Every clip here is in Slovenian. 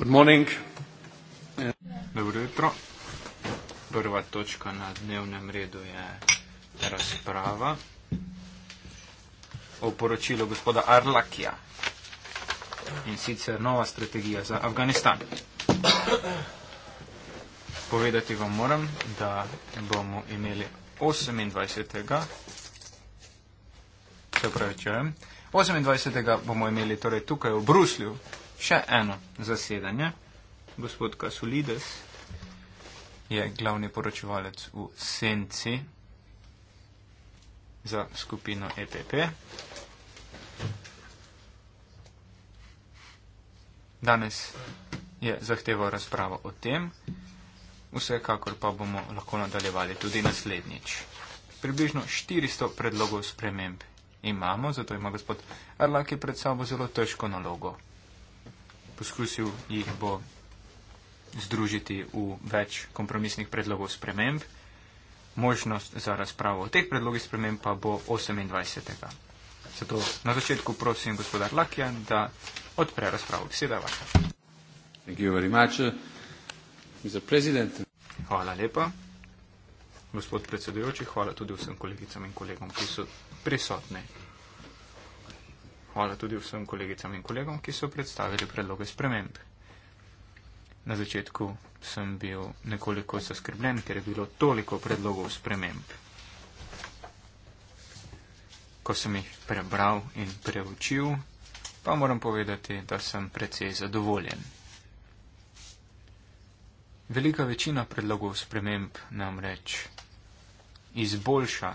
Good morning. Dobro jutro. Prva točka na dnevnem redu je razprava o poročilu gospoda Arlakija in sicer nova strategija za Afganistan. Povedati vam moram, da bomo imeli 28. Se pravi, če, 28. bomo imeli torej tukaj v Bruslju še eno zasedanje. Gospod Kasulides je glavni poročevalec v Senci za skupino EPP. Danes je zahteval razpravo o tem, vsekakor pa bomo lahko nadaljevali tudi naslednjič. Približno 400 predlogov sprememb imamo, zato ima gospod Arlaki pred sabo zelo težko nalogo poskusil jih bo združiti v več kompromisnih predlogov sprememb. Možnost za razpravo o teh predlogih sprememb pa bo 28. Zato na začetku prosim gospodar Lakija, da odpre razpravo. Beseda je vaša. Uh, hvala lepa. Gospod predsedujoči, hvala tudi vsem kolegicam in kolegom, ki so prisotni Hvala tudi vsem kolegicam in kolegom, ki so predstavili predloge sprememb. Na začetku sem bil nekoliko zaskrbljen, ker je bilo toliko predlogov sprememb. Ko sem jih prebral in preučil, pa moram povedati, da sem precej zadovoljen. Velika večina predlogov sprememb namreč izboljša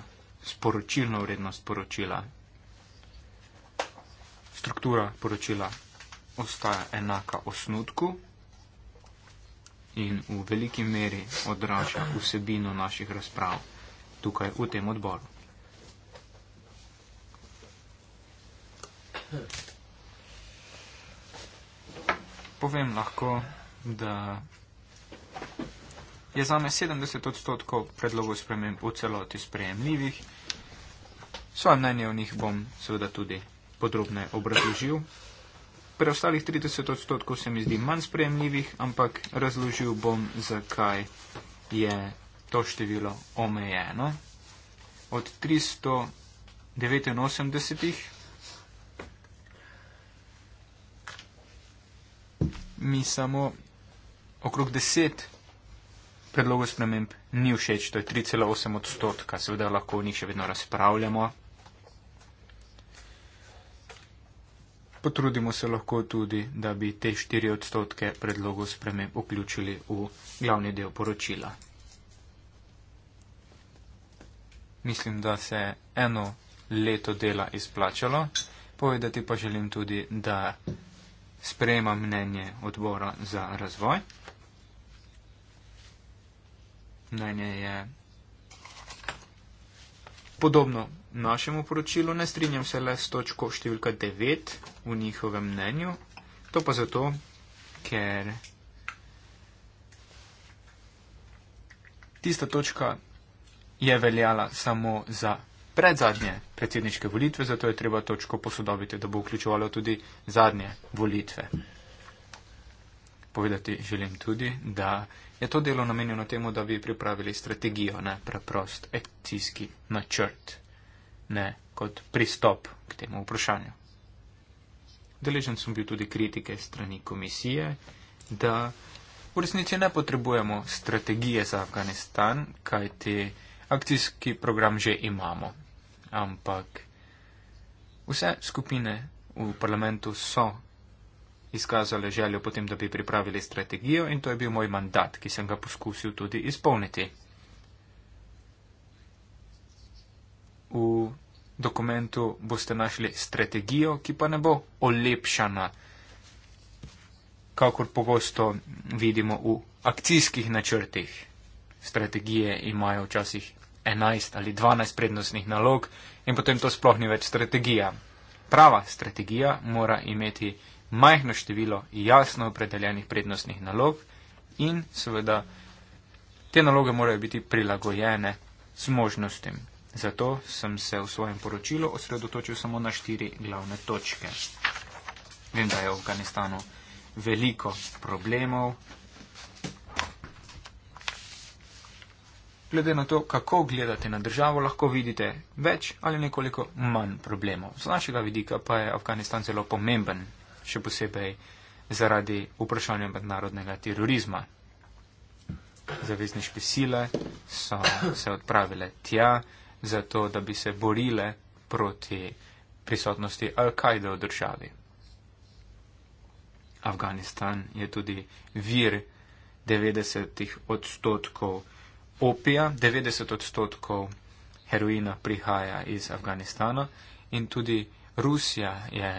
sporočilno vrednost poročila struktura poročila ostaja enaka osnutku in v veliki meri odraža vsebino naših razprav tukaj v tem odboru. Povem lahko, da je za me 70 odstotkov predlogov sprememb v celoti sprejemljivih. Svoje mnenje o njih bom seveda tudi podrobno obrazložil. Preostalih 30 odstotkov se mi zdi manj sprejemljivih, ampak razložil bom, zakaj je to število omejeno. Od 389 mi samo okrog 10 predlogov sprememb ni všeč, to je 3,8 odstotka, seveda lahko o njih še vedno razpravljamo, potrudimo se lahko tudi, da bi te štiri odstotke predlogov sprememb vključili v glavni del poročila. Mislim, da se eno leto dela izplačalo, povedati pa želim tudi, da sprejema mnenje odbora za razvoj. Mnenje je podobno našemu poročilu ne strinjam se le s točko številka 9 v njihovem mnenju. To pa zato, ker tista točka je veljala samo za predzadnje predsedniške volitve, zato je treba točko posodobiti, da bo vključovalo tudi zadnje volitve. Povedati želim tudi, da je to delo namenjeno temu, da bi pripravili strategijo, ne preprost akcijski načrt, ne kot pristop k temu vprašanju. Deležen sem bil tudi kritike strani komisije, da v resnici ne potrebujemo strategije za Afganistan, kajti akcijski program že imamo. Ampak vse skupine v parlamentu so izkazale željo potem, da bi pripravili strategijo in to je bil moj mandat, ki sem ga poskusil tudi izpolniti. V dokumentu boste našli strategijo, ki pa ne bo olepšana, kakor pogosto vidimo v akcijskih načrtih. Strategije imajo včasih 11 ali 12 prednostnih nalog in potem to sploh ni več strategija. Prava strategija mora imeti majhno število jasno opredeljenih prednostnih nalog in seveda te naloge morajo biti prilagojene z možnostim. Zato sem se v svojem poročilu osredotočil samo na štiri glavne točke. Vem, da je v Afganistanu veliko problemov. Glede na to, kako gledate na državo, lahko vidite več ali nekoliko manj problemov. Z našega vidika pa je Afganistan zelo pomemben še posebej zaradi vprašanja mednarodnega terorizma. Zavezniške sile so se odpravile tja, zato da bi se borile proti prisotnosti Al-Kaide v državi. Afganistan je tudi vir 90 odstotkov opija, 90 odstotkov heroina prihaja iz Afganistana in tudi Rusija je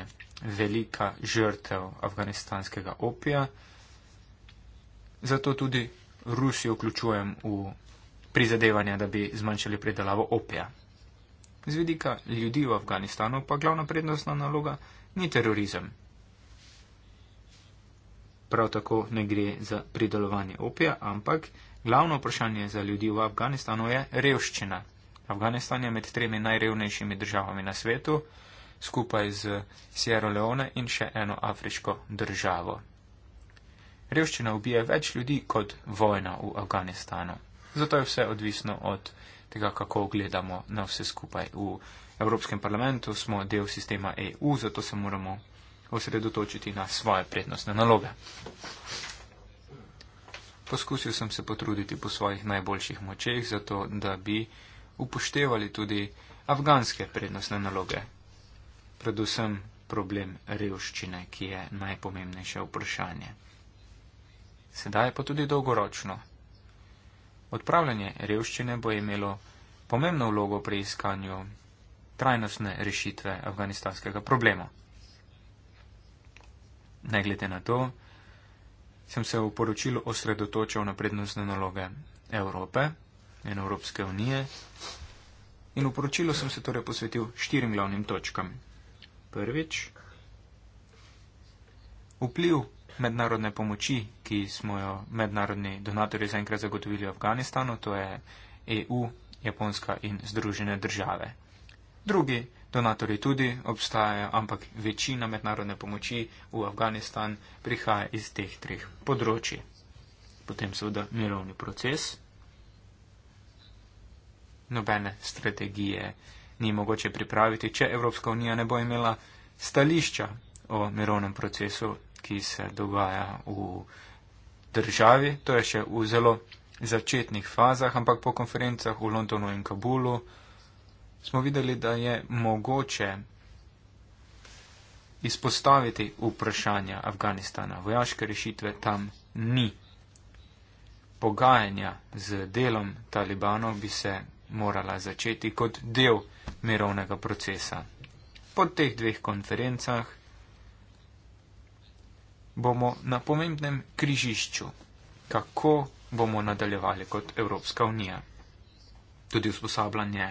velika žrtev afganistanskega opija. Zato tudi Rusijo vključujem v prizadevanja, da bi zmanjšali predelavo opija. Z vidika ljudi v Afganistanu pa glavna prednostna naloga ni terorizem. Prav tako ne gre za pridelovanje opija, ampak glavno vprašanje za ljudi v Afganistanu je revščina. Afganistan je med tremi najrevnejšimi državami na svetu, skupaj z Sierra Leone in še eno afriško državo. Revščina ubije več ljudi kot vojna v Afganistanu. Zato je vse odvisno od tega, kako gledamo na vse skupaj. V Evropskem parlamentu smo del sistema EU, zato se moramo osredotočiti na svoje prednostne naloge. Poskusil sem se potruditi po svojih najboljših močeh, zato da bi upoštevali tudi afganske prednostne naloge, predvsem problem revščine, ki je najpomembnejše vprašanje. Sedaj pa tudi dolgoročno. Odpravljanje revščine bo imelo pomembno vlogo pri iskanju trajnostne rešitve afganistanskega problema. Ne glede na to, sem se v poročilu osredotočal na prednostne naloge Evrope in Evropske unije in v poročilu sem se torej posvetil štirim glavnim točkam. Prvič, vpliv mednarodne pomoči, ki smo jo mednarodni donatorji zaenkrat zagotovili v Afganistanu, to je EU, Japonska in Združene države. Drugi donatorji tudi obstajajo, ampak večina mednarodne pomoči v Afganistan prihaja iz teh treh področji. Potem seveda mirovni proces, nobene strategije, ni mogoče pripraviti, če Evropska unija ne bo imela stališča o mirovnem procesu, ki se dogaja v državi. To je še v zelo začetnih fazah, ampak po konferencah v Londonu in Kabulu smo videli, da je mogoče izpostaviti vprašanja Afganistana. Vojaške rešitve tam ni. Pogajanja z delom talibanov bi se morala začeti kot del mirovnega procesa. Po teh dveh konferencah bomo na pomembnem križišču, kako bomo nadaljevali kot Evropska unija. Tudi usposabljanje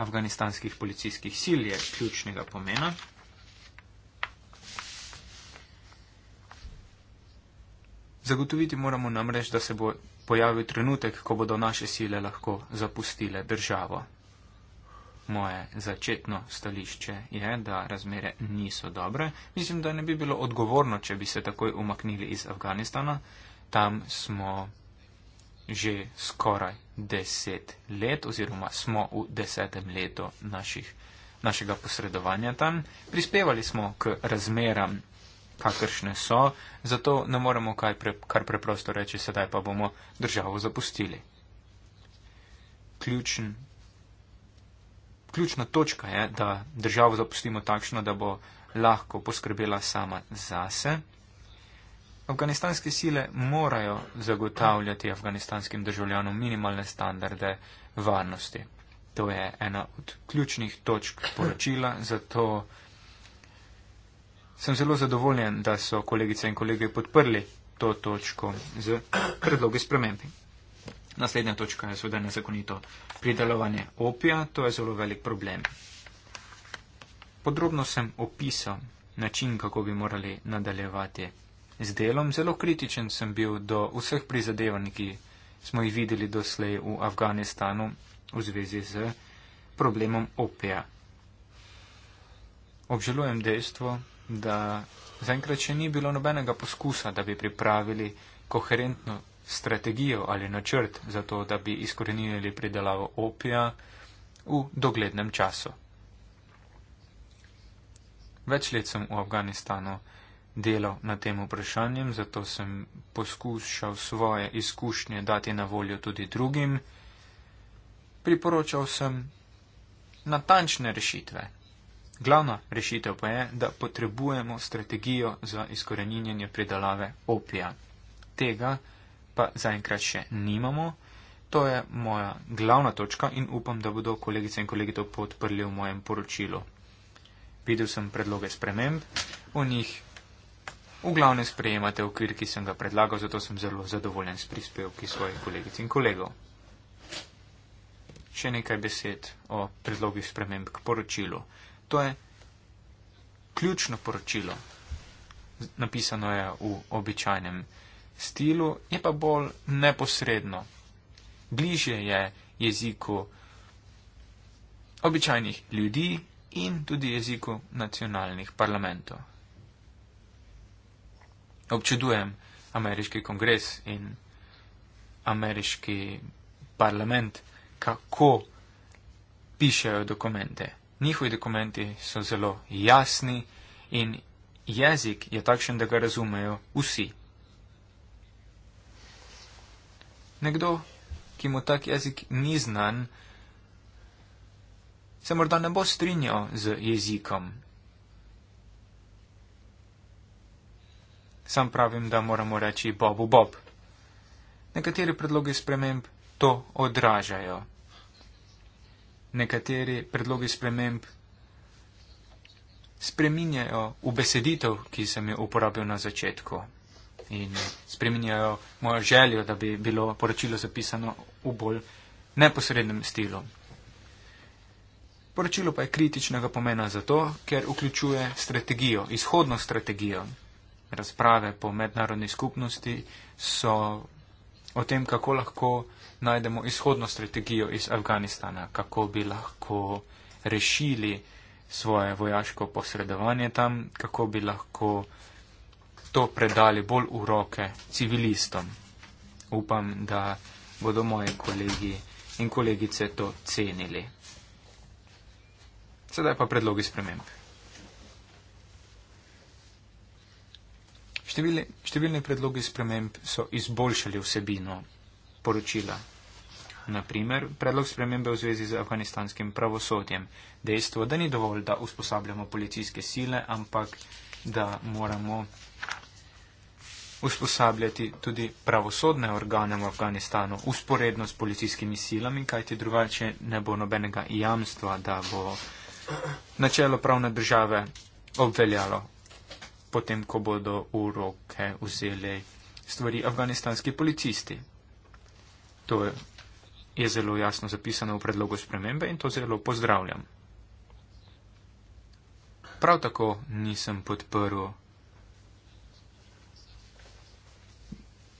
afganistanskih policijskih sil je ključnega pomena. Zagotoviti moramo namreč, da se bo pojavil trenutek, ko bodo naše sile lahko zapustile državo moje začetno stališče je, da razmere niso dobre. Mislim, da ne bi bilo odgovorno, če bi se takoj umaknili iz Afganistana. Tam smo že skoraj deset let oziroma smo v desetem letu naših, našega posredovanja tam. Prispevali smo k razmeram, kakršne so, zato ne moremo kaj pre, kar preprosto reči, sedaj pa bomo državo zapustili. Ključen ključna točka je, da državo zapustimo takšno, da bo lahko poskrbela sama zase. Afganistanske sile morajo zagotavljati afganistanskim državljanom minimalne standarde varnosti. To je ena od ključnih točk poročila, zato sem zelo zadovoljen, da so kolegice in kolege podprli to točko z predlogi spremembi. Naslednja točka je seveda nezakonito pridelovanje opija, to je zelo velik problem. Podrobno sem opisal način, kako bi morali nadaljevati z delom. Zelo kritičen sem bil do vseh prizadevanj, ki smo jih videli doslej v Afganistanu v zvezi z problemom opija. Obžalujem dejstvo, da zaenkrat še ni bilo nobenega poskusa, da bi pripravili koherentno strategijo ali načrt za to, da bi izkorenili pridelavo opija v doglednem času. Več let sem v Afganistanu delal na tem vprašanjem, zato sem poskušal svoje izkušnje dati na voljo tudi drugim. Priporočal sem natančne rešitve. Glavna rešitev pa je, da potrebujemo strategijo za izkoreninjenje pridelave opija. Tega, pa zaenkrat še nimamo. To je moja glavna točka in upam, da bodo kolegice in kolegi to podprli v mojem poročilu. Videl sem predloge sprememb, o njih v glavnem sprejemate okvir, ki sem ga predlagal, zato sem zelo zadovoljen s prispevki svojih kolegic in kolegov. Še nekaj besed o predlogih sprememb k poročilu. To je ključno poročilo. Napisano je v običajnem stilu, je pa bolj neposredno. Bliže je jeziku običajnih ljudi in tudi jeziku nacionalnih parlamentov. Občudujem ameriški kongres in ameriški parlament, kako pišejo dokumente. Njihovi dokumenti so zelo jasni in jezik je takšen, da ga razumejo vsi. Nekdo, ki mu tak jezik ni znan, se morda ne bo strinjal z jezikom. Sam pravim, da moramo reči Bobu Bob. Nekateri predlogi sprememb to odražajo. Nekateri predlogi sprememb spreminjajo v beseditev, ki sem jo uporabil na začetku in spreminjajo mojo željo, da bi bilo poročilo zapisano v bolj neposrednem stilu. Poročilo pa je kritičnega pomena zato, ker vključuje strategijo, izhodno strategijo. Razprave po mednarodni skupnosti so o tem, kako lahko najdemo izhodno strategijo iz Afganistana, kako bi lahko rešili svoje vojaško posredovanje tam, kako bi lahko uh, to predali bolj v roke civilistom. Upam, da bodo moji kolegi in kolegice to cenili. Sedaj pa predlogi sprememb. Številni, številni predlogi sprememb so izboljšali vsebino poročila. Naprimer, predlog spremembe v zvezi z afganistanskim pravosodjem. Dejstvo, da ni dovolj, da usposabljamo policijske sile, ampak da moramo usposabljati tudi pravosodne organe v Afganistanu usporedno s policijskimi silami, kajti drugače ne bo nobenega jamstva, da bo načelo pravne države obveljalo, potem ko bodo v roke vzeli stvari afganistanski policisti. To je zelo jasno zapisano v predlogu spremembe in to zelo pozdravljam prav tako nisem podprl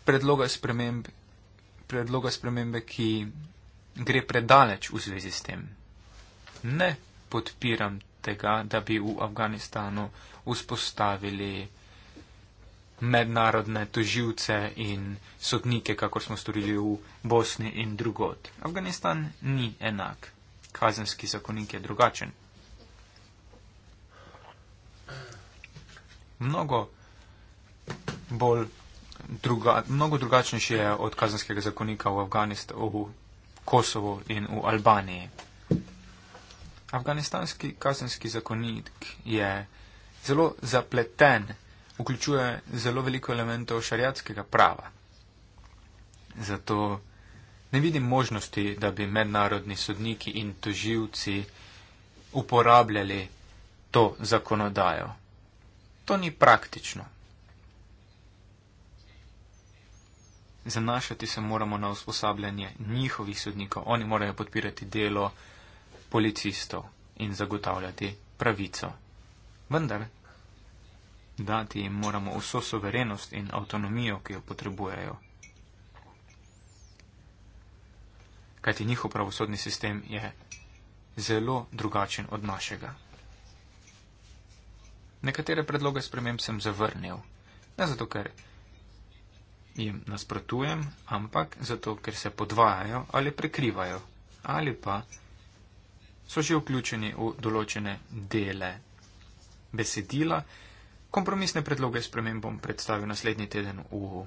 predloga, sprememb, predloga spremembe, ki gre predaleč v zvezi s tem. Ne podpiram tega, da bi v Afganistanu vzpostavili mednarodne toživce in sodnike, kakor smo storili v Bosni in drugod. Afganistan ni enak. Kazenski zakonik je drugačen. mnogo bolj druga, mnogo drugačnejši je od kazanskega zakonika v Afganistanu, v Kosovo in v Albaniji. Afganistanski kazanski zakonik je zelo zapleten, vključuje zelo veliko elementov šariatskega prava. Zato ne vidim možnosti, da bi mednarodni sodniki in toživci uporabljali to zakonodajo. To ni praktično. Zanašati se moramo na usposabljanje njihovih sodnikov. Oni morajo podpirati delo policistov in zagotavljati pravico. Vendar, dati jim moramo vso soverenost in avtonomijo, ki jo potrebujejo. Kajti njihov pravosodni sistem je zelo drugačen od našega. Nekatere predloge sprememb sem zavrnil. Ne zato, ker jim nasprotujem, ampak zato, ker se podvajajo ali prekrivajo ali pa so že vključeni v določene dele besedila. Kompromisne predloge sprememb bom predstavil naslednji teden v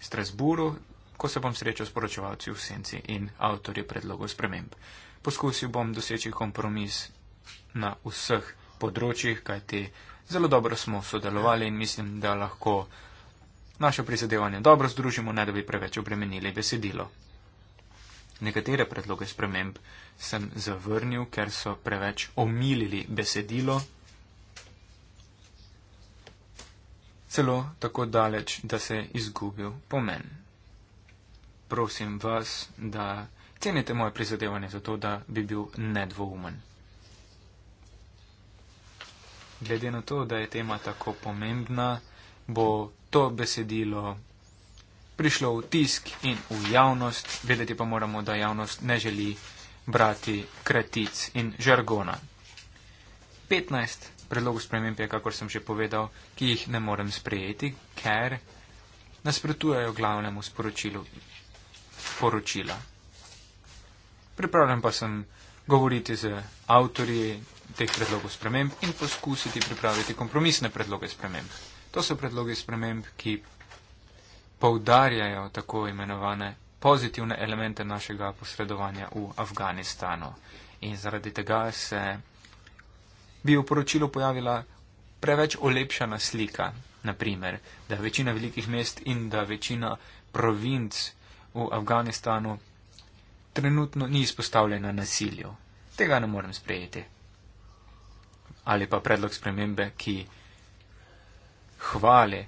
Strasburu, ko se bom srečal s poročevalci v senci in avtorji predlogov sprememb. Poskusil bom doseči kompromis na vseh področjih, kajti zelo dobro smo sodelovali in mislim, da lahko naše prizadevanje dobro združimo, ne da bi preveč obremenili besedilo. Nekatere predloge sprememb sem zavrnil, ker so preveč omilili besedilo. Celo tako daleč, da se je izgubil pomen. Prosim vas, da cenite moje prizadevanje za to, da bi bil nedvoumen glede na to, da je tema tako pomembna, bo to besedilo prišlo v tisk in v javnost. Vedeti pa moramo, da javnost ne želi brati kratic in žargona. 15 predlogov sprememb je, kakor sem že povedal, ki jih ne morem sprejeti, ker nasprotujejo glavnemu sporočilu poročila. Pripravljen pa sem govoriti z avtorji teh predlogov sprememb in poskusiti pripraviti kompromisne predloge sprememb. To so predloge sprememb, ki poudarjajo tako imenovane pozitivne elemente našega posredovanja v Afganistanu. In zaradi tega se bi v poročilu pojavila preveč olepšana slika, naprimer, da večina velikih mest in da večina provinc v Afganistanu trenutno ni izpostavljena nasilju. Tega ne morem sprejeti ali pa predlog spremembe, ki hvali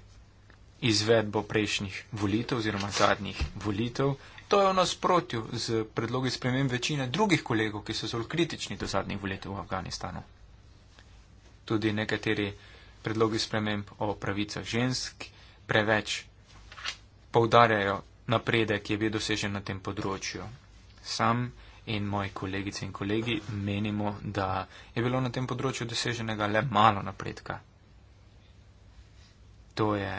izvedbo prejšnjih volitev oziroma zadnjih volitev. To je v nasprotju z predlogi sprememb večine drugih kolegov, ki so zelo kritični do zadnjih volitev v Afganistanu. Tudi nekateri predlogi sprememb o pravicah žensk preveč poudarjajo napredek, ki je bil dosežen na tem področju. Sam in moji kolegice in kolegi menimo, da je bilo na tem področju doseženega le malo napredka. To je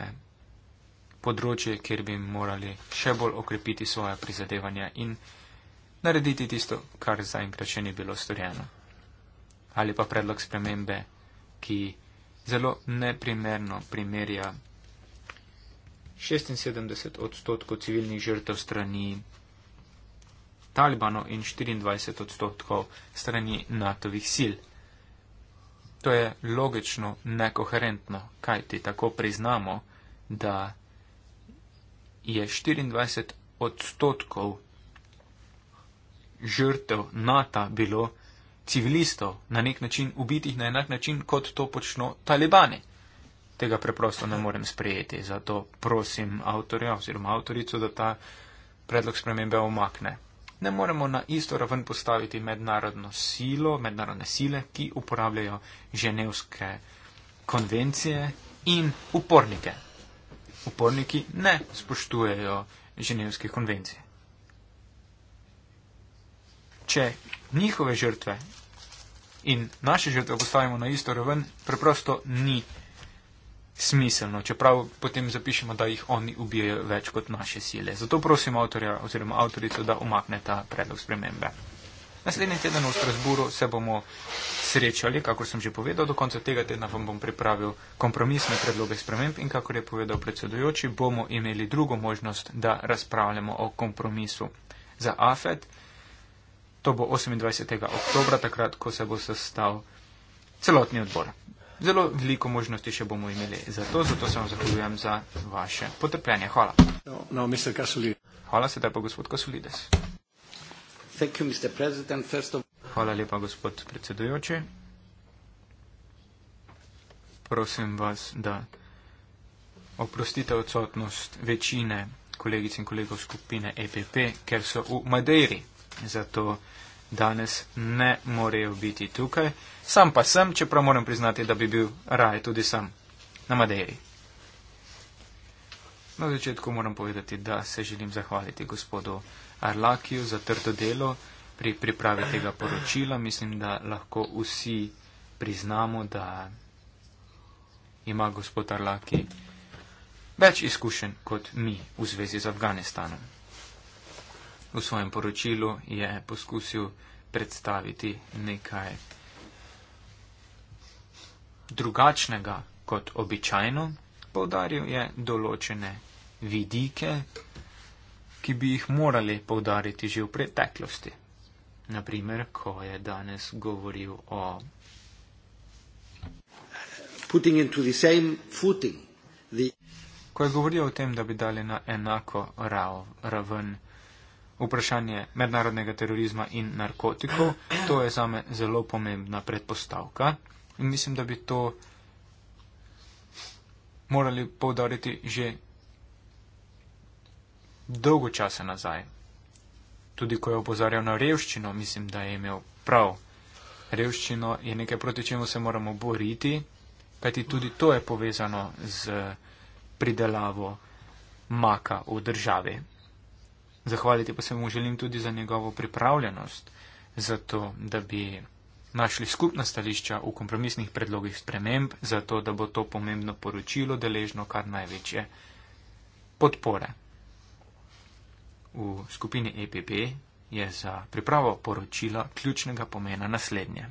področje, kjer bi morali še bolj okrepiti svoje prizadevanja in narediti tisto, kar zaenkrat še ni bilo storjeno. Ali pa predlog spremembe, ki zelo neprimerno primerja 76 odstotkov civilnih žrtev strani Talibanov in 24 odstotkov strani NATO-vih sil. To je logično nekoherentno, kajti tako priznamo, da je 24 odstotkov žrtev NATO bilo civilistov na nek način ubitih na enak način, kot to počno talibani. Tega preprosto ne morem sprejeti, zato prosim avtorja oziroma avtorico, da ta predlog spremembe omakne ne moremo na isto raven postaviti mednarodno silo, mednarodne sile, ki uporabljajo ženevske konvencije in upornike. Uporniki ne spoštujejo ženevske konvencije. Če njihove žrtve in naše žrtve postavimo na isto raven, preprosto ni smiselno, čeprav potem zapišemo, da jih oni ubijajo več kot naše sile. Zato prosim avtorja oziroma avtorico, da omakne ta predlog spremembe. Naslednji teden v Strasburu se bomo srečali, kako sem že povedal, do konca tega tedna vam bom pripravil kompromisne predloge sprememb in, kako je povedal predsedujoči, bomo imeli drugo možnost, da razpravljamo o kompromisu za AFED. To bo 28. oktobra, takrat, ko se bo sestal celotni odbor. Zelo veliko možnosti še bomo imeli za to, zato se vam zahvaljujem za vaše potrpljenje. Hvala. No, no, Hvala sedaj pa gospod Kasulides. You, of... Hvala lepa gospod predsedujoči. Prosim vas, da oprostite odsotnost večine kolegic in kolegov skupine EPP, ker so v Madeiri, zato danes ne morejo biti tukaj. Sam pa sem, čeprav moram priznati, da bi bil raje tudi sam na Madeji. Na začetku moram povedati, da se želim zahvaliti gospodu Arlakiju za trdo delo pri pripravi tega poročila. Mislim, da lahko vsi priznamo, da ima gospod Arlaki več izkušenj kot mi v zvezi z Afganistanom. V svojem poročilu je poskusil predstaviti nekaj drugačnega kot običajno, poudaril je določene vidike, ki bi jih morali poudariti že v preteklosti. Naprimer, ko je danes govoril o. Ko je govoril o tem, da bi dali na enako raven vprašanje mednarodnega terorizma in narkotikov, to je zame zelo pomembna predpostavka. In mislim, da bi to morali povdariti že dolgo časa nazaj. Tudi ko je opozarjal na revščino, mislim, da je imel prav. Revščino je nekaj, proti čemu se moramo boriti, kajti tudi to je povezano z pridelavo maka v državi. Zahvaliti pa se mu želim tudi za njegovo pripravljenost, zato da bi našli skupna stališča v kompromisnih predlogih sprememb, zato da bo to pomembno poročilo deležno kar največje podpore. V skupini EPP je za pripravo poročila ključnega pomena naslednje.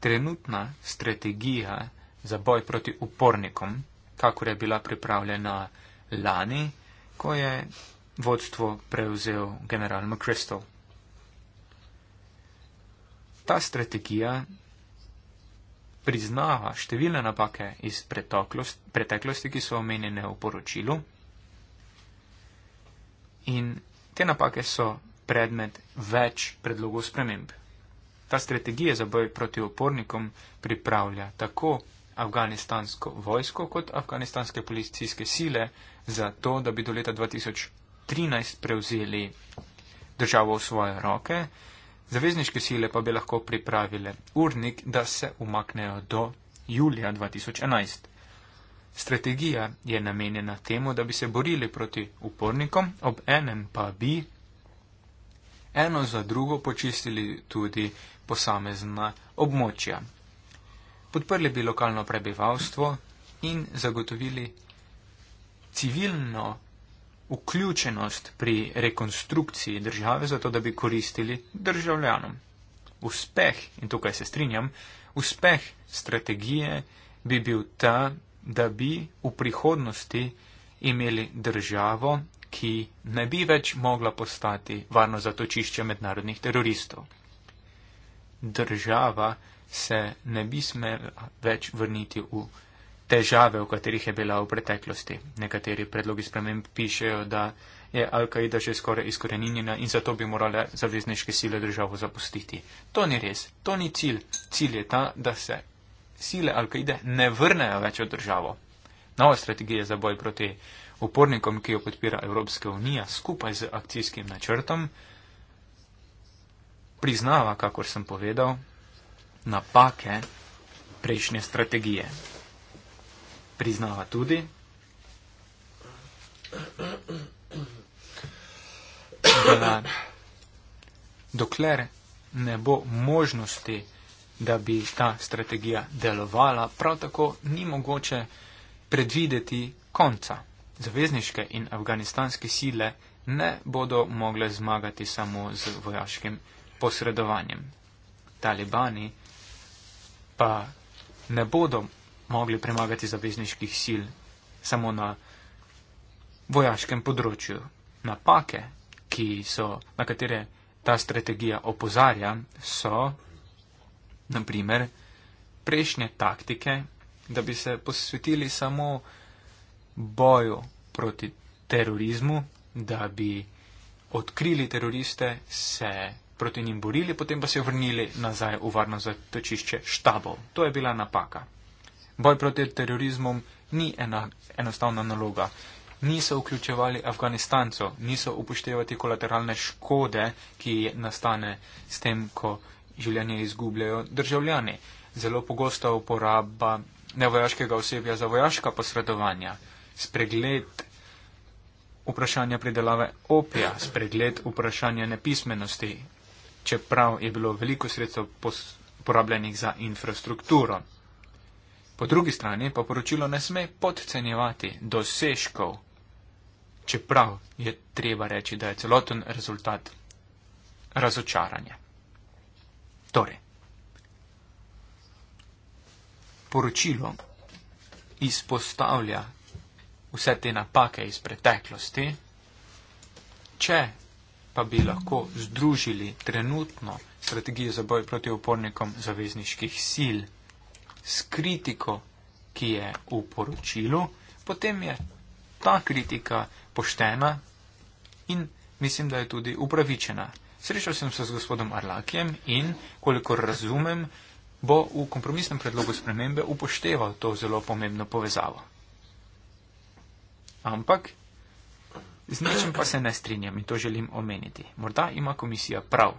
Trenutna strategija za boj proti upornikom, kakor je bila pripravljena lani, ko je vodstvo prevzel general McChrystal ta strategija priznava številne napake iz preteklosti, ki so omenjene v poročilu. In te napake so predmet več predlogov sprememb. Ta strategija za boj proti opornikom pripravlja tako afganistansko vojsko kot afganistanske policijske sile za to, da bi do leta 2013 prevzeli državo v svoje roke Zavezniške sile pa bi lahko pripravile urnik, da se umaknejo do julija 2011. Strategija je namenjena temu, da bi se borili proti upornikom, ob enem pa bi eno za drugo počistili tudi posamezna območja. Podprli bi lokalno prebivalstvo in zagotovili civilno vključenost pri rekonstrukciji države, zato da bi koristili državljanom. Uspeh, in tukaj se strinjam, uspeh strategije bi bil ta, da bi v prihodnosti imeli državo, ki ne bi več mogla postati varno zatočišče mednarodnih teroristov. Država se ne bi smela več vrniti v težave, v katerih je bila v preteklosti. Nekateri predlogi spremenb pišejo, da je Al-Kaida že skoraj izkoreninjena in zato bi morale zavezniške sile državo zapustiti. To ni res, to ni cilj. Cilj je ta, da se sile Al-Kaide ne vrnejo več v državo. Nova strategija za boj proti upornikom, ki jo podpira Evropska unija skupaj z akcijskim načrtom, priznava, kakor sem povedal, napake prejšnje strategije priznava tudi. Da dokler ne bo možnosti, da bi ta strategija delovala, prav tako ni mogoče predvideti konca. Zavezniške in afganistanske sile ne bodo mogle zmagati samo z vojaškim posredovanjem. Talibani pa ne bodo mogli premagati zavezniških sil samo na vojaškem področju. Napake, so, na katere ta strategija opozarja, so naprimer prejšnje taktike, da bi se posvetili samo boju proti terorizmu, da bi odkrili teroriste, se proti njim borili, potem pa se vrnili nazaj v varno zatočišče štabov. To je bila napaka. Boj proti terorizmom ni ena, enostavna naloga. Niso vključevali Afganistancov, niso upoštevati kolateralne škode, ki nastane s tem, ko življenje izgubljajo državljani. Zelo pogosta uporaba nevojaškega osebja za vojaška posredovanja, spregled vprašanja pridelave opija, spregled vprašanja nepismenosti, čeprav je bilo veliko sredstev porabljenih za infrastrukturo. Po drugi strani pa poročilo ne sme podcenjevati dosežkov, čeprav je treba reči, da je celoten rezultat razočaranje. Torej, poročilo izpostavlja vse te napake iz preteklosti, če pa bi lahko združili trenutno strategijo za boj proti upornikom zavezniških sil s kritiko, ki je v poročilu, potem je ta kritika poštena in mislim, da je tudi upravičena. Srečal sem se z gospodom Arlakijem in, kolikor razumem, bo v kompromisnem predlogu spremembe upošteval to zelo pomembno povezavo. Ampak, z ničem pa se ne strinjam in to želim omeniti. Morda ima komisija prav.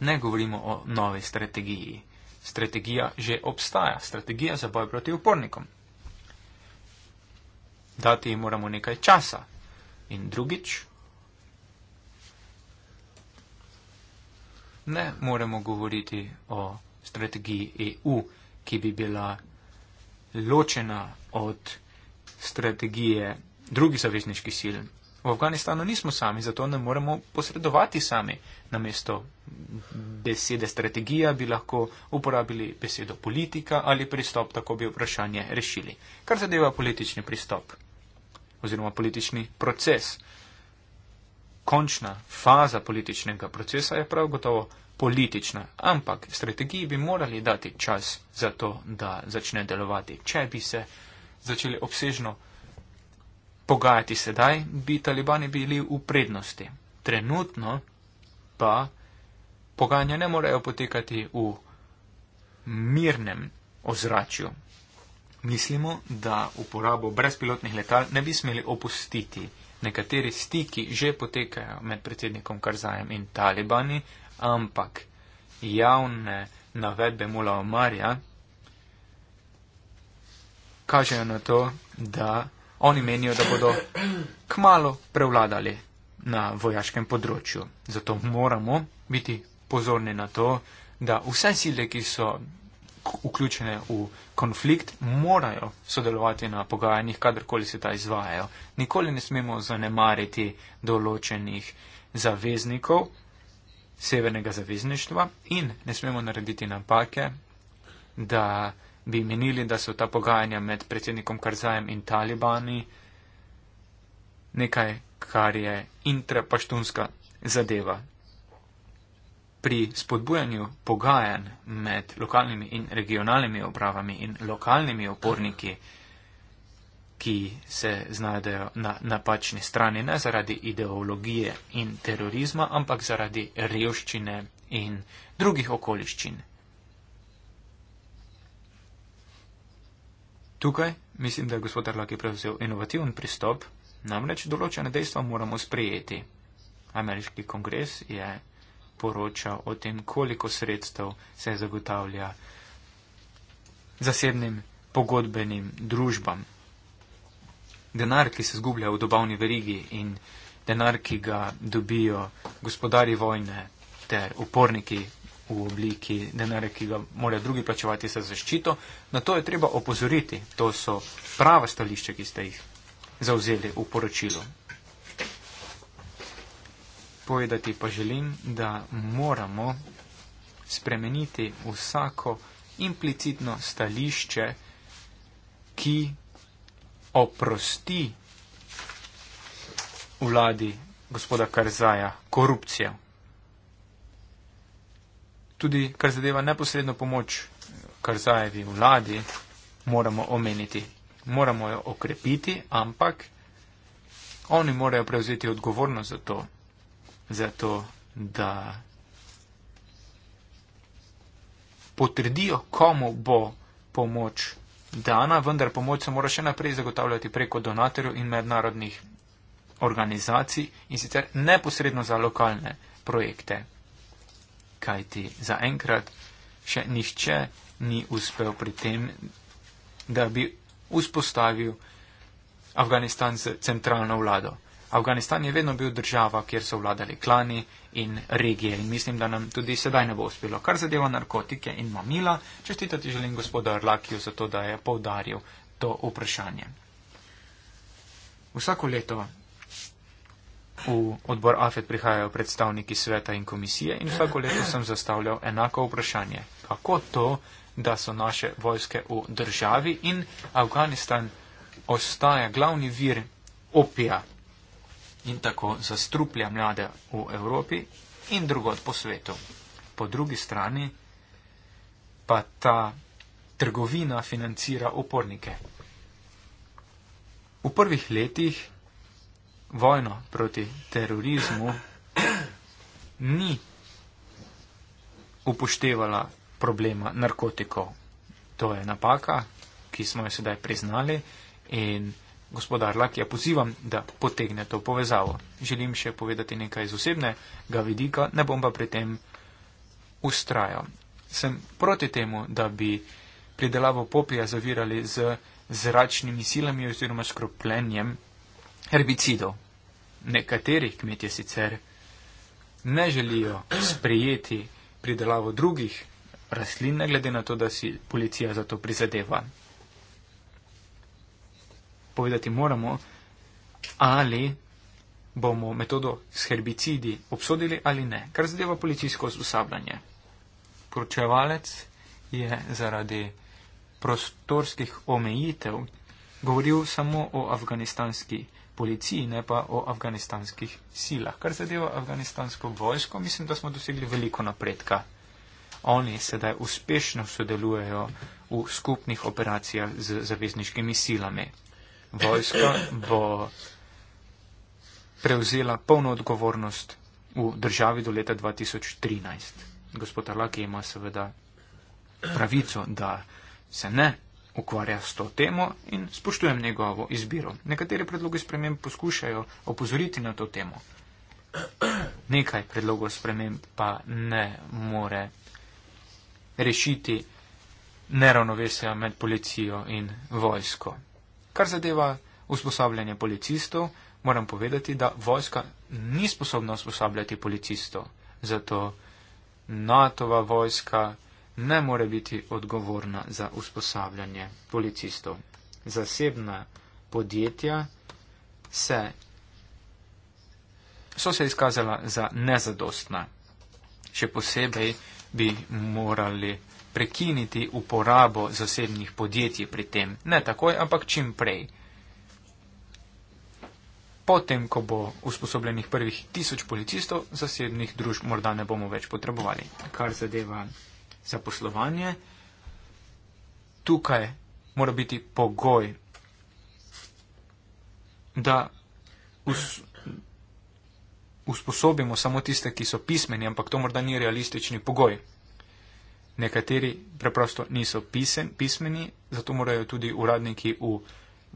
Ne govorimo o novej strategiji strategija že obstaja, strategija za boj proti upornikom. Dati jim moramo nekaj časa. In drugič, ne moremo govoriti o strategiji EU, ki bi bila ločena od strategije drugih zavezniških sil V Afganistanu nismo sami, zato ne moremo posredovati sami. Namesto besede strategija bi lahko uporabili besedo politika ali pristop, tako bi vprašanje rešili. Kar zadeva politični pristop oziroma politični proces. Končna faza političnega procesa je prav gotovo politična, ampak strategiji bi morali dati čas za to, da začne delovati, če bi se začeli obsežno pogajati sedaj, bi talibani bili v prednosti. Trenutno pa pogajanja ne morejo potekati v mirnem ozračju. Mislimo, da uporabo brezpilotnih letal ne bi smeli opustiti. Nekateri stiki že potekajo med predsednikom Karzajem in talibani, ampak javne navedbe Mula Omarja kažejo na to, da Oni menijo, da bodo kmalo prevladali na vojaškem področju. Zato moramo biti pozorni na to, da vse sile, ki so vključene v konflikt, morajo sodelovati na pogajanjih, kadarkoli se ta izvajajo. Nikoli ne smemo zanemariti določenih zaveznikov severnega zavezništva in ne smemo narediti napake, da bi menili, da so ta pogajanja med predsednikom Karzajem in talibani nekaj, kar je intrapaštunska zadeva. Pri spodbujanju pogajanj med lokalnimi in regionalnimi upravami in lokalnimi oporniki, ki se znajdejo na napačni strani ne zaradi ideologije in terorizma, ampak zaradi revščine in drugih okoliščin. Tukaj mislim, da je gospod Arlaki prevzel inovativen pristop, namreč določene dejstva moramo sprejeti. Ameriški kongres je poročal o tem, koliko sredstev se zagotavlja zasebnim pogodbenim družbam. Denar, ki se zgublja v dobavni verigi in denar, ki ga dobijo gospodari vojne ter uporniki v obliki denarja, ki ga morajo drugi plačevati za zaščito. Na to je treba opozoriti. To so prava stališča, ki ste jih zauzeli v poročilu. Povedati pa želim, da moramo spremeniti vsako implicitno stališče, ki oprosti vladi gospoda Karzaja korupcijo tudi kar zadeva neposredno pomoč Karzajevi vladi, moramo omeniti. Moramo jo okrepiti, ampak oni morajo prevzeti odgovornost za to, za to da potrdijo, komu bo pomoč dana, vendar pomoč se mora še naprej zagotavljati preko donatorjev in mednarodnih organizacij in sicer neposredno za lokalne projekte kajti zaenkrat še nišče ni uspel pri tem, da bi vzpostavil Afganistan z centralno vlado. Afganistan je vedno bil država, kjer so vladali klani in regije in mislim, da nam tudi sedaj ne bo uspelo. Kar zadeva narkotike in mamila, čestitati želim gospoda Arlakiju za to, da je povdaril to vprašanje. Vsako leto V odbor AFET prihajajo predstavniki sveta in komisije in vsako leto sem zastavljal enako vprašanje. Kako to, da so naše vojske v državi in Afganistan ostaja glavni vir opija in tako zastruplja mlade v Evropi in drugod po svetu. Po drugi strani pa ta trgovina financira upornike. V prvih letih vojno proti terorizmu ni upoštevala problema narkotikov. To je napaka, ki smo jo sedaj priznali in gospodar Lakija pozivam, da potegne to povezavo. Želim še povedati nekaj iz osebnega vidika, ne bom pa pri tem ustrajal. Sem proti temu, da bi pridelavo popija zavirali z zračnimi silami oziroma skropljenjem herbicidov. Nekateri kmetje sicer ne želijo sprijeti pridelavo drugih rastlin, ne glede na to, da si policija za to prizadeva. Povedati moramo, ali bomo metodo s herbicidi obsodili ali ne, kar zadeva policijsko usabljanje. Poročevalec je zaradi prostorskih omejitev govoril samo o afganistanski policiji, ne pa o afganistanskih silah. Kar zadeva afganistansko vojsko, mislim, da smo dosegli veliko napredka. Oni sedaj uspešno sodelujejo v skupnih operacijah z zavezniškimi silami. Vojska bo prevzela polno odgovornost v državi do leta 2013. Gospod Alaki ima seveda pravico, da se ne ukvarja s to temo in spoštujem njegovo izbiro. Nekatere predloge sprememb poskušajo opozoriti na to temo. Nekaj predlogov sprememb pa ne more rešiti neravnovesja med policijo in vojsko. Kar zadeva usposabljanje policistov, moram povedati, da vojska ni sposobna usposabljati policistov. Zato NATO-va vojska ne more biti odgovorna za usposabljanje policistov. Zasebna podjetja se, so se izkazala za nezadostna. Še posebej bi morali prekiniti uporabo zasebnih podjetij pri tem. Ne takoj, ampak čim prej. Potem, ko bo usposobljenih prvih tisoč policistov, zasebnih družb morda ne bomo več potrebovali. Kar zadeva za poslovanje. Tukaj mora biti pogoj, da us, usposobimo samo tiste, ki so pismeni, ampak to morda ni realistični pogoj. Nekateri preprosto niso pisen, pismeni, zato morajo tudi uradniki v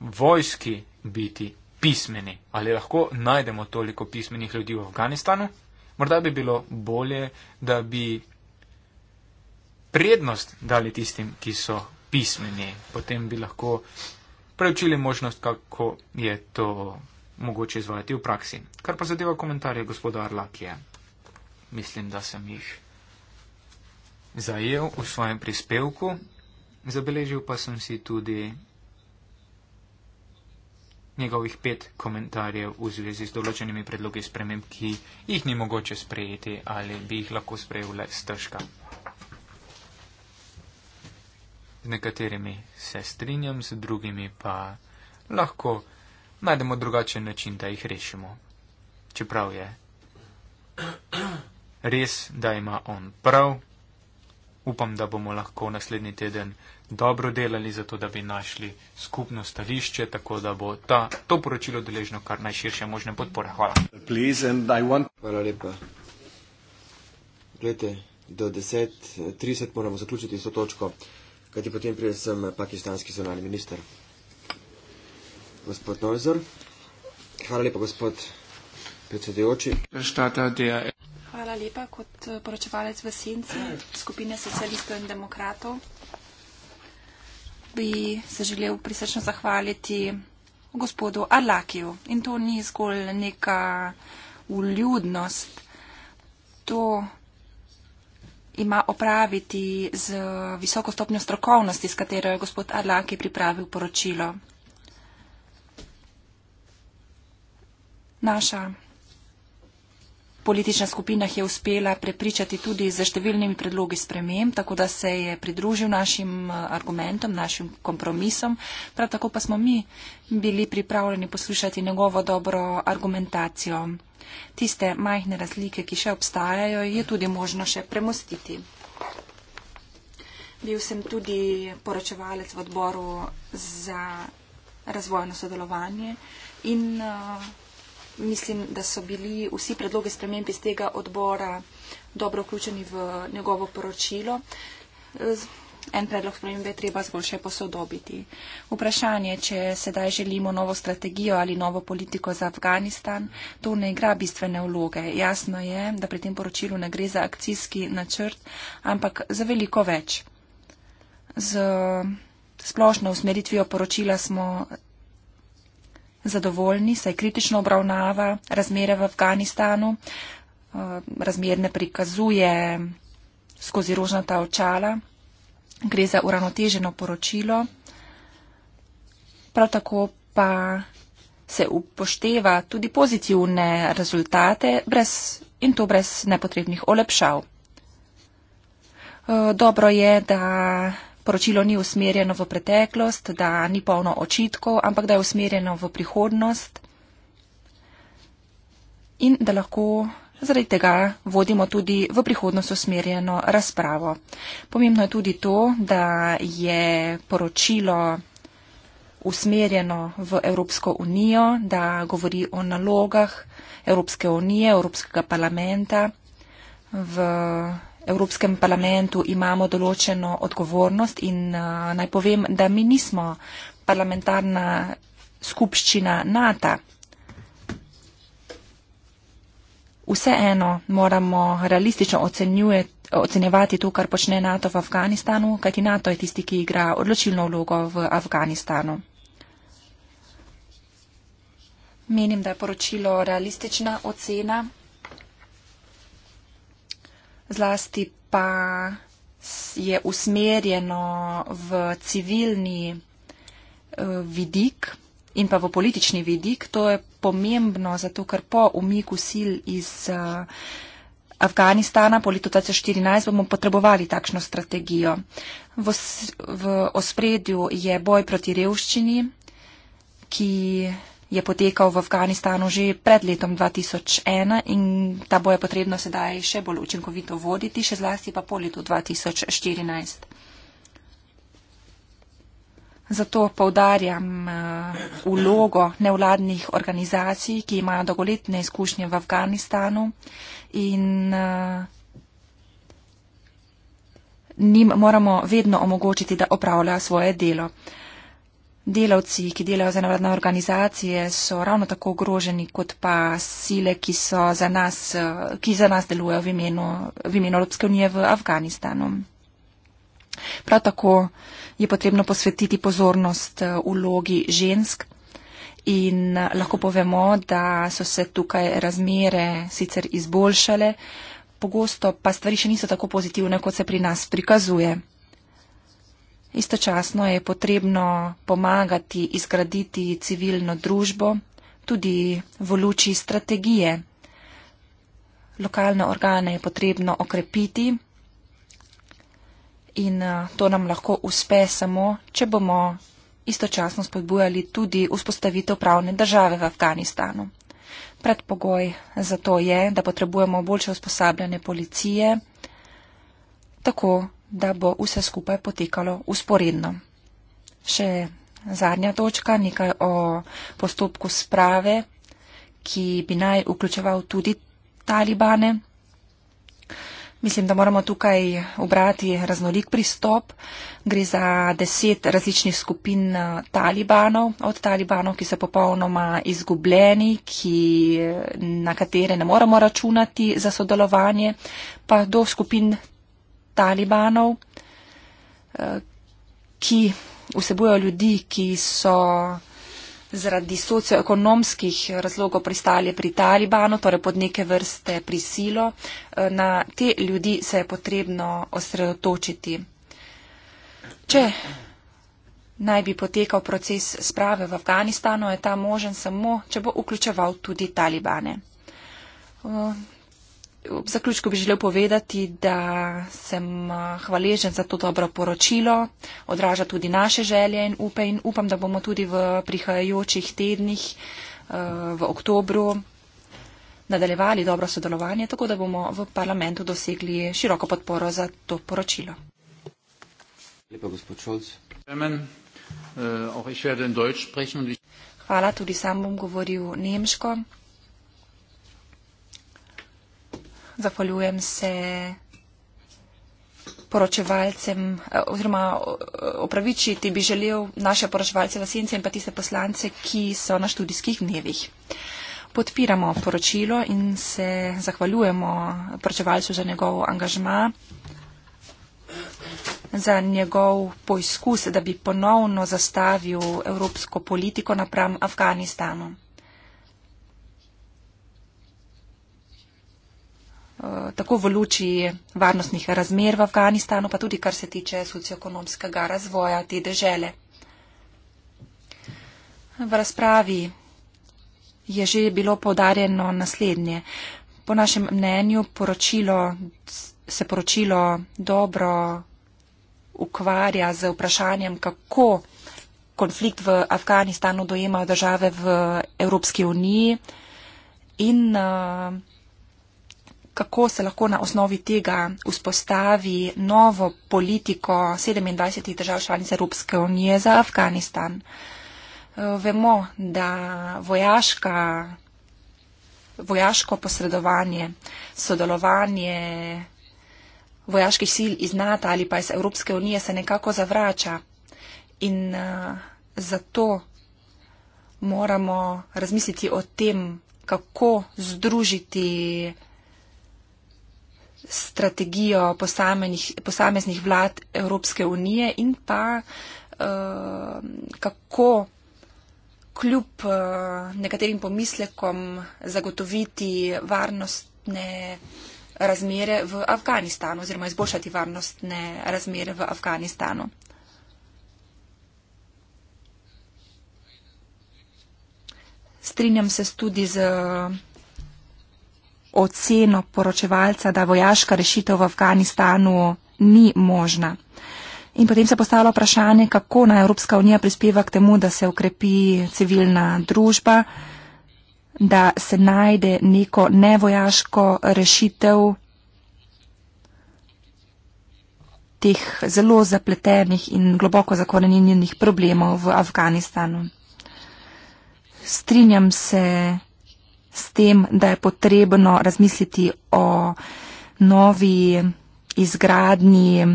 vojski biti pismeni. Ali lahko najdemo toliko pismenih ljudi v Afganistanu? Morda bi bilo bolje, da bi prednost dali tistim, ki so pismeni. Potem bi lahko preučili možnost, kako je to mogoče izvajati v praksi. Kar pa zadeva komentarje gospoda Arlakije, mislim, da sem jih zajel v svojem prispevku, zabeležil pa sem si tudi njegovih pet komentarjev v zvezi z določenimi predlogi sprememb, ki jih ni mogoče sprejeti ali bi jih lahko sprejel le stržka. Z nekaterimi se strinjam, z drugimi pa lahko najdemo drugačen način, da jih rešimo. Čeprav je res, da ima on prav, upam, da bomo lahko naslednji teden dobro delali, zato da bi našli skupno stališče, tako da bo ta, to poročilo deležno kar najširše možne podpore. Hvala. Hvala lepa. Glede, do 10.30 moramo zaključiti to točko kajti potem pride sem eh, pakistanski zonalni minister. Gospod Neuser, hvala lepa, gospod predsedujoči. Hvala lepa kot eh, poročevalec v senci skupine socialistov in demokratov. Bi se želel prisrčno zahvaliti gospodu Arlakiju. In to ni zgolj neka uljudnost. To ima opraviti z visoko stopnjo strokovnosti, s katero je gospod Arlaki pripravil poročilo. Naša politična skupina je uspela prepričati tudi za številnimi predlogi sprememb, tako da se je pridružil našim eh, argumentom, našim kompromisom. Prav tako pa smo mi bili pripravljeni poslušati njegovo dobro argumentacijo. Tiste majhne razlike, ki še obstajajo, je tudi možno še premostiti. Bil sem tudi poročevalec v odboru za razvojno sodelovanje in uh, mislim, da so bili vsi predloge sprememb iz tega odbora dobro vključeni v njegovo poročilo en predlog spremembe treba zgolj še posodobiti. Vprašanje, če sedaj želimo novo strategijo ali novo politiko za Afganistan, to ne igra bistvene vloge. Jasno je, da pri tem poročilu ne gre za akcijski načrt, ampak za veliko več. Z splošno usmeritvijo poročila smo zadovoljni, saj kritično obravnava razmere v Afganistanu, eh, razmerne prikazuje skozi rožnata očala gre za uravnoteženo poročilo. Prav tako pa se upošteva tudi pozitivne rezultate brez, in to brez nepotrebnih olepšav. Eh, dobro je, da poročilo ni usmerjeno v preteklost, da ni polno očitkov, ampak da je usmerjeno v prihodnost in da lahko Zaradi tega vodimo tudi v prihodnost usmerjeno razpravo. Pomembno je tudi to, da je poročilo usmerjeno v Evropsko unijo, da govori o nalogah Evropske unije, Evropskega parlamenta. V Evropskem parlamentu imamo določeno odgovornost in uh, naj povem, da mi nismo parlamentarna skupščina NATO. Vseeno moramo realistično ocenjevati to, kar počne NATO v Afganistanu, kajti NATO je tisti, ki igra odločilno vlogo v Afganistanu. Menim, da je poročilo realistična ocena, zlasti pa je usmerjeno v civilni eh, vidik in pa v politični vidik. To je pomembno, zato ker po umiku sil iz uh, Afganistana po letu 2014 bomo potrebovali takšno strategijo. V, v ospredju je boj proti revščini, ki je potekal v Afganistanu že pred letom 2001 in ta boj je potrebno sedaj še bolj učinkovito voditi, še zlasti pa po letu 2014. Zato povdarjam eh, vlogo nevladnih organizacij, ki imajo dolgoletne izkušnje v Afganistanu in eh, njim moramo vedno omogočiti, da opravljajo svoje delo. Delavci, ki delajo za nevladne organizacije, so ravno tako ogroženi kot pa sile, ki, za nas, eh, ki za nas delujejo v imenu Evropske unije v Afganistanu. Prav tako je potrebno posvetiti pozornost eh, vlogi žensk in eh, lahko povemo, da so se tukaj razmere sicer izboljšale, pogosto pa stvari še niso tako pozitivne, kot se pri nas prikazuje. Istočasno je potrebno pomagati izgraditi civilno družbo tudi v luči strategije. Lokalne organe je potrebno okrepiti in eh, to nam lahko uspe samo, če bomo istočasno spodbujali tudi vzpostavitev pravne države v Afganistanu. Predpogoj za to je, da potrebujemo boljše usposabljanje policije, tako da bo vse skupaj potekalo usporedno. Še zadnja točka, nekaj o postopku sprave, ki bi naj vključeval tudi talibane. Mislim, da moramo tukaj obrati raznolik pristop. Gre za deset različnih skupin eh, talibanov, od talibanov, ki so popolnoma izgubljeni, ki, eh, na katere ne moramo računati za sodelovanje, pa do skupin talibanov, eh, ki vsebujejo ljudi, ki so zaradi socioekonomskih razlogov pristali pri Talibanu, torej pod neke vrste prisilo. Eh, na te ljudi se je potrebno osredotočiti. Če naj bi potekal proces sprave v Afganistanu, je ta možen samo, če bo vključeval tudi Talibane. Eh, V zaključku bi želel povedati, da sem hvaležen za to dobro poročilo, odraža tudi naše želje in upe in upam, da bomo tudi v prihajajočih tednih v oktobru nadaljevali dobro sodelovanje, tako da bomo v parlamentu dosegli široko podporo za to poročilo. Lepa, eh, Hvala, tudi sam bom govoril nemško. zahvaljujem se poročevalcem eh, oziroma eh, opravičiti bi želel naše poročevalce v Sence in pa tiste poslance, ki so na študijskih dnevih. Podpiramo poročilo in se zahvaljujemo poročevalcu za njegov angažma, za njegov poizkus, da bi ponovno zastavil evropsko politiko napram Afganistanu. Eh, tako v luči varnostnih razmer v Afganistanu, pa tudi kar se tiče socioekonomskega razvoja te države. V razpravi je že bilo povdarjeno naslednje. Po našem mnenju poročilo, se poročilo dobro ukvarja z vprašanjem, kako konflikt v Afganistanu dojemajo države v Evropski uniji in uh, kako se lahko na osnovi tega vzpostavi novo politiko 27 držav članic Evropske unije za Afganistan. Eh, vemo, da vojaška, vojaško posredovanje, sodelovanje vojaških sil iz NATO ali pa iz Evropske unije se nekako zavrača in uh, zato moramo razmisliti o tem, kako združiti strategijo posameznih vlad Evropske unije in pa eh, kako kljub eh, nekaterim pomislekom zagotoviti varnostne razmere v Afganistanu oziroma izboljšati varnostne razmere v Afganistanu. Strinjam se tudi z oceno poročevalca, da vojaška rešitev v Afganistanu ni možna. In potem se postavlja vprašanje, kako naj Evropska unija prispeva k temu, da se ukrepi civilna družba, da se najde neko nevojaško rešitev teh zelo zapletenih in globoko zakoreninjenih problemov v Afganistanu. Strinjam se s tem, da je potrebno razmisliti o novi izgradnji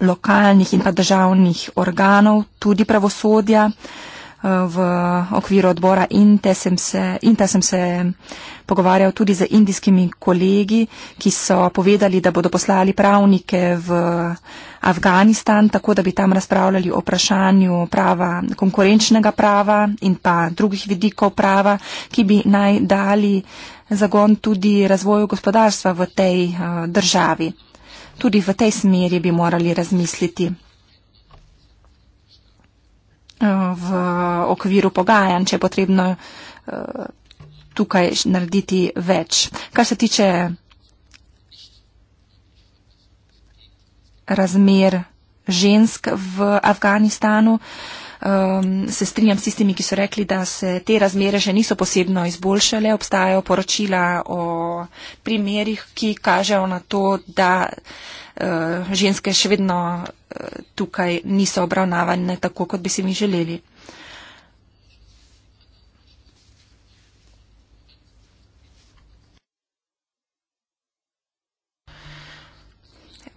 lokalnih in pa državnih organov, tudi pravosodja v okviru odbora Inte sem se, Inte sem se pogovarjal tudi z indijskimi kolegi, ki so povedali, da bodo poslali pravnike v Afganistan, tako da bi tam razpravljali o vprašanju prava, konkurenčnega prava in pa drugih vidikov prava, ki bi naj dali zagon tudi razvoju gospodarstva v tej eh, državi. Tudi v tej smeri bi morali razmisliti v okviru pogajanj, če je potrebno eh, tukaj narediti več. Kar se tiče razmer žensk v Afganistanu, ehm, se strinjam s tistimi, ki so rekli, da se te razmere še niso posebno izboljšale. Obstajajo poročila o primerih, ki kažejo na to, da Eh, ženske še vedno eh, tukaj niso obravnavane tako, kot bi si mi želeli.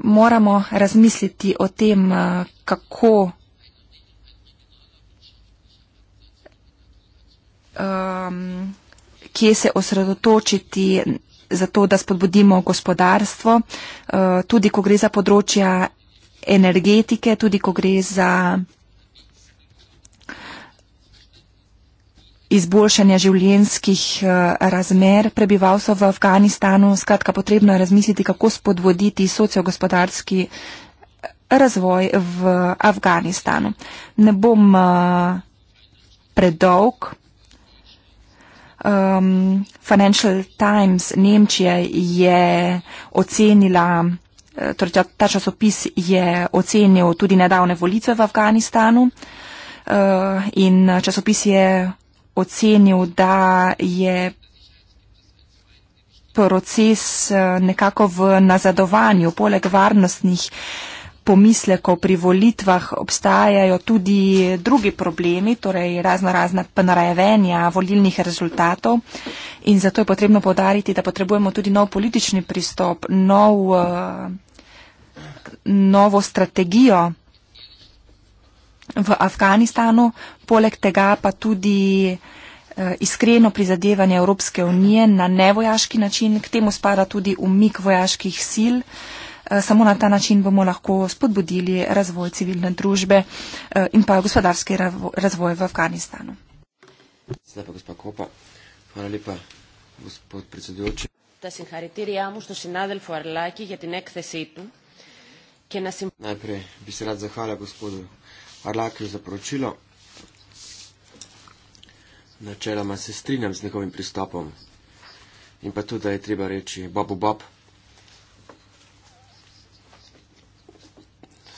Moramo razmisliti o tem, eh, kako um, kje se osredotočiti zato, da spodbudimo gospodarstvo, eh, tudi ko gre za področja energetike, tudi ko gre za izboljšanje življenskih eh, razmer prebivalstva v Afganistanu. Skratka, potrebno je razmisliti, kako spodbuditi sociogospodarski razvoj v Afganistanu. Ne bom eh, predolg. Um, Financial Times Nemčije je ocenila, eh, torej ta časopis je ocenil tudi nedavne volitve v Afganistanu uh, in časopis je ocenil, da je proces eh, nekako v nazadovanju, poleg varnostnih uh, pomislekov pri volitvah, obstajajo tudi drugi problemi, torej razno razna ponarajevenja volilnih rezultatov in zato je potrebno podariti, da potrebujemo tudi nov politični pristop, nov, eh, novo strategijo v Afganistanu, poleg tega pa tudi eh, iskreno prizadevanje Evropske unije na nevojaški način, k temu spada tudi umik vojaških sil. Eh, samo na ta način bomo lahko spodbudili razvoj civilne družbe eh, in pa gospodarski razvoj v Afganistanu. Sedaj pa gospod Kopa. Hvala lepa, gospod predsedujoči. Ta sinharitirija mu, što si nadal fuarlaki, je ti nek tesitu. Sim... Najprej bi se rad zahvalil gospodu Arlakiju za poročilo. Načeloma se strinjam z njegovim pristopom in pa tudi, da je treba reči babu bab. -bab.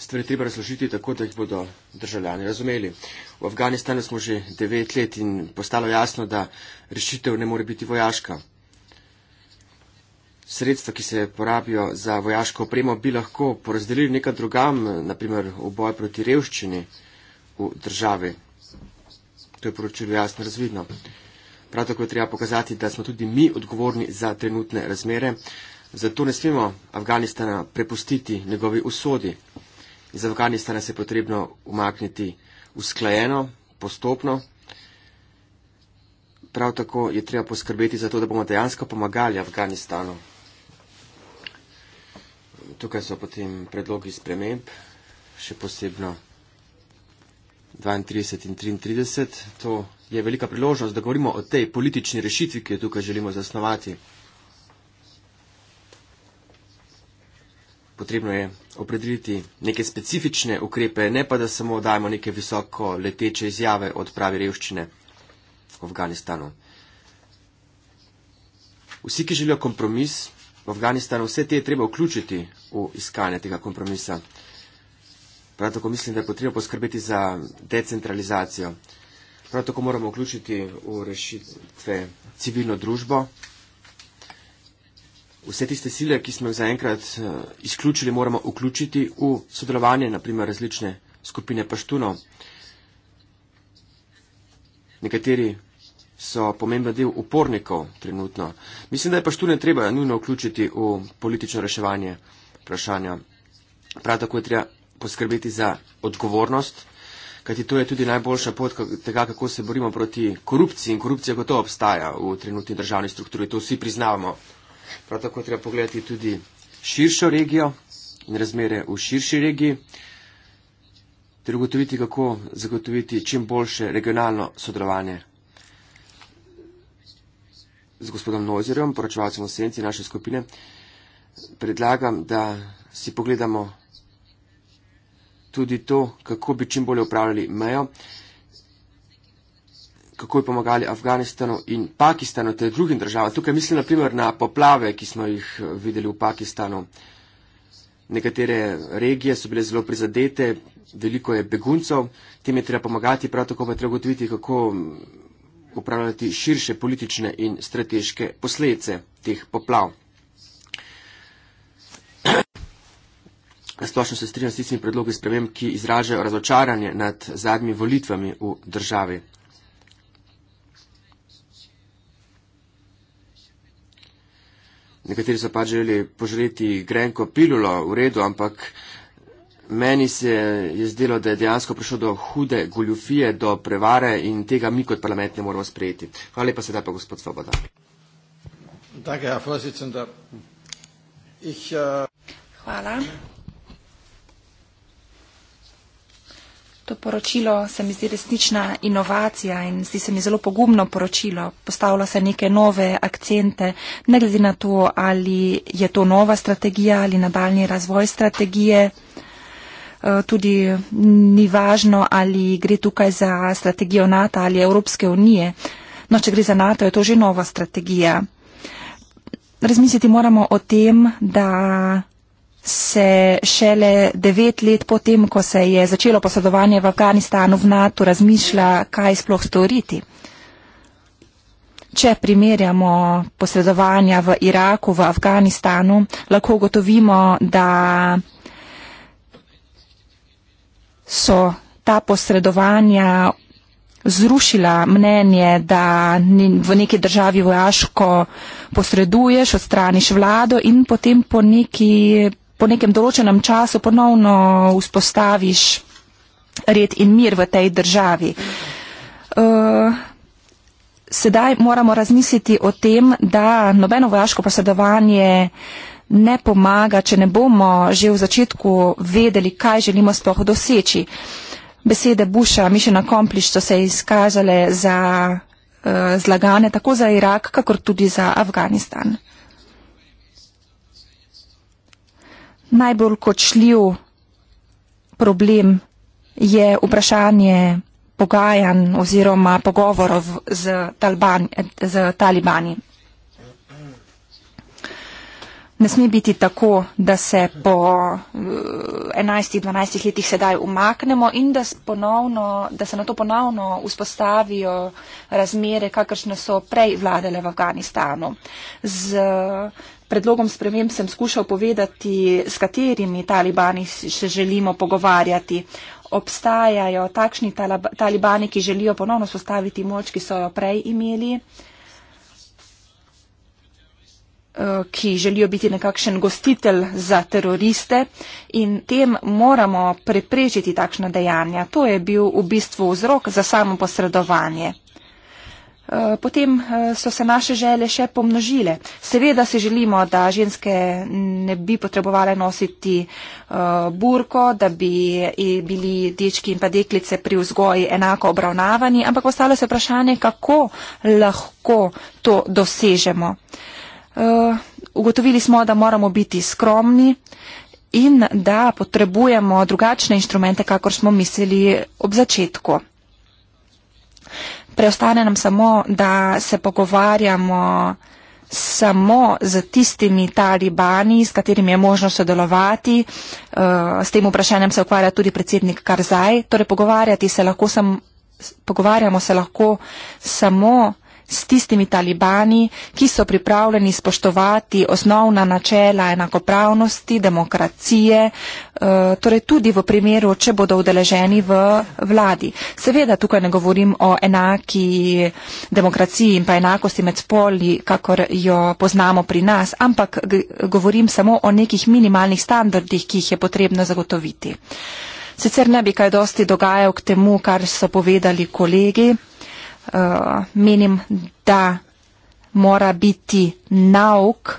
stvari treba razložiti tako, da jih bodo državljani razumeli. V Afganistanu smo že devet let in postalo jasno, da rešitev ne more biti vojaška. Sredstva, ki se porabijo za vojaško opremo, bi lahko porazdelili nekam drugam, naprimer v boj proti revščini v državi. To je poročilo jasno razvidno. Prav tako je treba pokazati, da smo tudi mi odgovorni za trenutne razmere. Zato ne smemo Afganistana prepustiti njegovi usodi. Iz Afganistana se je potrebno umakniti usklajeno, postopno. Prav tako je treba poskrbeti za to, da bomo dejansko pomagali Afganistanu. Tukaj so potem predlogi sprememb, še posebno 32 in 33. To je velika priložnost, da govorimo o tej politični rešitvi, ki jo tukaj želimo zasnovati. potrebno je opredeliti neke specifične ukrepe, ne pa da samo dajemo neke visoko leteče izjave od pravi revščine v Afganistanu. Vsi, ki želijo kompromis v Afganistanu, vse te je treba vključiti v iskanje tega kompromisa. Prav tako mislim, da je potrebno poskrbeti za decentralizacijo. Prav tako moramo vključiti v rešitve civilno družbo, vse tiste sile, ki smo jih zaenkrat eh, izključili, moramo vključiti v sodelovanje, naprimer različne skupine paštuno. Nekateri so pomemben del upornikov trenutno. Mislim, da je paštune treba nujno vključiti v politično reševanje vprašanja. Prav tako je treba poskrbeti za odgovornost, kajti to je tudi najboljša pot tega, kako se borimo proti korupciji. In korupcija gotovo obstaja v trenutni državni strukturi, to vsi priznavamo. Prav tako treba pogledati tudi širšo regijo in razmere v širši regiji ter ugotoviti, kako zagotoviti čim boljše regionalno sodelovanje z gospodom Nozerjem, poročevalcem v senci naše skupine. Predlagam, da si pogledamo tudi to, kako bi čim bolje upravljali mejo kako je pomagali Afganistanu in Pakistanu ter drugim državam. Tukaj mislim naprimer na poplave, ki smo jih eh, videli v Pakistanu. Nekatere regije so bile zelo prizadete, veliko je beguncov, tem je treba pomagati, prav tako pa je treba ugotoviti, kako mm, upravljati širše politične in strateške posledice teh poplav. Splošno se strinjam s tistimi predlogi sprememb, ki izražajo razočaranje nad zadnjimi volitvami v državi. Nekateri so pa želeli poželiti grenko pilulo v redu, ampak meni se je zdelo, da je dejansko prišlo do hude goljufije, do prevare in tega mi kot parlament ne moramo sprejeti. Hvala lepa sedaj pa gospod Svoboda. Äh, Hvala. To poročilo se mi zdi resnična inovacija in zdi se mi zelo pogumno poročilo. Postavlja se neke nove akcente, ne glede na to, ali je to nova strategija ali nadaljni razvoj strategije. Eh, tudi ni važno, ali gre tukaj za strategijo NATO ali Evropske unije. No, če gre za NATO, je to že nova strategija. Razmisliti moramo o tem, da se šele devet let potem, ko se je začelo posedovanje v Afganistanu v NATO, razmišlja, kaj sploh storiti. Če primerjamo posredovanja v Iraku, v Afganistanu, lahko ugotovimo, da so ta posredovanja zrušila mnenje, da v neki državi vojaško posreduješ, odstraniš vlado in potem po neki po nekem določenem času ponovno vzpostaviš red in mir v tej državi. Uh, sedaj moramo razmisliti o tem, da nobeno vojaško posedovanje ne pomaga, če ne bomo že v začetku vedeli, kaj želimo sploh doseči. Besede Busha, Mission Accomplished so se izkazale za uh, zlagane tako za Irak, kakor tudi za Afganistan. najbolj kočljiv problem je vprašanje pogajanj oziroma pogovorov z, talban, z talibani. Ne sme biti tako, da se po 11-12 eh, letih sedaj umaknemo in da, ponovno, da se na to ponovno vzpostavijo razmere, kakršne so prej vladele v Afganistanu. Z predlogom sprememb sem skušal povedati, s katerimi talibani se želimo pogovarjati. Obstajajo takšni talibani, ki želijo ponovno spostaviti moč, ki so jo prej imeli, eh, ki želijo biti nekakšen gostitelj za teroriste in tem moramo preprečiti takšna dejanja. To je bil v bistvu vzrok za samo posredovanje. Eh, potem eh, so se naše želje še pomnožile. Seveda si želimo, da ženske ne bi potrebovali nositi eh, burko, da bi bili dečki in pa deklice pri vzgoji enako obravnavani, ampak ostalo se vprašanje, kako lahko to dosežemo. Ugotovili smo, da moramo biti skromni in da potrebujemo drugačne inštrumente, kakor smo mislili ob začetku preostane nam samo, da se pogovarjamo samo z tistimi talibani, s katerimi je možno sodelovati. Eh, s tem vprašanjem se ukvarja tudi predsednik Karzaj. Torej, pogovarjati se lahko, sam, pogovarjamo se lahko samo s tistimi talibani, ki so pripravljeni spoštovati osnovna načela enakopravnosti, demokracije, eh, torej tudi v primeru, če bodo udeleženi v vladi. Seveda tukaj ne govorim o enaki demokraciji in pa enakosti med spolji, kakor jo poznamo pri nas, ampak govorim samo o nekih minimalnih standardih, ki jih je potrebno zagotoviti. Sicer ne bi kaj dosti dogajal k temu, kar so povedali kolegi. Eh, menim, da mora biti nauk,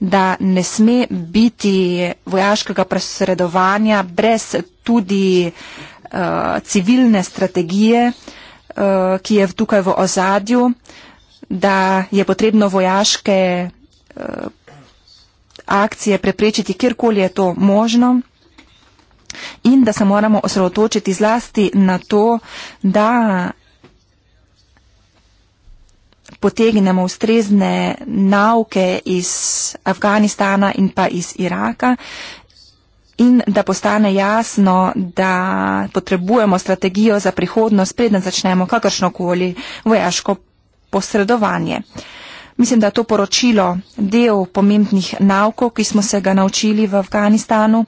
da ne sme biti vojaškega presredovanja brez tudi eh, civilne strategije, eh, ki je tukaj v ozadju, da je potrebno vojaške akcije preprečiti, kjerkoli je to možno in da se moramo osredotočiti zlasti na to, da potegnemo ustrezne nauke iz Afganistana in pa iz Iraka in da postane jasno, da potrebujemo strategijo za prihodnost, preden začnemo kakršnokoli vojaško posredovanje. Mislim, da je to poročilo del pomembnih naukov, ki smo se ga naučili v Afganistanu. Uh,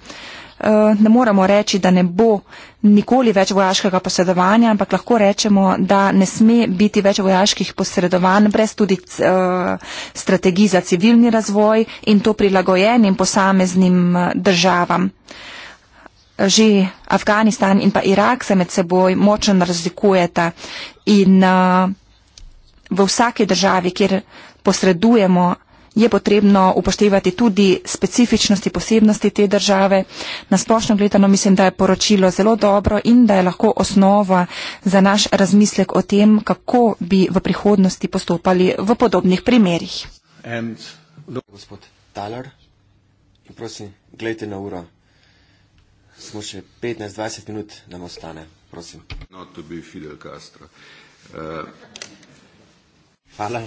Eh, ne moremo reči, da ne bo nikoli več vojaškega posredovanja, ampak lahko rečemo, da ne sme biti več vojaških posredovanj brez tudi eh, strategij za civilni razvoj in to prilagojenim posameznim eh, državam. Že Afganistan in pa Irak se med seboj močno razlikujeta in v vsaki državi, kjer posredujemo je potrebno upoštevati tudi specifičnosti, posebnosti te države. Nasplošno gledano mislim, da je poročilo zelo dobro in da je lahko osnova za naš razmislek o tem, kako bi v prihodnosti postopali v podobnih primerjih. Gospod Talar, prosim, gledajte na uro. Smo še 15-20 minut, nam ostane. Prosim. Not to be Fidel Castro. Uh... Hvala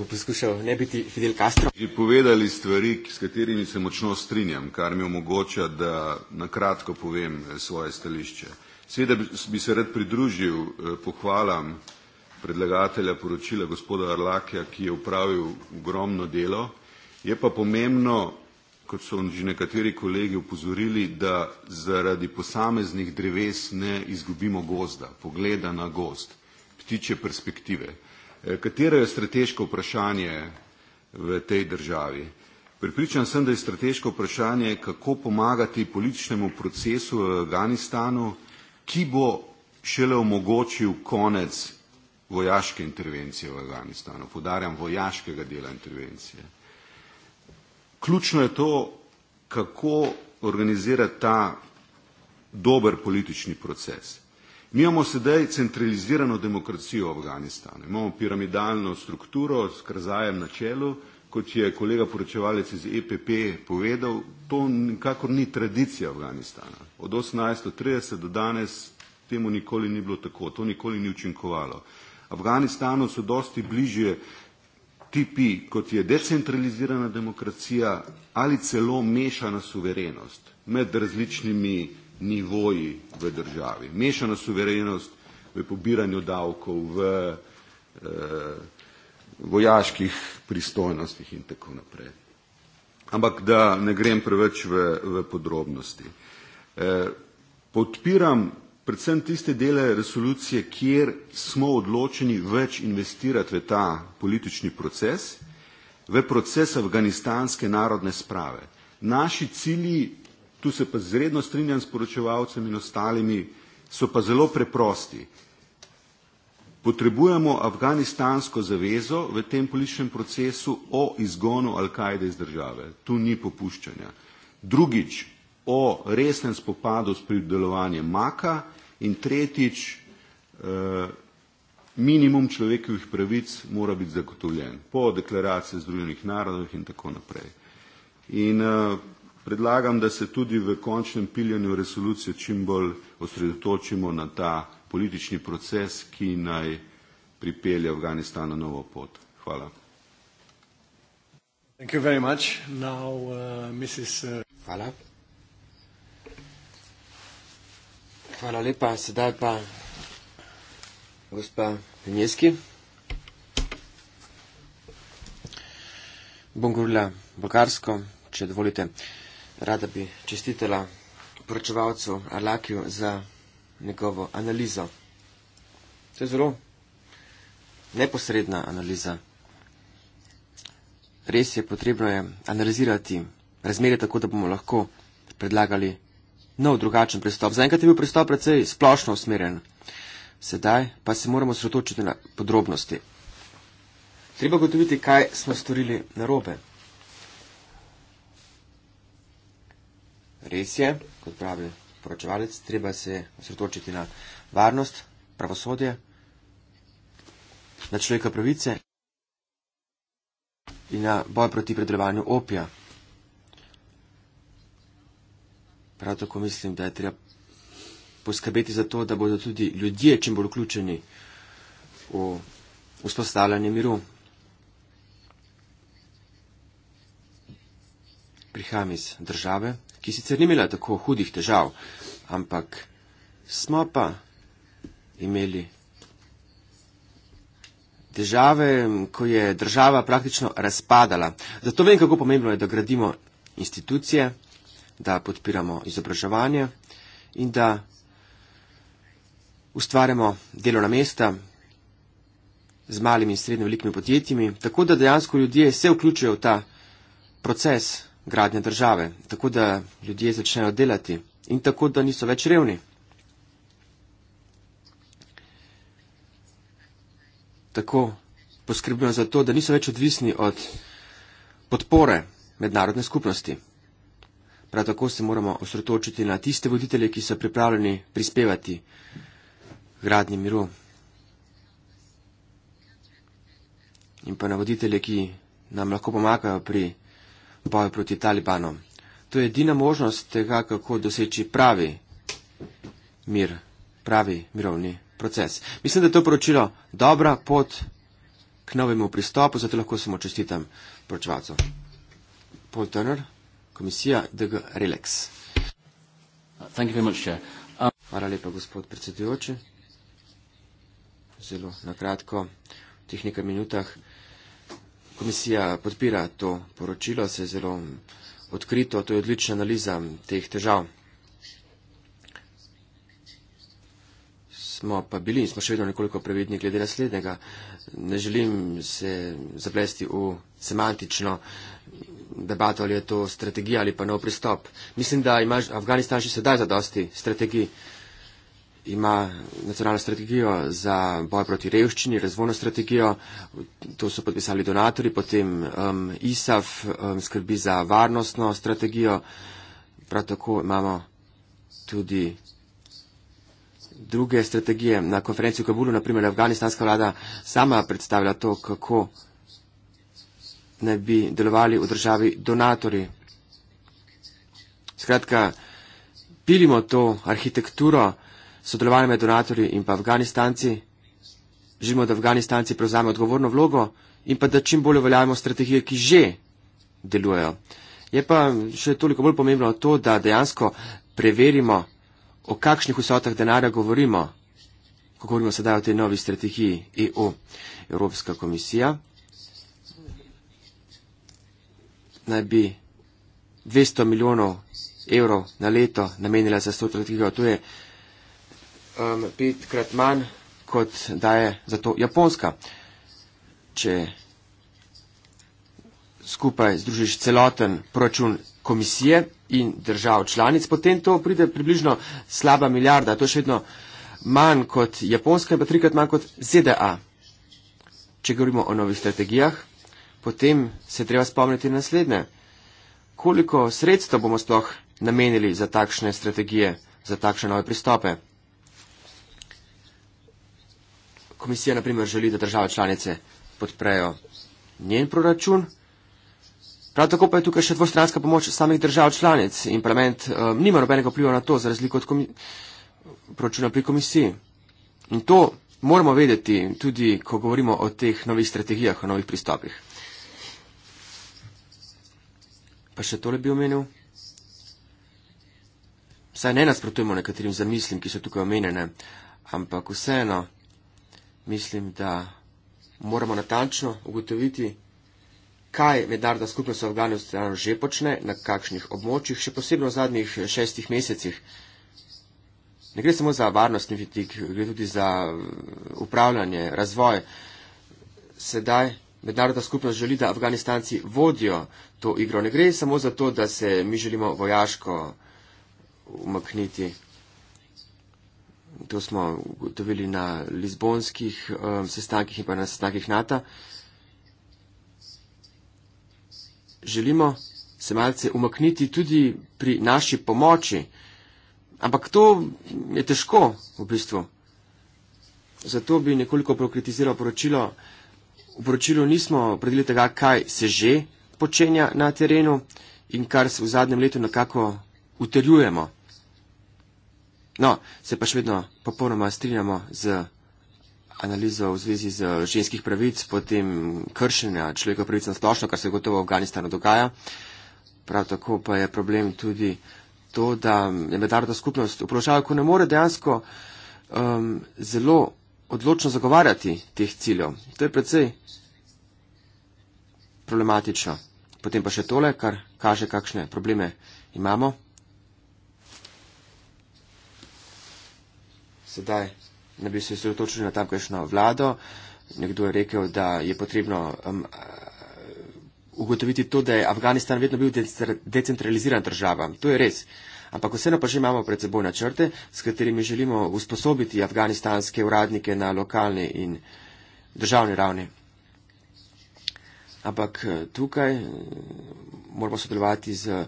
bo poskušal ne biti Fidel Castro. Že povedali stvari, s katerimi se močno strinjam, kar mi omogoča, da na kratko povem eh, svoje stališče. Sveda bi se rad pridružil eh, pohvalam predlagatelja poročila gospoda Arlakja, ki je upravil ogromno delo. Je pa pomembno, kot so že nekateri kolegi upozorili, da zaradi posameznih dreves ne izgubimo gozda, pogleda na gost, ptiče perspektive. Eh, katero je strateško vprašanje v tej državi. Pripričan sem, da je strateško vprašanje, kako pomagati političnemu procesu v Afganistanu, ki bo šele omogočil konec vojaške intervencije v Afganistanu, podarjam vojaškega dela intervencije. Ključno je to, kako organizirati ta dober politični proces. Mi imamo sedaj centralizirano demokracijo v Afganistanu, imamo piramidalno strukturo s krzajem na čelu, kot je kolega poročevalec iz EPP povedal, to nikakor ni tradicija Afganistana. Od 1830 do danes temu nikoli ni bilo tako, to nikoli ni učinkovalo. Afganistanu so dosti bližje tipi, kot je decentralizirana demokracija ali celo mešana suverenost med različnimi nivoji v državi. Mešana suverenost v pobiranju davkov, v eh, vojaških pristojnostih in tako naprej. Ampak da ne grem preveč v, v podrobnosti. Eh, podpiram predvsem tiste dele resolucije, kjer smo odločeni več investirati v ta politični proces, v proces afganistanske narodne sprave. Naši cilji tu se pa zredno strinjam s poročevalcem in ostalimi, so pa zelo preprosti. Potrebujemo afganistansko zavezo v tem političnem procesu o izgonu Al-Kaide iz države. Tu ni popuščanja. Drugič, o resnem spopadu s pridelovanjem maka in tretjič, eh, minimum človekovih pravic mora biti zagotovljen po deklaraciji Združenih narodov in tako naprej. In eh, predlagam, da se tudi v končnem piljenju resolucije čim bolj osredotočimo na ta politični proces, ki naj pripelje Afganistan na novo pot. Hvala. Thank you very much. Now, uh, Mrs. Uh, Hvala. Hvala lepa, sedaj pa gospa Penjeski. Bom govorila bolgarsko, če dovolite. Uh, Rada bi čestitela poročevalcu Alakiju za njegovo analizo. To je zelo neposredna analiza. Res je potrebno je analizirati razmere tako, da bomo lahko predlagali nov drugačen pristop. Zaenkrat je bil pristop precej splošno usmerjen. Sedaj pa se moramo sredotočiti na podrobnosti. Treba gotoviti, kaj smo storili narobe. Res je, kot pravi poročevalec, treba se osredotočiti na varnost, pravosodje, na človeka pravice in na boj proti predelovanju opija. Prav tako mislim, da je treba poskrbeti za to, da bodo tudi ljudje čim bolj vključeni v vzpostavljanje miru. prihajam iz države, ki sicer ni imela tako hudih težav, ampak smo pa imeli težave, ko je država praktično razpadala. Zato vem, kako pomembno je, da gradimo institucije, da podpiramo izobraževanje in da ustvarjamo delovna mesta z malimi in srednjo velikimi podjetjimi, tako da dejansko ljudje se vključijo v ta proces gradnja države, tako da ljudje začnejo delati in tako da niso več revni. Tako poskrbijo za to, da niso več odvisni od podpore mednarodne skupnosti. Prav tako se moramo osredotočiti na tiste voditelje, ki so pripravljeni prispevati gradnji miru. In pa na voditelje, ki nam lahko pomagajo pri v boju proti talibanom. To je edina možnost tega, kako doseči pravi mir, pravi mirovni proces. Mislim, da je to poročilo dobra pot k novemu pristopu, zato lahko samo čestitam poročvalcu. Paul Turner, komisija DG Relax. Um, Hvala lepa, gospod predsedujoči. Zelo na kratko, v teh nekaj minutah komisija podpira to poročilo, se je zelo odkrito, to je odlična analiza teh težav. Smo pa bili in smo še vedno nekoliko previdni glede naslednjega. Ne želim se zaplesti v semantično debato, ali je to strategija ali pa nov pristop. Mislim, da ima Afganistan še sedaj zadosti strategij ima nacionalno strategijo za boj proti revščini, razvojno strategijo, to so podpisali donatori, potem um, ISAF um, skrbi za varnostno strategijo, prav tako imamo tudi druge strategije. Na konferenci v Kabulu, naprimer, afganistanska vlada sama predstavlja to, kako naj bi delovali v državi donatori. Skratka, pilimo to arhitekturo, sodelovanje med donatorji in pa Afganistanci. Želimo, da Afganistanci prevzamejo odgovorno vlogo in pa da čim bolj uveljavimo strategije, ki že delujejo. Je pa še toliko bolj pomembno to, da dejansko preverimo, o kakšnih vsotah denarja govorimo, ko govorimo sedaj o tej novi strategiji EU. Evropska komisija naj bi 200 milijonov evrov na leto namenila za to strategijo. To je um, petkrat manj, kot daje za to Japonska. Če skupaj združiš celoten proračun komisije in držav članic, potem to pride približno slaba milijarda. To je še vedno manj kot Japonska in pa trikrat manj kot ZDA. Če govorimo o novih strategijah, potem se treba spomniti naslednje. Koliko sredstev bomo sploh namenili za takšne strategije, za takšne nove pristope? komisija naprimer želi, da države članice podprejo njen proračun. Prav tako pa je tukaj še dvostranska pomoč samih držav članic in parlament um, nima nobenega vpliva na to, za razliko od komi proračuna pri komisiji. In to moramo vedeti tudi, ko govorimo o teh novih strategijah, o novih pristopih. Pa še tole bi omenil. Saj ne nasprotujemo nekaterim zamislim, ki so tukaj omenjene, ampak vseeno mislim, da moramo natančno ugotoviti, kaj mednarodna skupnost v Afganistanu že počne, na kakšnih območjih, še posebno v zadnjih šestih mesecih. Ne gre samo za varnostni vidik, gre tudi za eh, upravljanje, razvoj. Sedaj mednarodna skupnost želi, da Afganistanci vodijo to igro. Ne gre samo za to, da se mi želimo vojaško umakniti to smo ugotovili na lizbonskih um, sestankih in pa na sestankih NATO. Želimo se malce umakniti tudi pri naši pomoči, ampak to je težko v bistvu. Zato bi nekoliko prokritiziral poročilo. V poročilu nismo opredelili tega, kaj se že počenja na terenu in kar se v zadnjem letu nekako utrjujemo. No, se pa še vedno popolnoma strinjamo z analizo v zvezi z ženskih pravic, potem kršenja človekov pravic na splošno, kar se gotovo v Afganistanu dogaja. Prav tako pa je problem tudi to, da je mednarodna skupnost v položaju, ko ne more dejansko um, zelo odločno zagovarjati teh ciljev. To je predvsej problematično. Potem pa še tole, kar kaže, kakšne probleme imamo. sedaj ne bi se sredotočili na tamkajšno vlado. Nekdo je rekel, da je potrebno um, uh, ugotoviti to, da je Afganistan vedno bil decentralizirana država. To je res. Ampak vseeno pa že imamo pred seboj načrte, s katerimi želimo usposobiti afganistanske uradnike na lokalni in državni ravni. Ampak uh, tukaj uh, moramo sodelovati z. Uh,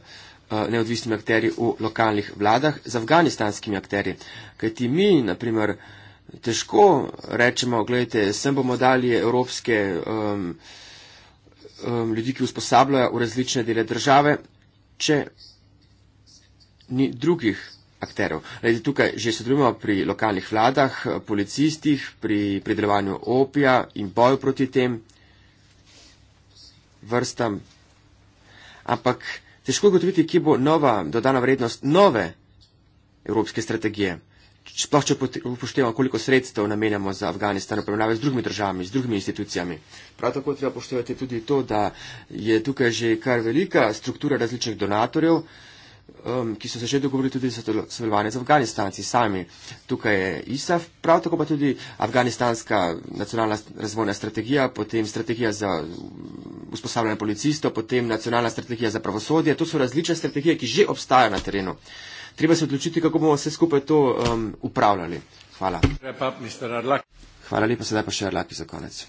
Eh, neodvisnimi akteri v lokalnih vladah z afganistanskimi akteri. Kaj ti mi, naprimer, težko rečemo, gledajte, sem bomo dali evropske um, um, ljudi, ki usposabljajo v različne dele države, če ni drugih akterov. Gledajte, tukaj že sodelujemo pri lokalnih vladah, policistih, pri predelovanju opija in boju proti tem vrstam. Ampak težko gotoviti, ki bo nova dodana vrednost nove evropske strategije. Sploh, če upoštevamo, koliko sredstev namenjamo za Afganistan, upravljamo z drugimi državami, z drugimi institucijami. Prav tako treba upoštevati tudi to, da je tukaj že kar velika struktura različnih donatorjev, um, ki so se že dogovorili tudi za sodelovanje z Afganistanci sami. Tukaj je ISAF, prav tako pa tudi Afganistanska nacionalna razvojna strategija, potem strategija za usposabljanje policistov, potem nacionalna strategija za pravosodje. To so različne strategije, ki že obstajajo na terenu. Treba se odločiti, kako bomo vse skupaj to um, upravljali. Hvala. Hvala lepa, sedaj pa še Arlaki za konec.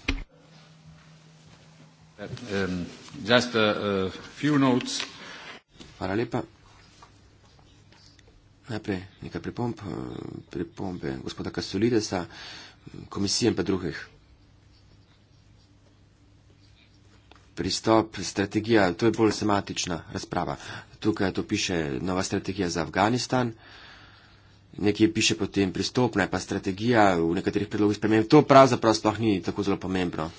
Um, just a, a few notes. Hvala lepa. Najprej nekaj pripomb, eh, pripombe gospoda Kastolidesa, komisije in pa drugih. Pristop, strategija, to je bolj sematična razprava. Tukaj to piše nova strategija za Afganistan, nekje piše potem pristopna je pa strategija v nekaterih predlogih sprememb. To pravzaprav sploh ni tako zelo pomembno.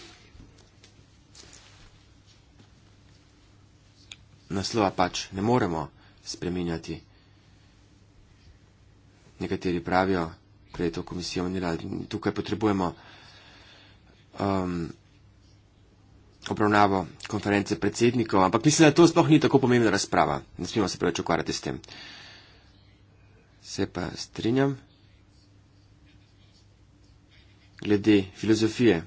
Naslova pač ne moremo spreminjati nekateri pravijo, prej to komisijo ni rad. Tukaj potrebujemo um, obravnavo konference predsednikov, ampak mislim, da to sploh ni tako pomembna razprava. Ne smemo se preveč ukvarjati s tem. Se pa strinjam. Glede filozofije.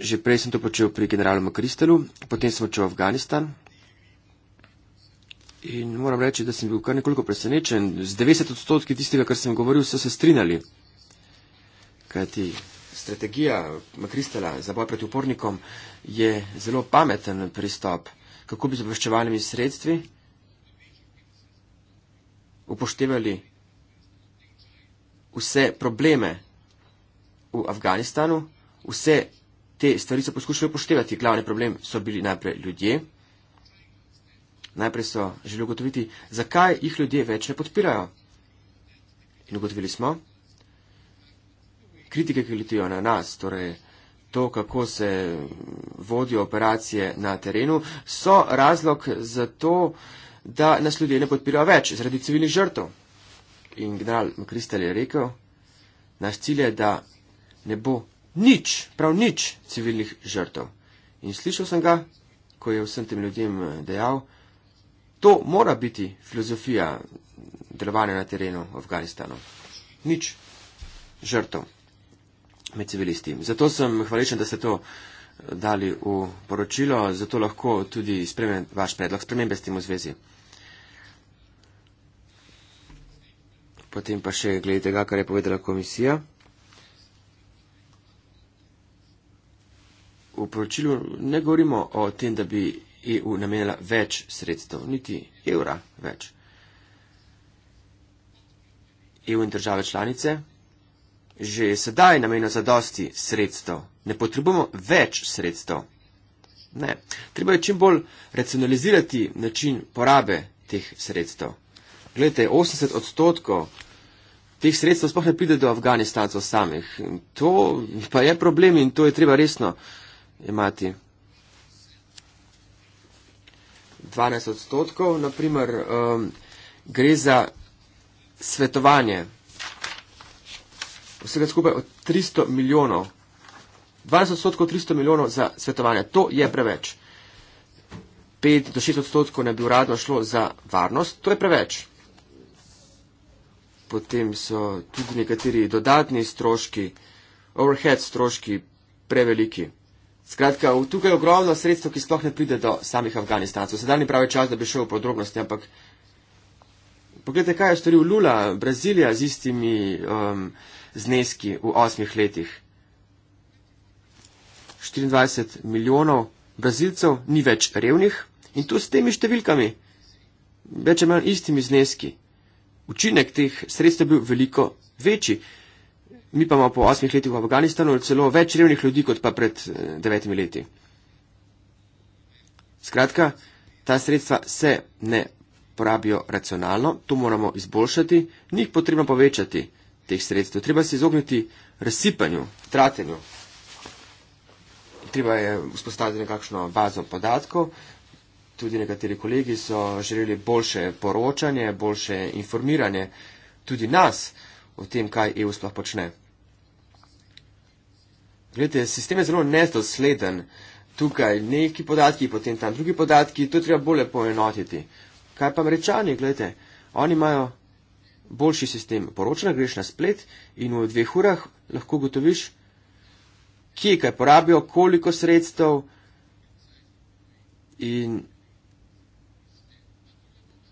Že prej sem to počel pri generalu Makristelu, potem sem odšel v Afganistan, In moram reči, da sem bil kar nekoliko presenečen. Z 90 odstotki tistega, kar sem govoril, so se strinjali. Kajti strategija Makristela za boj proti upornikom je zelo pameten pristop, kako bi z obveščevalnimi sredstvi upoštevali vse probleme v Afganistanu. Vse te stvari so poskušali upoštevati. Glavni problem so bili najprej ljudje. Najprej so želeli ugotoviti, zakaj jih ljudje več ne podpirajo. In ugotovili smo, kritike, ki letijo na nas, torej to, kako se vodijo operacije na terenu, so razlog za to, da nas ljudje ne podpirajo več, zaradi civilnih žrtev. In general Kristel je rekel, naš cilj je, da ne bo nič, prav nič civilnih žrtev. In slišal sem ga, ko je vsem tem ljudem dejal, To mora biti filozofija delovanja na terenu v Afganistanu. Nič žrtev med civilisti. Zato sem hvaležen, da ste to eh, dali v poročilo, zato lahko tudi spremem vaš predlog spremembe s tem v zvezi. Potem pa še glede tega, kar je povedala komisija. V poročilu ne govorimo o tem, da bi EU namenila več sredstev, niti evra več. EU in države članice že sedaj namenijo za dosti sredstev. Ne potrebujemo več sredstev. Ne. Treba je čim bolj racionalizirati način porabe teh sredstev. Glede, 80 odstotkov teh sredstev sploh ne pride do Afganistancev samih. To pa je problem in to je treba resno imati. 12 odstotkov, naprimer um, gre za svetovanje vsega skupaj od 300 milijonov. 20 odstotkov 300 milijonov za svetovanje, to je preveč. 5 do 6 odstotkov ne bi uradno šlo za varnost, to je preveč. Potem so tudi nekateri dodatni stroški, overhead stroški, preveliki. Skratka, tukaj je ogromno sredstev, ki sploh ne pride do samih Afganistancev. Sedaj ni pravi čas, da bi šel v podrobnosti, ampak pogledajte, kaj je storil Lula, Brazilija z istimi um, zneski v osmih letih. 24 milijonov Brazilcev ni več revnih in tu s temi številkami, več ali manj istimi zneski. Učinek teh sredstev je bil veliko večji mi pa imamo po osmih letih v Afganistanu celo več revnih ljudi, kot pa pred eh, devetimi leti. Skratka, ta sredstva se ne porabijo racionalno, to moramo izboljšati, njih potrebno povečati, teh sredstev. Treba se izogniti razsipanju, tratenju. Treba je vzpostaviti nekakšno bazo podatkov. Tudi nekateri kolegi so želeli boljše poročanje, boljše informiranje. Tudi nas o tem, kaj EU sploh počne. Glede, sistem je zelo nedosleden. Tukaj neki podatki, potem tam drugi podatki, to treba bolje poenotiti. Kaj pa američani, gledajte, oni imajo boljši sistem poročanja, greš na splet in v dveh urah lahko gotoviš, kje kaj porabijo, koliko sredstev in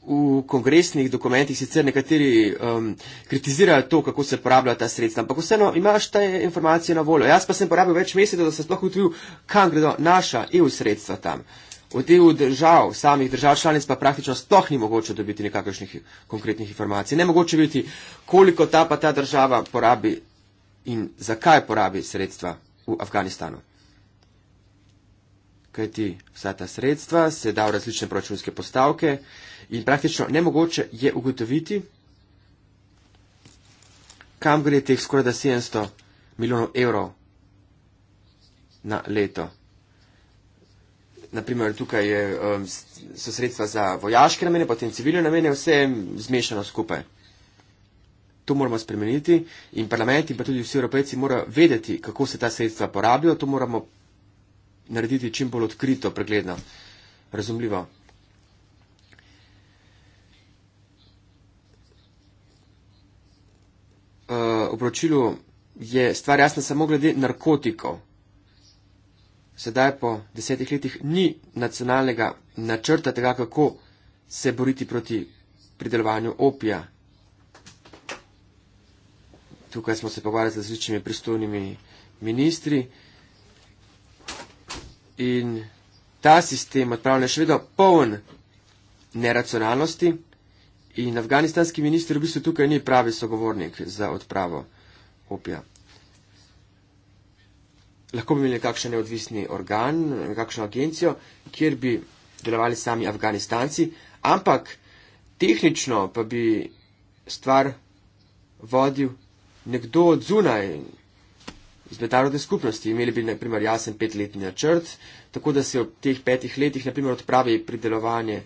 v kongresnih dokumentih sicer nekateri um, kritizirajo to, kako se porablja ta sredstva, ampak vseeno imaš te informacije na voljo. Jaz pa sem porabil več mesecev, da sem sploh utvil, kam gredo naša EU sredstva tam. Od EU držav, samih držav članic pa praktično sploh ni mogoče dobiti nekakšnih konkretnih informacij. Ne mogoče videti, koliko ta pa ta država porabi in zakaj porabi sredstva v Afganistanu. Kajti vsa ta sredstva se da v različne proračunske postavke. In praktično nemogoče je ugotoviti, kam gre teh skoraj da 700 milijonov evrov na leto. Naprimer, tukaj je, um, so sredstva za vojaške namene, potem civilne namene, vse je zmešano skupaj. To moramo spremeniti in parlament in pa tudi vsi evropejci morajo vedeti, kako se ta sredstva porabijo. To moramo narediti čim bolj odkrito, pregledno, razumljivo. obročilu je stvar jasna samo glede narkotikov. Sedaj po desetih letih ni nacionalnega načrta tega, kako se boriti proti pridelovanju opija. Tukaj smo se pogovarjali z različnimi pristojnimi ministri in ta sistem odpravlja še vedno poln neracionalnosti. In afganistanski minister v bistvu tukaj ni pravi sogovornik za odpravo opija. Lahko bi imeli kakšen neodvisni organ, kakšno agencijo, kjer bi delovali sami afganistanci, ampak tehnično pa bi stvar vodil nekdo od zunaj iz mednarodne skupnosti. Imeli bi, na primer, jasen petletni načrt, tako da se v teh petih letih, na primer, odpravi pridelovanje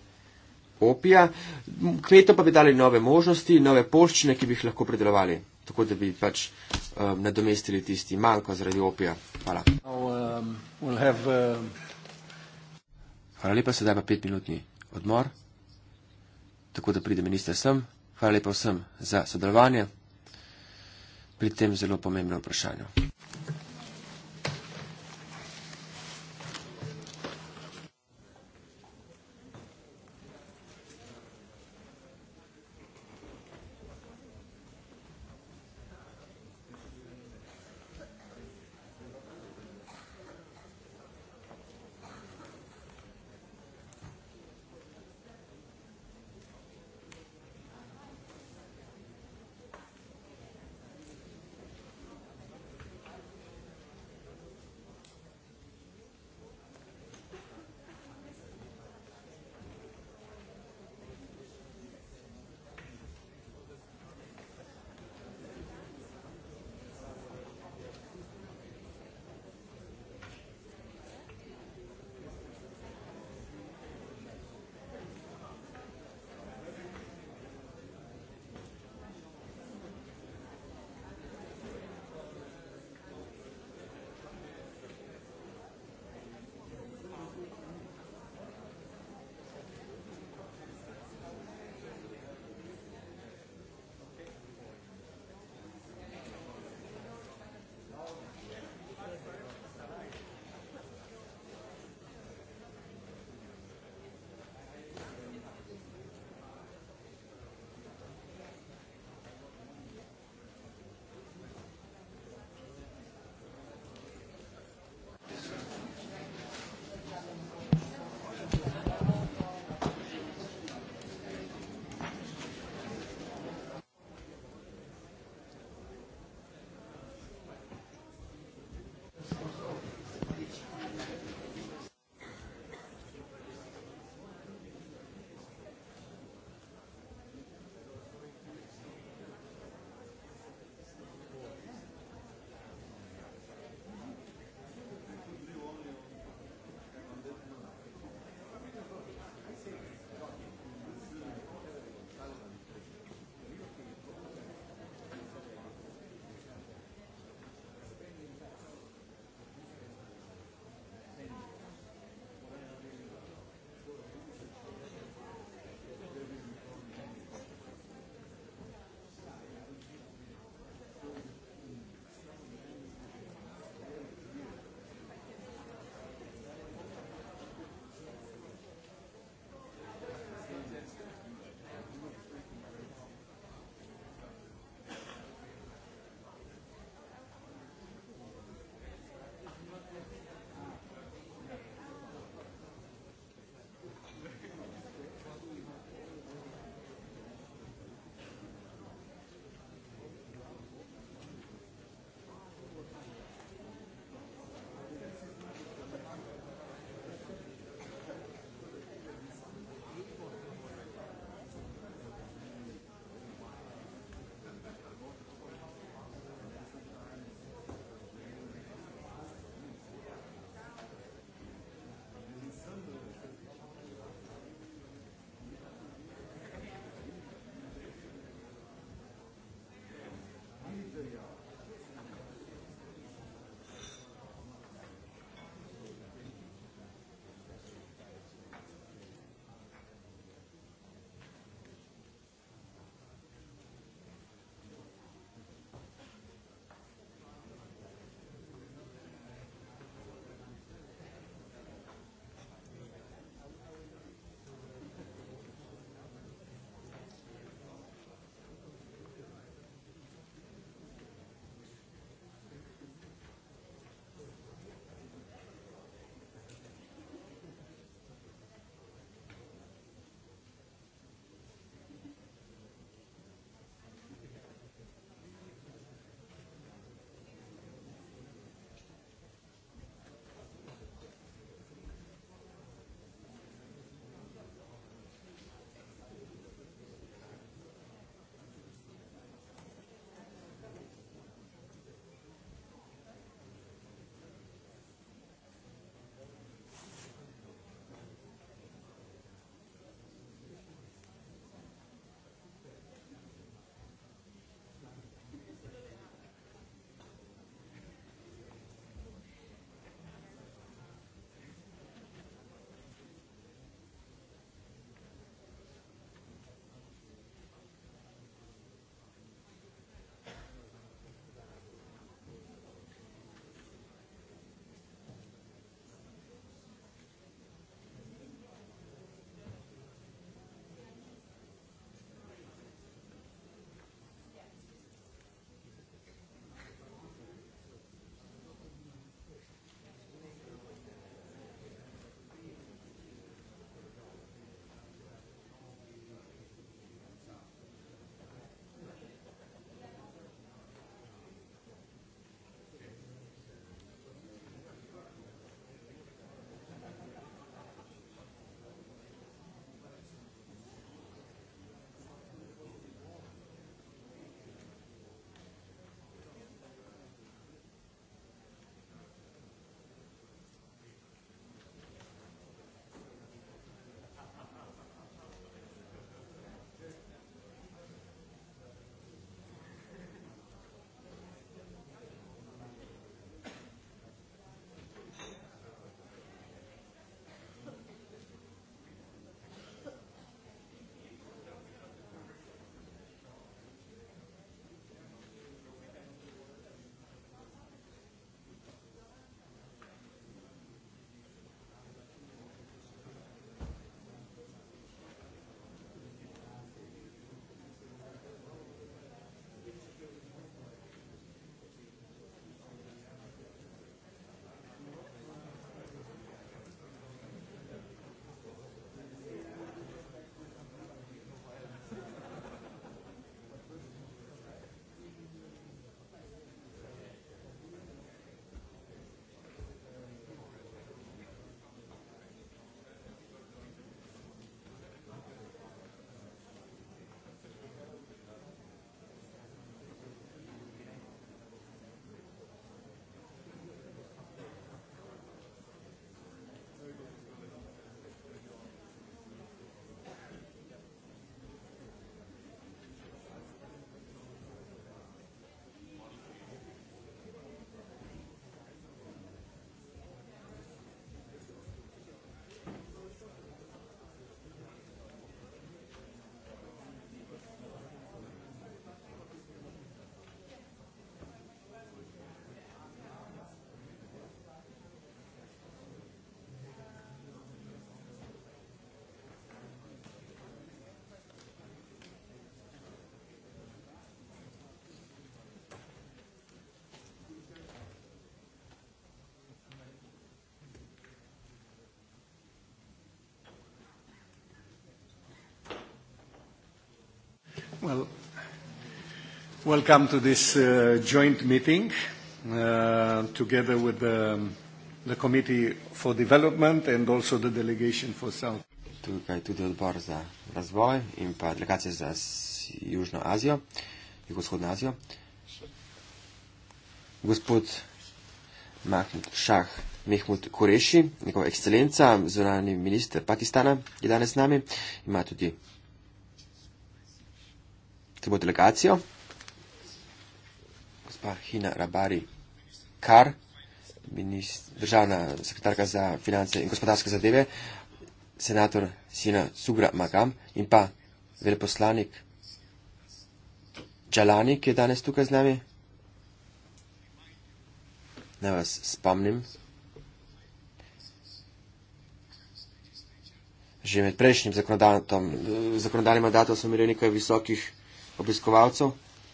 opija, kmetom pa bi dali nove možnosti, nove poščine, ki bi jih lahko predelovali, tako da bi pač um, nadomestili tisti manjko zaradi opija. Hvala. Um, um, Hvala lepa, sedaj pa petminutni odmor, tako da pride minister sem. Hvala lepa vsem za sodelovanje pri tem zelo pomembnem vprašanju. Well, welcome to this uh, joint meeting uh, together with the, um, the Committee for Development and also the Delegation for South. Tukaj tudi odbor za razvoj in pa delegacija za Južno Azijo, Jugoshodno Azijo. Gospod Mahmud Šah Mehmud Koreši, njegova ekscelenca, zunani minister Pakistana, je danes z nami. Ima tudi tipo delegacijo. Gospa Hina Rabari Kar, ministr, državna sekretarka za finance in gospodarske zadeve, senator Sina Sugra Magam in pa veleposlanik Džalani, ki je danes tukaj z nami. Ne vas spomnim. Že med prejšnjim zakonodajnim mandatom smo imeli nekaj visokih obiskovalcev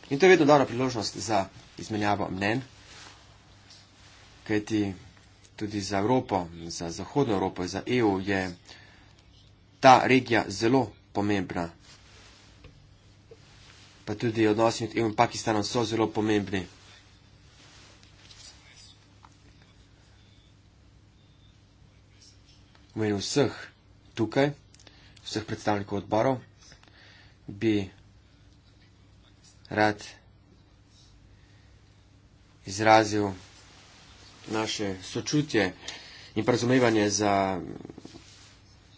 in to je vedno dobra priložnost za izmenjavo mnen, kajti tudi za Evropo, za Zahodno Evropo, za EU je ta regija zelo pomembna. Pa tudi odnosi med EU in Pakistanom so zelo pomembni. V imenu vseh tukaj, vseh predstavnikov odborov, bi rad izrazil naše sočutje in razumevanje za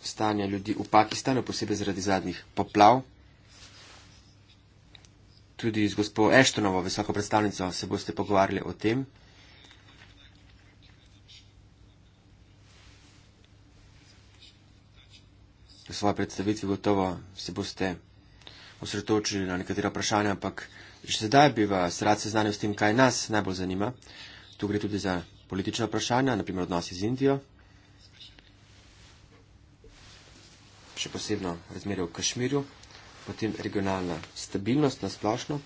stanje ljudi v Pakistanu, posebej zaradi zadnjih poplav. Tudi z gospod Eštonovo, visoko predstavnico, se boste pogovarjali o tem. V svoji predstavitvi gotovo se boste osredotočili na nekatera vprašanja, ampak že sedaj bi vas rad seznanil s tem, kaj nas najbolj zanima. Tu gre tudi za politična vprašanja, naprimer odnosi z Indijo, še posebno razmere v Kašmirju, potem regionalna stabilnost na splošno,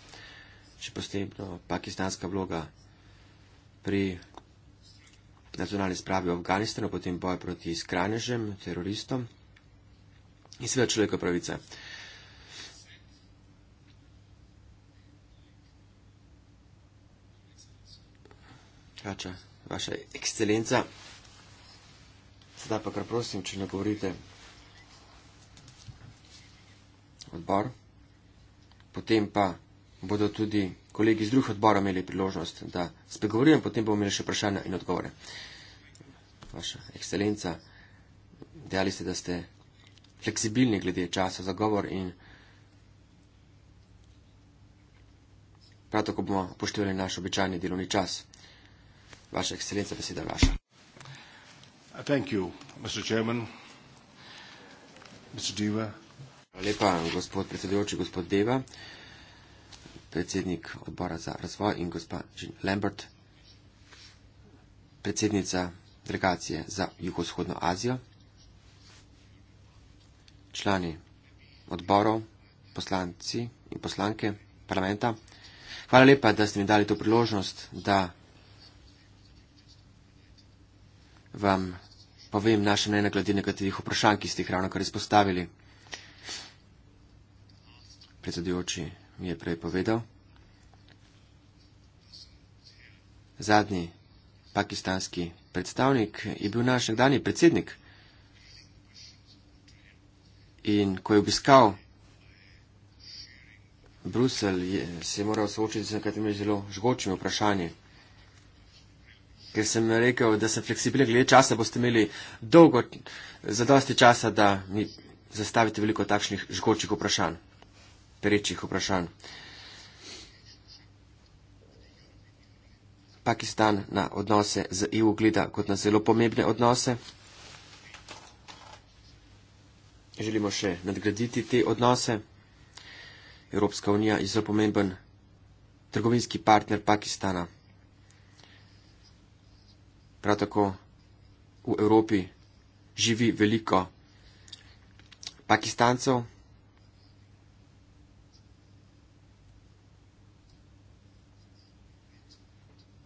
še posebno pakistanska vloga pri nacionalni spravi v Afganistanu, potem boj proti skranežem, teroristom in seveda človekove pravice. Hača, vaša ekscelenca. Sedaj pa kar prosim, če ne govorite odbor, potem pa bodo tudi kolegi iz drugih odborov imeli priložnost, da spregovorijo, potem bomo imeli še vprašanja in odgovore. Vaša ekscelenca, dejali ste, da ste fleksibilni glede časa za govor in prav tako bomo upoštevali naš običajni delovni čas. Vaša ekscelenca, beseda vaša. Uh, thank you, Mr. Chairman, Mr. Deva. Hvala lepa, gospod predsedujoči, gospod Deva, predsednik odbora za razvoj in gospa Jean Lambert, predsednica delegacije za jugovzhodno Azijo, člani odborov, poslanci in poslanke parlamenta. Hvala lepa, da ste mi dali to priložnost, da vam povem naše ne glede nekaterih vprašanj, ki ste jih ravno kar izpostavili. Predsedujoči mi je prej povedal. Zadnji pakistanski predstavnik je bil naš nekdani predsednik. In ko je obiskal Bruselj, se je moral soočiti z nekaterimi zelo žgočimi vprašanji ker sem rekel, da sem fleksibilen glede časa, boste imeli dolgo, zadosti časa, da mi zastavite veliko takšnih žgočih vprašanj, perečih vprašanj. Pakistan na odnose z EU gleda kot na zelo pomembne odnose. Želimo še nadgraditi te odnose. Evropska unija je zelo pomemben trgovinski partner Pakistana prav tako v Evropi živi veliko pakistancev.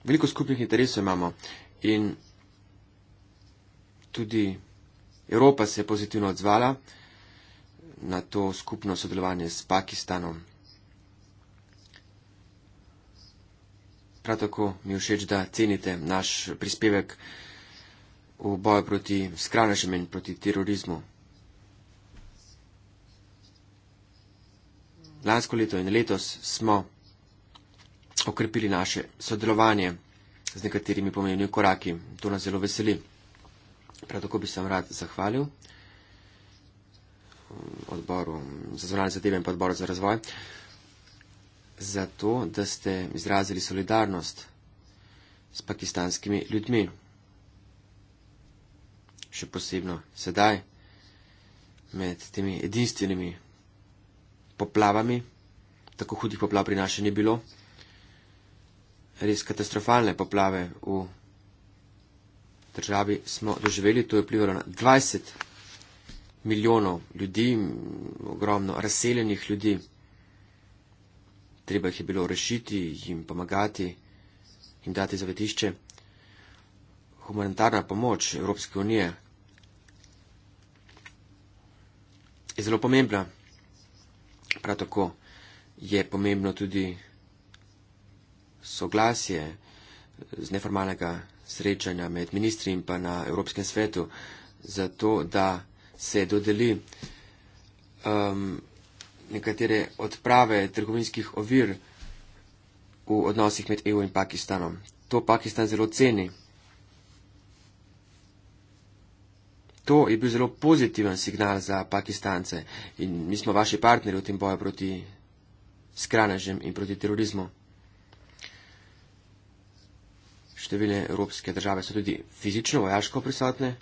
Veliko skupnih interesov imamo in tudi Evropa se je pozitivno odzvala na to skupno sodelovanje s Pakistanom. Prav tako mi je všeč, da cenite naš prispevek v boju proti skrajnežem in proti terorizmu. Lansko leto in letos smo okrepili naše sodelovanje z nekaterimi pomembnimi koraki. To nas zelo veseli. Prav tako bi se vam rad zahvalil eh, odboru za zunanje zadeve in pa odboru za razvoj za to, da ste izrazili solidarnost s pakistanskimi ljudmi. Še posebno sedaj, med temi edinstvenimi poplavami, tako hudih poplav pri našem ni bilo, res katastrofalne poplave v državi smo doživeli, to je vplivalo na 20 milijonov ljudi, ogromno razseljenih ljudi treba jih je bilo rešiti, jim pomagati in dati zavetišče. Humanitarna pomoč Evropske unije je zelo pomembna. Prav tako je pomembno tudi soglasje z neformalnega srečanja med ministri in pa na Evropskem svetu za to, da se dodeli um, nekatere odprave trgovinskih ovir v odnosih med EU in Pakistanom. To Pakistan zelo ceni. To je bil zelo pozitiven signal za Pakistance in mi smo vaši partneri v tem boju proti skranežem in proti terorizmu. Številne evropske države so tudi fizično, vojaško prisotne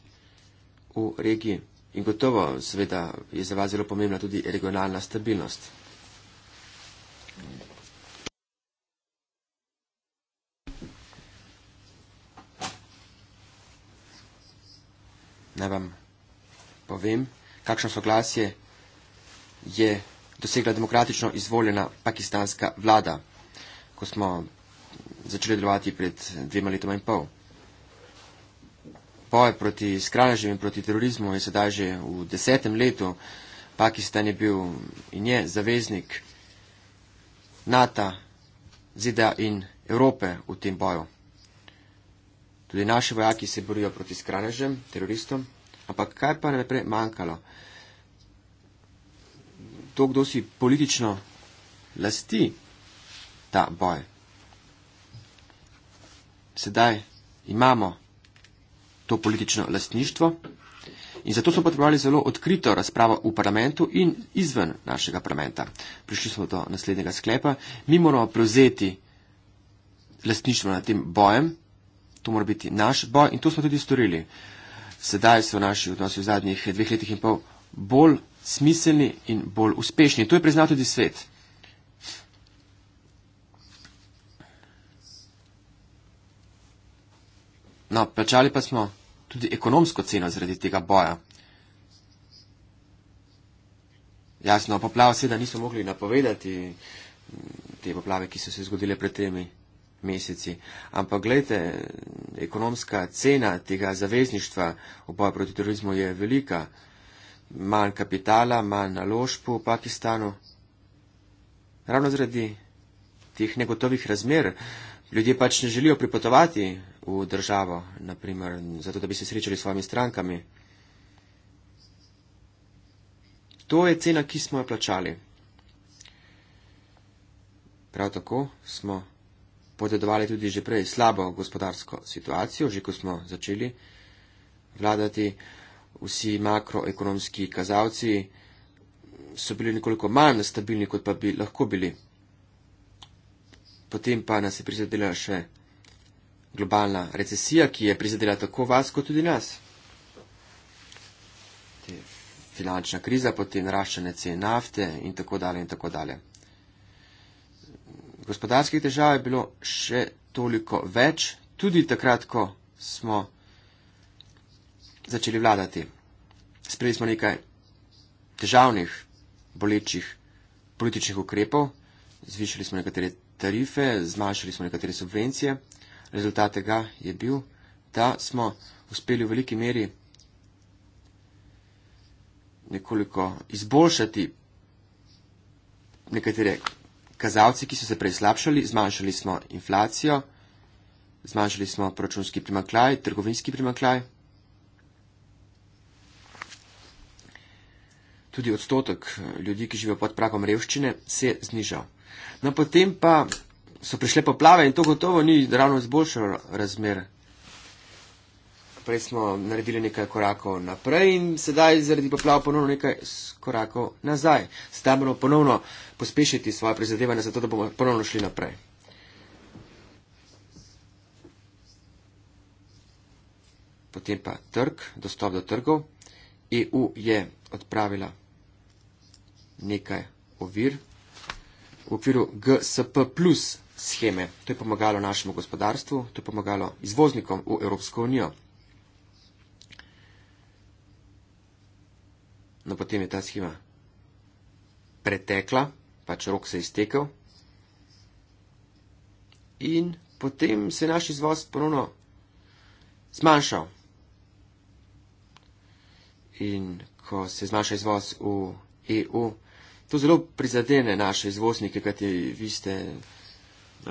v regiji. In gotovo, seveda, je za vas zelo pomembna tudi regionalna stabilnost. Naj vam povem, kakšno soglasje je dosegla demokratično izvoljena pakistanska vlada, ko smo začeli delovati pred dvema letoma in pol boj proti skrajnežem in proti terorizmu je sedaj že v desetem letu. Pakistan je bil in je zaveznik NATO, ZDA in Evrope v tem boju. Tudi naši vojaki se borijo proti skrajnežem, teroristom. Ampak kaj pa je najprej manjkalo? To, kdo si politično lasti ta boj. Sedaj imamo to politično lastništvo. In zato smo potrebovali zelo odkrito razpravo v parlamentu in izven našega parlamenta. Prišli smo do naslednjega sklepa. Mi moramo prevzeti lastništvo nad tem bojem. To mora biti naš boj in to smo tudi storili. Sedaj so naši odnosi v zadnjih dveh letih in pol bolj smiselni in bolj uspešni. To je priznal tudi svet. No, plačali pa smo tudi ekonomsko ceno zaradi tega boja. Jasno, poplav seveda niso mogli napovedati, mm, te poplave, ki so se zgodile pred temi meseci. Ampak gledajte, ekonomska cena tega zavezništva v boju proti terorizmu je velika. Manj kapitala, manj naložb v Pakistanu. Ravno zaradi teh negotovih razmer ljudje pač ne želijo pripotovati v državo, naprimer, zato da bi se srečali s svojimi strankami. To je cena, ki smo jo plačali. Prav tako smo podedovali tudi že prej slabo gospodarsko situacijo, že ko smo začeli vladati. Vsi makroekonomski kazalci so bili nekoliko manj stabilni, kot pa bi lahko bili. Potem pa nas je prizadela še globalna recesija, ki je prizadela tako vas, kot tudi nas. Te finančna kriza, potem naraščanje cen nafte in tako dalje in tako dalje. Gospodarskih težav je bilo še toliko več, tudi takrat, ko smo začeli vladati. Sprejeli smo nekaj težavnih, bolečih političnih ukrepov, zvišali smo nekatere tarife, zmanjšali smo nekatere subvencije rezultat tega je bil, da smo uspeli v veliki meri nekoliko izboljšati nekatere kazalce, ki so se prej slabšali, zmanjšali smo inflacijo, zmanjšali smo proračunski primaklaj, trgovinski primaklaj, tudi odstotek ljudi, ki živijo pod pragom revščine, se je znižal. No, potem pa so prišle poplave in to gotovo ni ravno izboljšalo razmer. Prej smo naredili nekaj korakov naprej in sedaj zaradi poplav ponovno nekaj korakov nazaj. Sedaj moramo ponovno pospešiti svoje prizadevanje, zato da bomo ponovno šli naprej. Potem pa trg, dostop do trgov. EU je odpravila nekaj ovir. V okviru GSP scheme. To je pomagalo našemu gospodarstvu, to je pomagalo izvoznikom v Evropsko unijo. No potem je ta schema pretekla, pač rok se je iztekel in potem se je naš izvoz ponovno zmanjšal. In ko se zmanjša izvoz v EU, to zelo prizadene naše izvoznike, kajti vi ste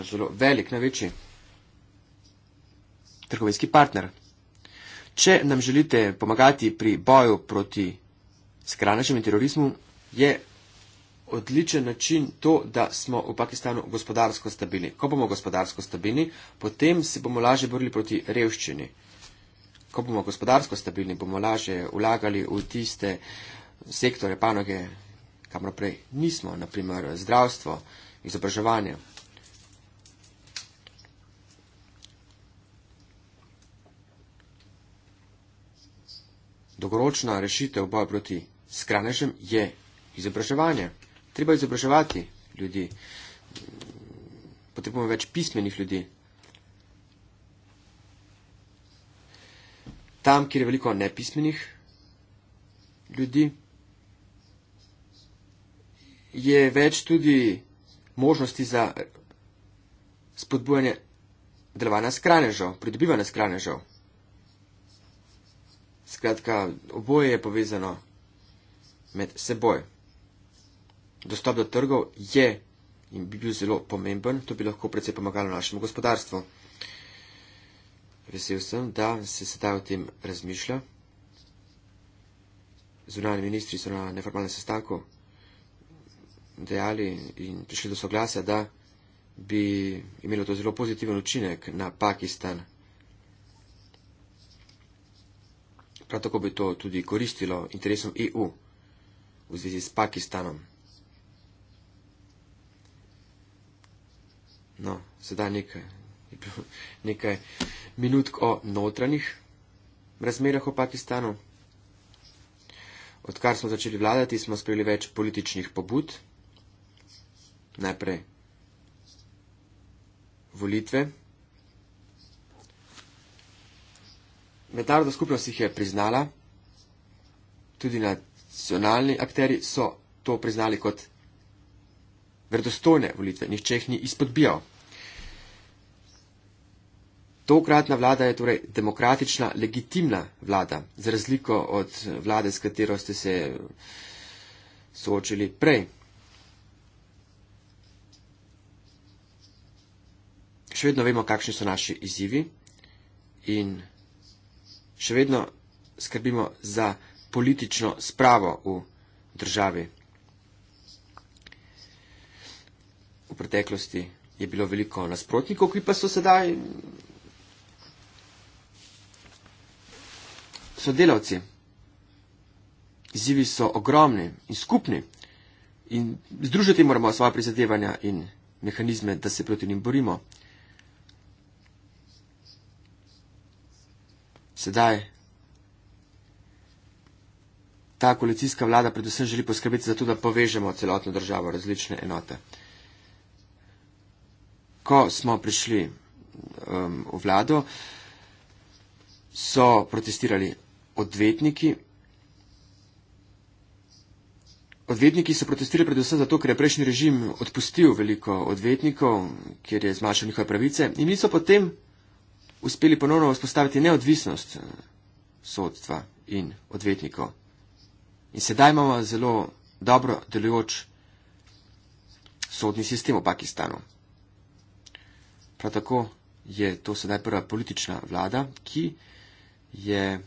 zelo velik, največji trgovinski partner. Če nam želite pomagati pri boju proti skrajnašem in terorizmu, je odličen način to, da smo v Pakistanu gospodarsko stabilni. Ko bomo gospodarsko stabilni, potem se bomo lažje borili proti revščini. Ko bomo gospodarsko stabilni, bomo lažje vlagali v tiste sektore, panoge, kamor prej nismo, naprimer zdravstvo, izobraževanje. dolgoročna rešitev boja proti skrajnežem je izobraževanje. Treba izobraževati ljudi. Potrebujemo več pismenih ljudi. Tam, kjer je veliko nepismenih ljudi, je več tudi možnosti za spodbujanje delovanja skranežev, pridobivanja skranežev. Skratka, oboje je povezano med seboj. Dostop do trgov je in bi bil zelo pomemben, to bi lahko predvsej pomagalo našemu gospodarstvu. Vesel sem, da se sedaj o tem razmišlja. Zunani ministri so na neformalnem sestanku dejali in prišli do soglasja, da bi imelo to zelo pozitiven učinek na Pakistan. prav tako bi to tudi koristilo interesom EU v zvezi s Pakistanom. No, sedaj nekaj, nekaj minutk o notranjih razmerah v Pakistanu. Odkar smo začeli vladati, smo sprejeli več političnih pobud. Najprej volitve Mednarodna skupnost jih je priznala, tudi nacionalni akteri so to priznali kot verdostojne volitve, nihče jih ni izpodbijal. Tokratna vlada je torej demokratična, legitimna vlada, za razliko od vlade, s katero ste se soočili prej. Še vedno vemo, kakšni so naši izzivi in še vedno skrbimo za politično spravo v državi. V preteklosti je bilo veliko nasprotnikov, ki pa so sedaj sodelavci. Izzivi so ogromni in skupni in združiti moramo svoje prizadevanja in mehanizme, da se proti njim borimo. Sedaj ta koalicijska vlada predvsem želi poskrbeti za to, da povežemo celotno državo, različne enote. Ko smo prišli um, v vlado, so protestirali odvetniki. Odvetniki so protestirali predvsem zato, ker je prejšnji režim odpustil veliko odvetnikov, ker je zmanjšal njihove pravice in niso potem uspeli ponovno vzpostaviti neodvisnost eh, sodstva in odvetnikov. In sedaj imamo zelo dobro delujoč sodni sistem v Pakistanu. Prav tako je to sedaj prva politična vlada, ki je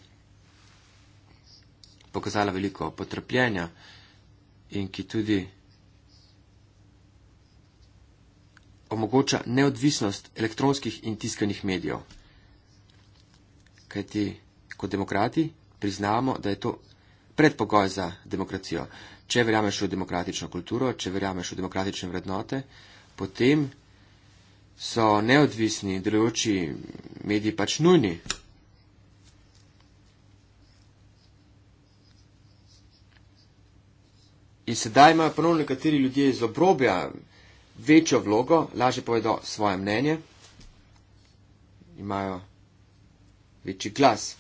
pokazala veliko potrpljenja in ki tudi omogoča neodvisnost elektronskih in tiskanih medijev kajti kot demokrati priznamo, da je to predpogoj za demokracijo. Če verjameš v demokratično kulturo, če verjameš v demokratične vrednote, potem so neodvisni delujoči mediji pač nujni. In sedaj imajo ponovno nekateri ljudje iz obrobja večjo vlogo, lažje povedo svoje mnenje, imajo večji glas.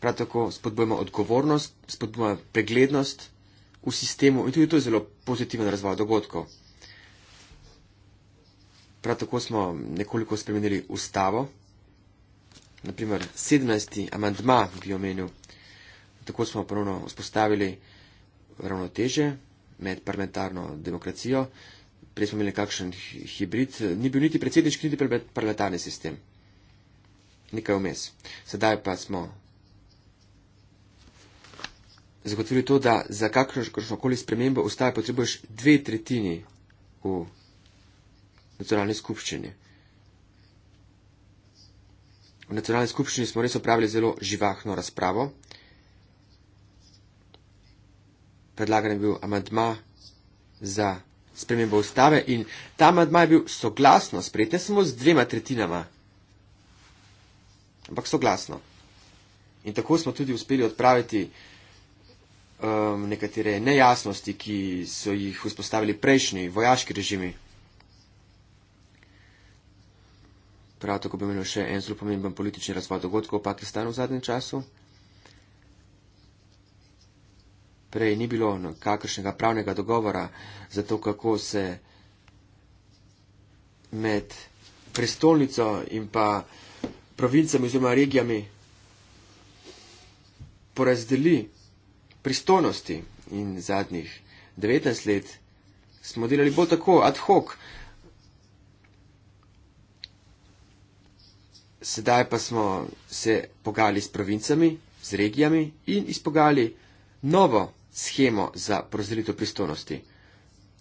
Prav tako spodbujamo odgovornost, spodbujamo preglednost v sistemu in tudi to je zelo pozitiven razvoj dogodkov. Prav tako smo nekoliko spremenili ustavo, naprimer 17. amandma bi omenil. Tako smo ponovno vzpostavili ravnoteže med parlamentarno demokracijo. Prej smo imeli kakšen hibrid, ni bil niti predsedniški, niti parlamentarni sistem nekaj vmes. Sedaj pa smo zagotovili to, da za kakršnokoli spremembo ustave potrebuješ dve tretjini v nacionalni skupščini. V nacionalni skupščini smo res opravili zelo živahno razpravo. Predlagan je bil amadma za spremembo ustave in ta amadma je bil soglasno sprejet, ne samo z dvema tretjinama ampak soglasno. In tako smo tudi uspeli odpraviti um, nekatere nejasnosti, ki so jih vzpostavili prejšnji vojaški režimi. Prav tako bi imel še en zelo pomemben politični razvoj dogodkov v Pakistanu v zadnjem času. Prej ni bilo kakršnega pravnega dogovora za to, kako se med prestolnico in pa provincami oziroma regijami porazdeli pristojnosti in zadnjih 19 let smo delali bolj tako ad hoc. Sedaj pa smo se pogali s provincami, z regijami in izpogali novo schemo za porazdelitev pristojnosti.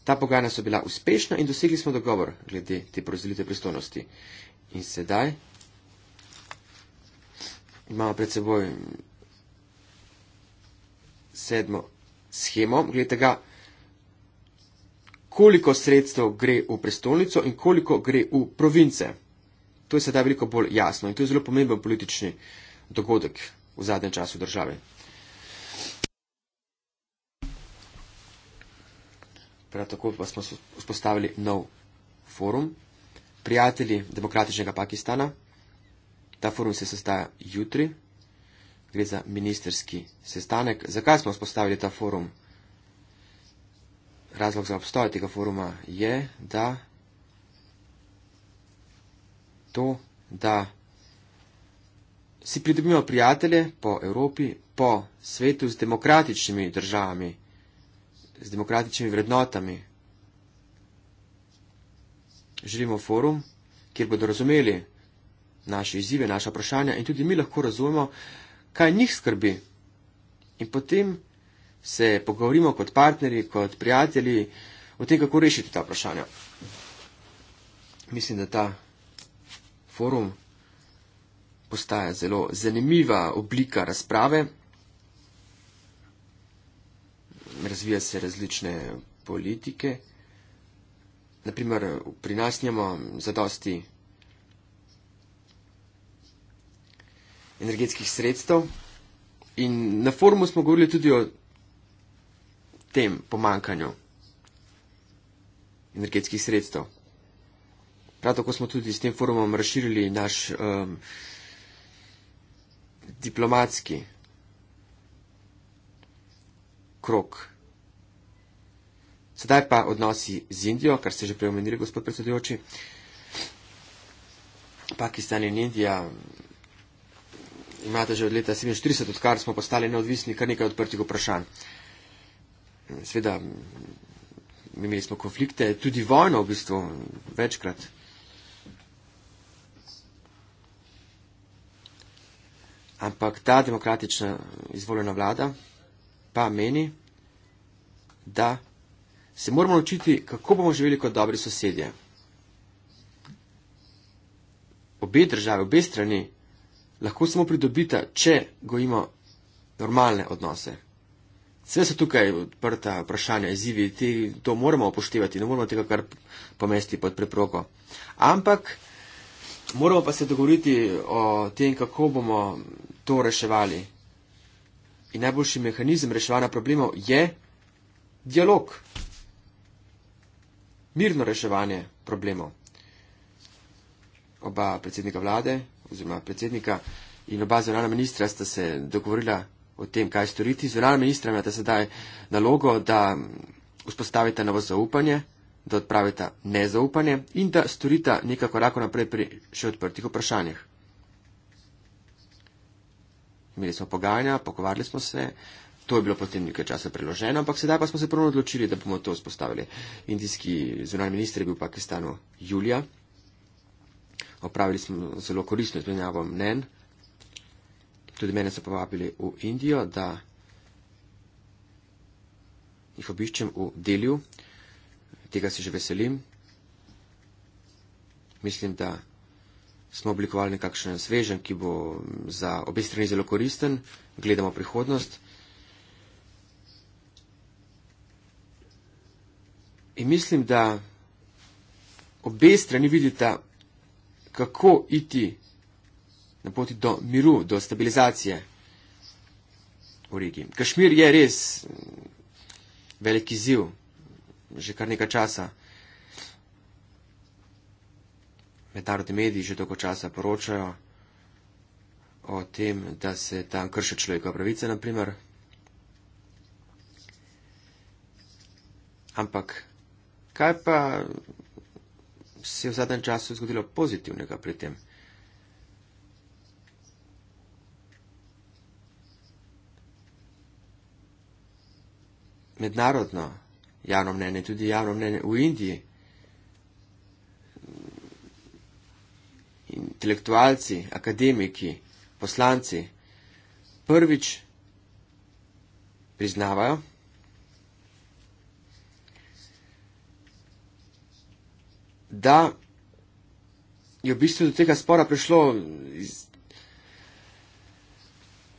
Ta pogajanja so bila uspešna in dosegli smo dogovor glede te porazdelitve pristojnosti. In sedaj imamo pred seboj sedmo schemo. Glede tega, koliko sredstev gre v prestolnico in koliko gre v province. To je sedaj veliko bolj jasno in to je zelo pomemben politični dogodek v zadnjem času države. Prav tako pa smo vzpostavili nov forum prijatelji demokratičnega Pakistana. Ta forum se sestaja jutri, gre za ministerski sestanek. Zakaj smo spostavili ta forum? Razlog za obstoj tega foruma je, da to, da si pridobimo prijatelje po Evropi, po svetu z demokratičnimi državami, z demokratičnimi vrednotami. Želimo forum, kjer bodo razumeli, naše izzive, naša vprašanja in tudi mi lahko razumemo, kaj njih skrbi. In potem se pogovorimo kot partnerji, kot prijatelji o tem, kako rešiti ta vprašanja. Mislim, da ta forum postaja zelo zanimiva oblika razprave. Razvija se različne politike. Naprimer, pri nas nimamo zadosti energetskih sredstev. In na forumu smo govorili tudi o tem pomankanju energetskih sredstev. Prav tako smo tudi s tem forumom razširili naš um, diplomatski krok. Sedaj pa odnosi z Indijo, kar ste že preomenili, gospod predsedujoči. Pakistan in Indija imate že od leta 47, odkar smo postali neodvisni, kar nekaj odprtih vprašanj. Sveda, mm, imeli smo konflikte, tudi vojno v bistvu, večkrat. Ampak ta demokratična izvoljena vlada pa meni, da se moramo naučiti, kako bomo živeli kot dobri sosedje. Obe države, obe strani lahko samo pridobita, če gojimo normalne odnose. Vse so tukaj odprta vprašanja, izzivi, ti to moramo upoštevati, ne moramo tega kar pomesti pod preproko. Ampak moramo pa se dogovoriti o tem, kako bomo to reševali. In najboljši mehanizem reševanja problemov je dialog. Mirno reševanje problemov. Oba predsednika vlade, oziroma predsednika in oba zvonana ministra sta se dogovorila o tem, kaj storiti. Zvonana ministra imata sedaj nalogo, da vzpostavite novo zaupanje, da odpravite nezaupanje in da storite nekaj korakov naprej pri še odprtih vprašanjih. Imeli smo pogajanja, pogovarjali smo se, to je bilo potem nekaj časa preloženo, ampak sedaj pa smo se ponovno odločili, da bomo to vzpostavili. Indijski zunani minister je bil v Pakistanu julija opravili smo zelo koristno izmenjavo mnen. Tudi mene so povabili v Indijo, da jih obiščem v delju. Tega se že veselim. Mislim, da smo oblikovali nekakšen svežen, ki bo za obe strani zelo koristen. Gledamo prihodnost. In mislim, da obe strani vidita kako iti na poti do miru, do stabilizacije v regiji. Kašmir je res mm, veliki ziv, že kar nekaj časa. Metarodni mediji že dolgo časa poročajo o tem, da se tam krši človekove pravice, naprimer. Ampak, kaj pa se je v zadnjem času zgodilo pozitivnega pri tem? Mednarodno javno mnenje, tudi javno mnenje v Indiji, intelektualci, akademiki, poslanci prvič priznavajo, da je v bistvu do tega spora prišlo iz,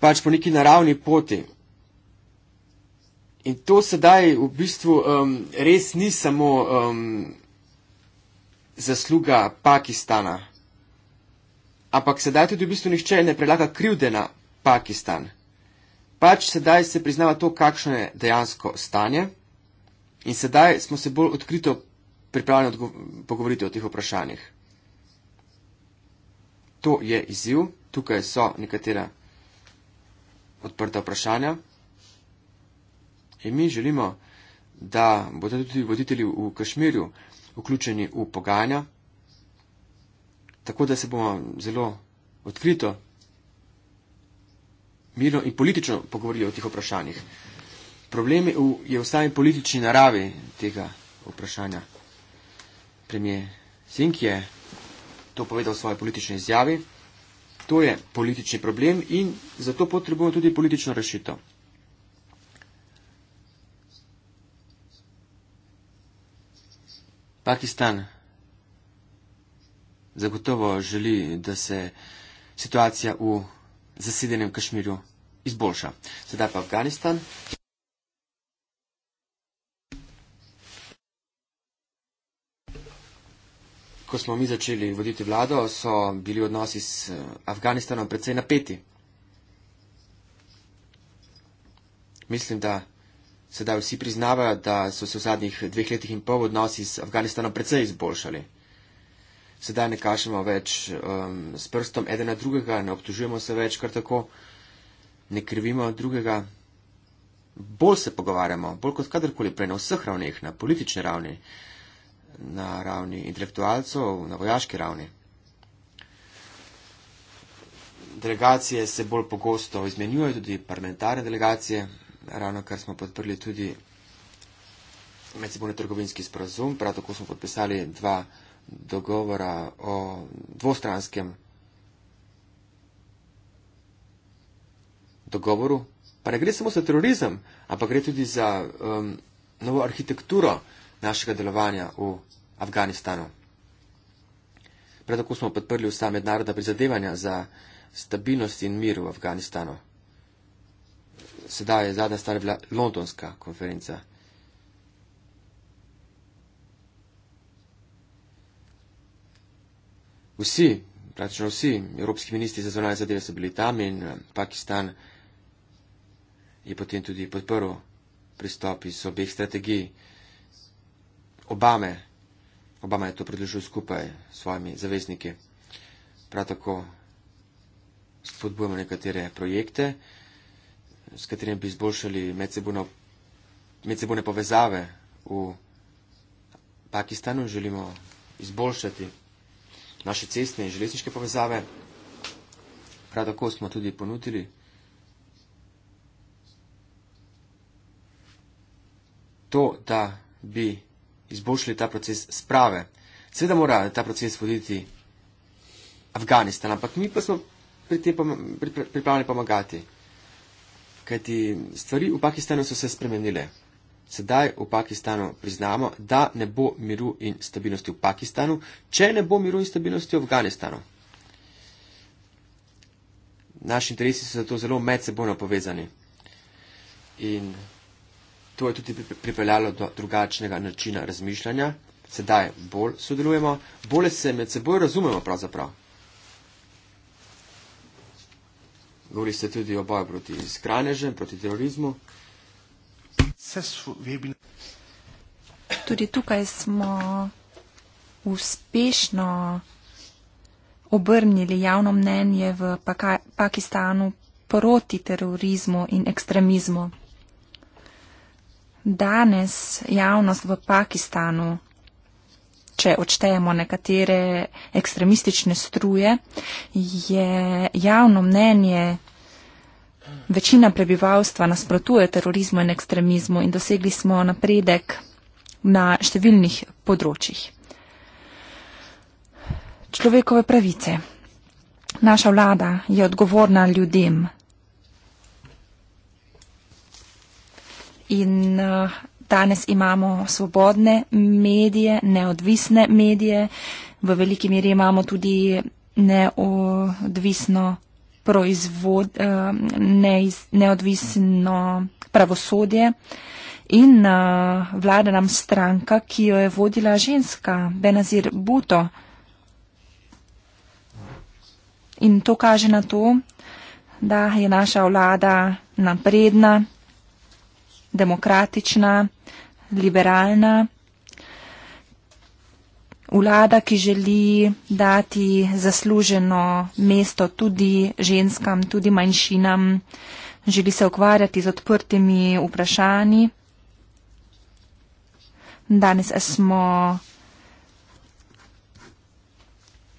pač po neki naravni poti. In to sedaj v bistvu um, res ni samo um, zasluga Pakistana, ampak sedaj tudi v bistvu nihče ne prelaga krivde na Pakistan. Pač sedaj se priznava to, kakšno je dejansko stanje in sedaj smo se bolj odkrito pripravljeni pogovoriti o teh vprašanjih. To je izziv, tukaj so nekatera odprta vprašanja in mi želimo, da bodo tudi voditelji v Kašmirju vključeni v pogajanja, tako da se bomo zelo odkrito, mirno in politično pogovorili o teh vprašanjih. Problem je v, je v sami politični naravi tega vprašanja premijer Sink je to povedal v svoji politični izjavi. To je politični problem in zato potrebujemo tudi politično rešitev. Pakistan zagotovo želi, da se situacija v zasedenem Kašmirju izboljša. Sedaj pa Afganistan. ko smo mi začeli voditi vlado, so bili odnosi s eh, Afganistanom predvsej napeti. Mislim, da sedaj vsi priznavajo, da so se v zadnjih dveh letih in pol odnosi s Afganistanom predvsej izboljšali. Sedaj ne kašemo več um, s prstom enega drugega, ne obtužujemo se več kar tako, ne krivimo drugega. Bolj se pogovarjamo, bolj kot kadarkoli prej, na vseh ravneh, na politični ravni, na ravni intelektualcev, na vojaški ravni. Delegacije se bolj pogosto izmenjujejo, tudi parlamentarne delegacije. Ravno kar smo podprli tudi medsebojni trgovinski sporazum, prav tako smo podpisali dva dogovora o dvostranskem dogovoru. Pa ne gre samo za terorizem, ampak gre tudi za um, novo arhitekturo uh, našega delovanja v Afganistanu. Predvsem smo podprli vsa mednarodna prizadevanja za stabilnost in mir v Afganistanu. Sedaj je zadnja stvar bila londonska konferenca. Vsi, praktično vsi evropski ministri za zvonanje zadeve so bili tam in eh, Pakistan je potem tudi podprl pristop iz obeh strategij. Obame. Obama je to predložil skupaj s svojimi zavezniki. Prav tako spodbujamo nekatere projekte, s katerimi bi izboljšali medsebojne povezave v Pakistanu. Želimo izboljšati naše cestne in železniške povezave. Prav tako smo tudi ponudili to, da bi izboljšali ta proces sprave. Seveda mora ta proces voditi Afganistan, ampak mi pa smo pri tem pripravljeni pomagati. Kajti stvari v Pakistanu so se spremenile. Sedaj v Pakistanu priznamo, da ne bo miru in stabilnosti v Pakistanu, če ne bo miru in stabilnosti v Afganistanu. Naši interesi so zato zelo medsebojno povezani. In To je tudi pripeljalo do drugačnega načina razmišljanja. Sedaj bolj sodelujemo, bolje se med seboj razumemo pravzaprav. Govori se tudi o boju proti skranežem, proti terorizmu. Tudi tukaj smo uspešno obrnili javno mnenje v Pakistanu proti terorizmu in ekstremizmu danes javnost v Pakistanu, če odštejemo nekatere ekstremistične struje, je javno mnenje, večina prebivalstva nasprotuje terorizmu in ekstremizmu in dosegli smo napredek na številnih področjih. Človekove pravice. Naša vlada je odgovorna ljudem, in uh, danes imamo svobodne medije, neodvisne medije, v veliki meri imamo tudi neodvisno, proizvod, uh, neiz, neodvisno pravosodje. In uh, vlada nam stranka, ki jo je vodila ženska, Benazir Buto. In to kaže na to, da je naša vlada napredna, demokratična, liberalna vlada, ki želi dati zasluženo mesto tudi ženskam, tudi manjšinam, želi se ukvarjati z odprtimi vprašanji. Danes smo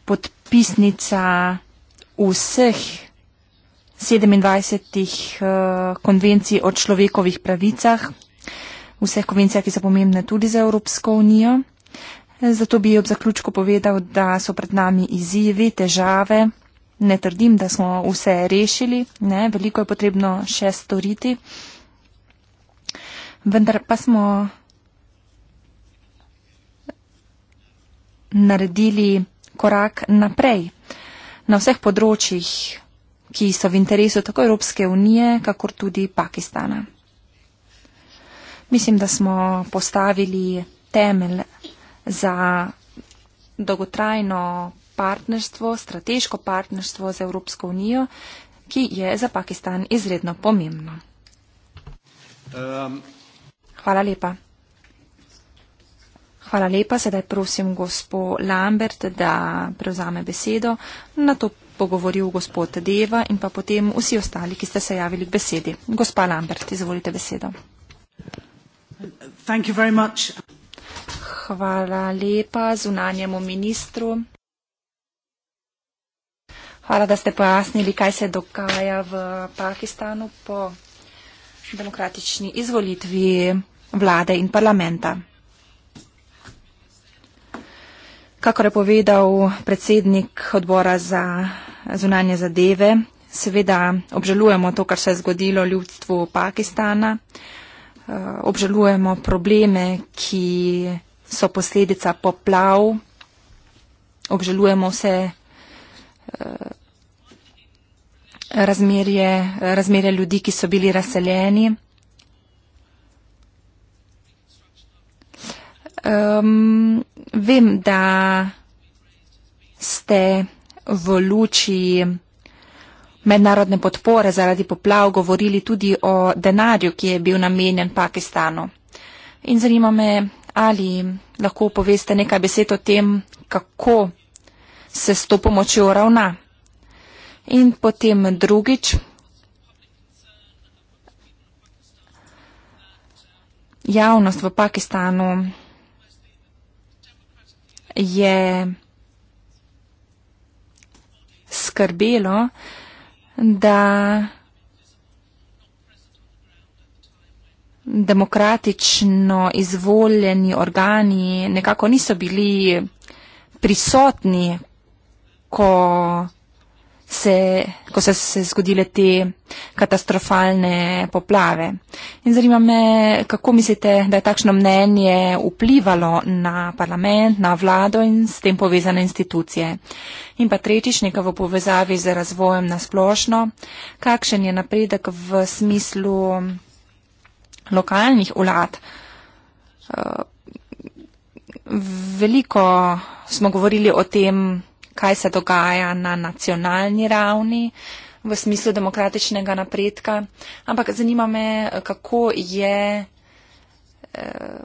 podpisnica vseh 27 uh, eh, konvencij o človekovih pravicah, vseh konvencijah, ki so pomembne tudi za Evropsko unijo. Zato bi ob zaključku povedal, da so pred nami izzivi, težave. Ne trdim, da smo vse rešili, ne, veliko je potrebno še storiti. Vendar pa smo naredili korak naprej na vseh področjih ki so v interesu tako Evropske unije, kakor tudi Pakistana. Mislim, da smo postavili temelj za dolgotrajno partnerstvo, strateško partnerstvo z Evropsko unijo, ki je za Pakistan izredno pomembno. Um. Hvala lepa. Hvala lepa. Sedaj prosim gospod Lambert, da prevzame besedo. Na to pogovoril gospod Deva in pa potem vsi ostali, ki ste se javili k besedi. Gospa Lambert, izvolite besedo. Hvala lepa zunanjemu ministru. Hvala, da ste pojasnili, kaj se dogaja v Pakistanu po demokratični izvolitvi vlade in parlamenta. Kakor je povedal predsednik odbora za zunanje zadeve. Seveda obžalujemo to, kar se je zgodilo ljudstvu Pakistana, eh, obžalujemo probleme, ki so posledica poplav, obžalujemo vse eh, razmerje, razmerje ljudi, ki so bili razseljeni. Um, vem, da ste v luči mednarodne podpore zaradi poplav govorili tudi o denarju, ki je bil namenjen Pakistanu. In zanima me, ali lahko poveste nekaj besed o tem, kako se s to pomočjo ravna. In potem drugič. Javnost v Pakistanu je skrbelo, da demokratično izvoljeni organi nekako niso bili prisotni, ko se, ko so se zgodile te katastrofalne poplave. In zanima me, kako mislite, da je takšno mnenje vplivalo na parlament, na vlado in s tem povezane institucije. In pa tretjič, nekaj v povezavi z razvojem na splošno, kakšen je napredek v smislu lokalnih vlad. Eh, veliko smo govorili o tem, kaj se dogaja na nacionalni ravni v smislu demokratičnega napredka, ampak zanima me, kako je. Eh,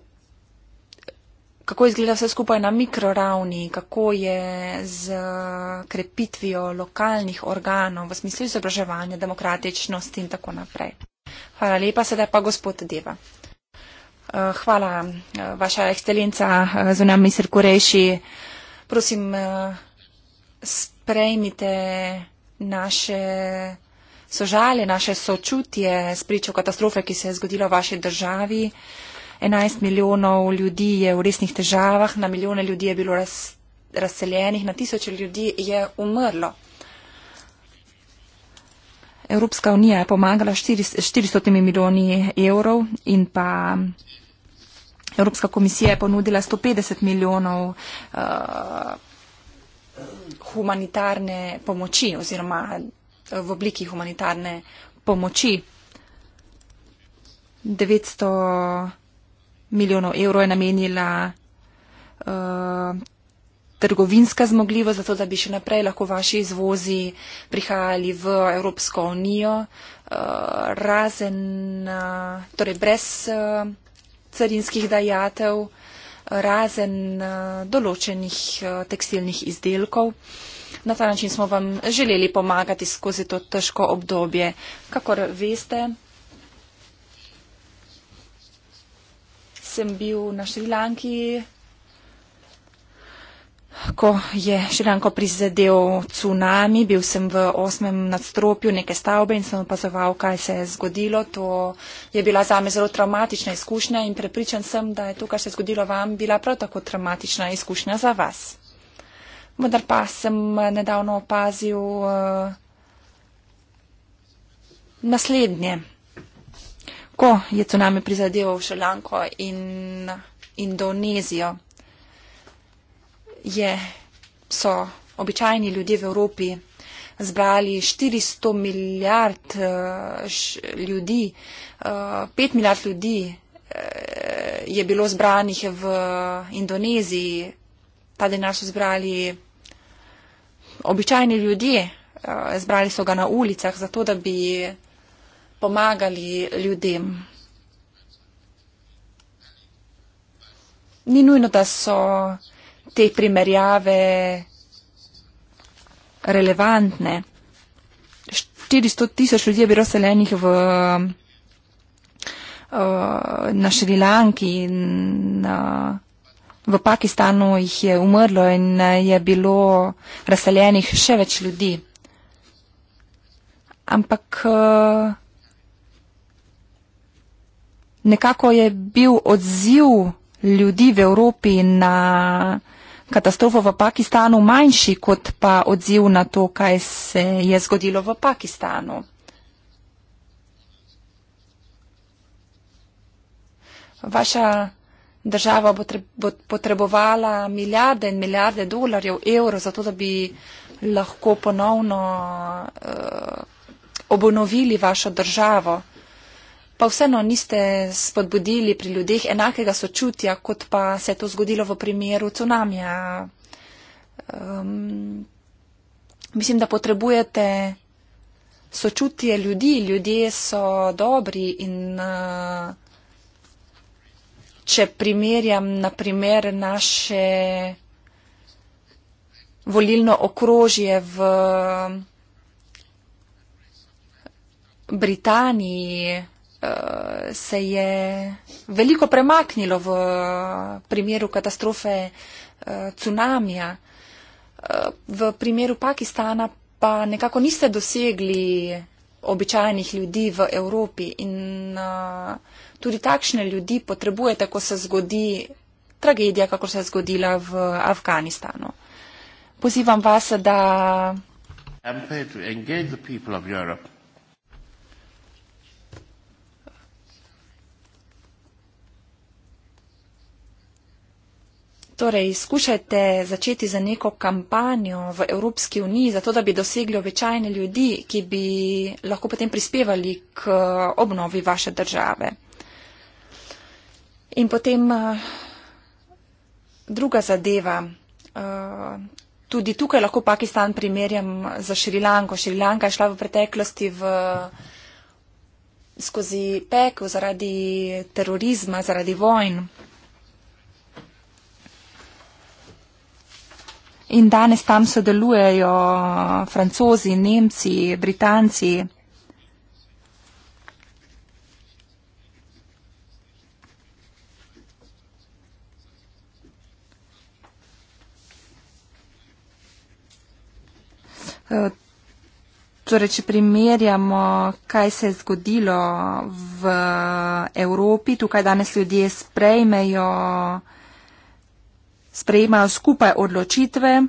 kako izgleda vse skupaj na mikroravni, kako je z krepitvijo lokalnih organov v smislu izobraževanja, demokratičnosti in tako naprej. Hvala lepa, sedaj pa gospod Deva. Eh, hvala, eh, vaša ekscelenca, zunam mister Kureši. Prosim, sprejmite naše sožalje, naše sočutje s pričo katastrofe, ki se je zgodila v vaši državi. 11 milijonov ljudi je v resnih težavah, na milijone ljudi je bilo raz, razseljenih, na tisoče ljudi je umrlo. Evropska unija je pomagala s 400 milijoni evrov in pa Evropska komisija je ponudila 150 milijonov uh, humanitarne pomoči oziroma eh, v obliki humanitarne pomoči. 900 milijonov evrov je namenila uh, trgovinska zmogljivost, zato da bi še naprej lahko vaši izvozi prihajali v Evropsko unijo, uh, razen, uh, torej brez uh, carinskih dajatev razen eh, določenih eh, tekstilnih izdelkov. Na ta način smo vam želeli pomagati skozi to težko obdobje. Kakor veste, sem bil na Šrilanki Ko je Šrilanko prizadel cunami, bil sem v osmem nadstropju neke stavbe in sem opazoval, kaj se je zgodilo. To je bila zame zelo traumatična izkušnja in prepričan sem, da je to, kar se je zgodilo vam, bila prav tako traumatična izkušnja za vas. Vendar pa sem nedavno opazil uh, naslednje. Ko je cunami prizadel Šrilanko in Indonezijo, je, so običajni ljudje v Evropi zbrali 400 eh, eh, milijard ljudi, 5 milijard ljudi je bilo zbranih v Indoneziji, ta denar so zbrali običajni ljudje, eh, zbrali so ga na ulicah, zato da bi pomagali ljudem. Ni nujno, da so te primerjave relevantne. 400 tisoč ljudi je bilo selenih v, eh, na Šrilanki in eh, v Pakistanu jih je umrlo in eh, je bilo razseljenih še več ljudi. Ampak nekako je bil odziv ljudi v Evropi na katastrofo v Pakistanu manjši kot pa odziv na to, kaj se je zgodilo v Pakistanu. Vaša država bo, treb, bo potrebovala milijarde in milijarde dolarjev, evrov, zato da bi lahko ponovno uh, obnovili vašo državo. Pa vseeno niste spodbudili pri ljudeh enakega sočutja, kot pa se je to zgodilo v primeru cunamija. Um, mislim, da potrebujete sočutje ljudi. Ljudje so dobri in uh, če primerjam na primer naše volilno okrožje v eh, Britaniji, uh, se je veliko premaknilo v primeru katastrofe uh, cunamija. Uh, v primeru Pakistana pa nekako niste dosegli običajnih ljudi v Evropi in uh, tudi takšne ljudi potrebujete, ko se zgodi tragedija, kako se je zgodila v Afganistanu. Pozivam vas, da. I'm prepared to engage the people of Europe Torej, skušate začeti za neko kampanjo v Evropski uniji, zato da bi dosegli običajne ljudi, ki bi lahko potem prispevali k eh, obnovi vaše države. In potem eh, druga zadeva. Eh, tudi tukaj lahko Pakistan primerjam z Šrilanko. Šrilanka je šla v preteklosti v, skozi pekel zaradi terorizma, zaradi vojn. in danes tam sodelujejo francozi, nemci, britanci. Eh, torej, če primerjamo, kaj se je zgodilo v Evropi, tukaj danes ljudje sprejmejo sprejema skupaj odločitve.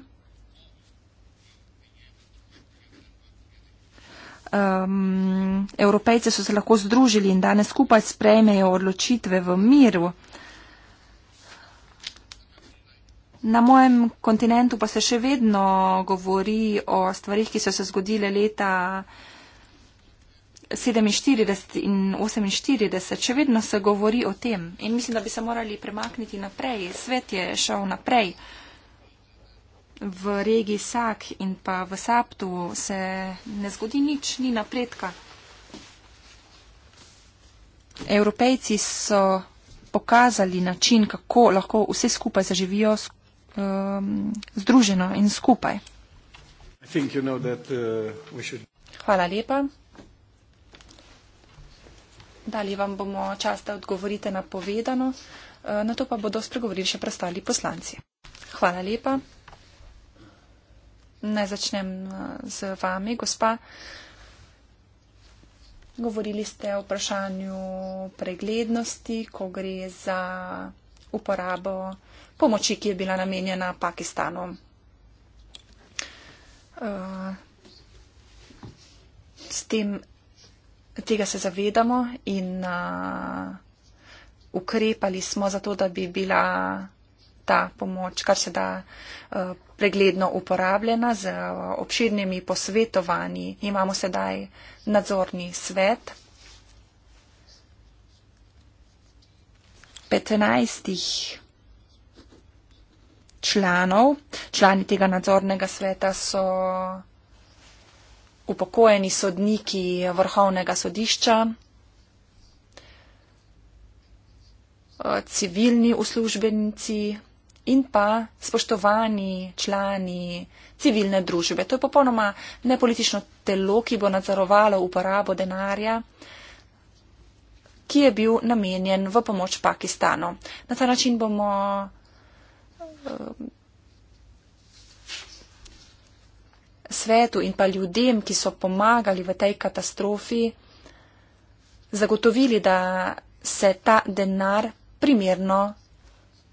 Um, Evropejce so se lahko združili in danes skupaj sprejmejo odločitve v miru. Na mojem kontinentu pa se še vedno govori o stvarih, ki so se zgodile leta 1945. 47 in 48, še vedno se govori o tem in mislim, da bi se morali premakniti naprej. Svet je šel naprej. V regiji Sak in pa v Saptu se ne zgodi nič, ni napredka. Evropejci so pokazali način, kako lahko vse skupaj zaživijo um, združeno in skupaj. You know that, uh, should... Hvala lepa. Dali vam bomo čas, da odgovorite na povedano, eh, na to pa bodo spregovorili še prestali poslanci. Hvala lepa. Ne začnem eh, z vami, gospa. Govorili ste o vprašanju preglednosti, ko gre za uporabo pomoči, ki je bila namenjena Pakistanu. Eh, s tem tega se zavedamo in uh, ukrepali smo zato, da bi bila ta pomoč, kar se da uh, pregledno uporabljena z obširnimi posvetovanji. Imamo sedaj nadzorni svet. 15 članov, člani tega nadzornega sveta so upokojeni sodniki vrhovnega sodišča, eh, civilni uslužbenci in pa spoštovani člani civilne družbe. To je popolnoma nepolitično telo, ki bo nadzorovalo uporabo denarja, ki je bil namenjen v pomoč Pakistanu. Na ta način bomo eh, svetu in pa ljudem, ki so pomagali v tej katastrofi, zagotovili, da se ta denar primerno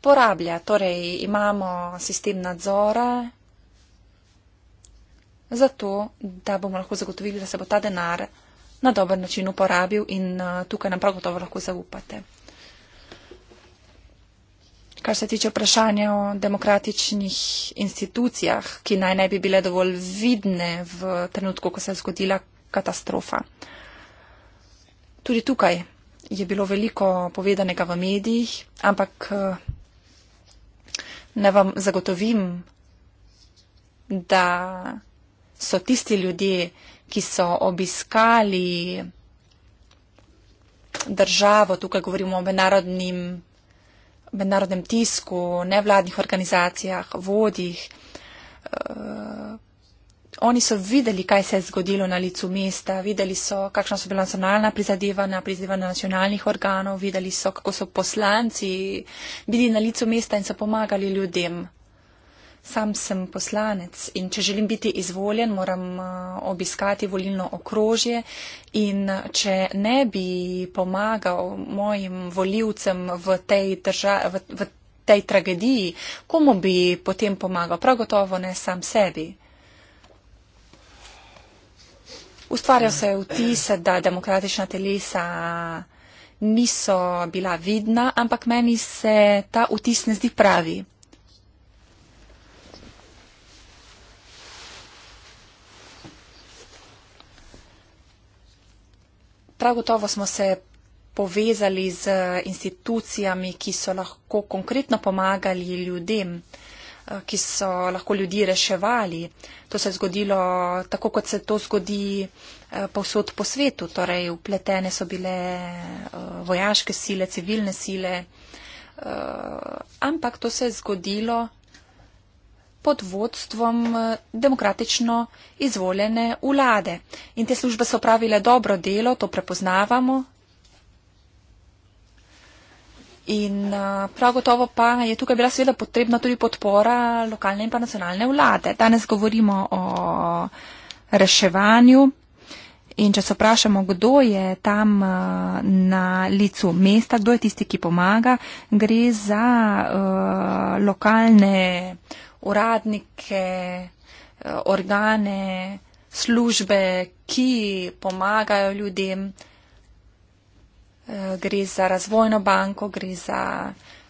porablja. Torej imamo sistem nadzora za to, da bomo lahko zagotovili, da se bo ta denar na dober način uporabil in eh, tukaj nam prav gotovo lahko zaupate kar se tiče vprašanja o demokratičnih institucijah, ki naj ne bi bile dovolj vidne v trenutku, ko se je zgodila katastrofa. Tudi tukaj je bilo veliko povedanega v medijih, ampak eh, ne vam zagotovim, da so tisti ljudje, ki so obiskali državo, tukaj govorimo o mednarodnim mednarodnem tisku, nevladnih organizacijah, vodih. Eh, oni so videli, kaj se je zgodilo na licu mesta, videli so, kakšna so bila nacionalna prizadevanja, prizadevanja nacionalnih organov, videli so, kako so poslanci bili na licu mesta in so pomagali ljudem sam sem poslanec in če želim biti izvoljen, moram eh, obiskati volilno okrožje in če ne bi pomagal mojim voljivcem v tej državi, v, v tej tragediji, komu bi potem pomagal? Prav gotovo ne sam sebi. Ustvarjal se je vtis, da demokratična telesa niso bila vidna, ampak meni se ta vtis ne zdi pravi. prav gotovo smo se povezali z eh, institucijami, ki so lahko konkretno pomagali ljudem, eh, ki so lahko ljudi reševali. To se je zgodilo tako, kot se to zgodi eh, povsod po svetu. Torej, upletene so bile vojaške sile, civilne sile. Ampak to se je zgodilo pod vodstvom eh, demokratično izvoljene vlade. In te službe so pravile dobro delo, to prepoznavamo. In eh, prav gotovo pa je tukaj bila seveda potrebna tudi podpora lokalne in pa nacionalne vlade. Danes govorimo o reševanju in če se vprašamo, kdo je tam eh, na licu mesta, kdo je tisti, ki pomaga, gre za uh, lokalne uradnike, eh, organe, službe, ki pomagajo ljudem. Eh, gre za razvojno banko, gre za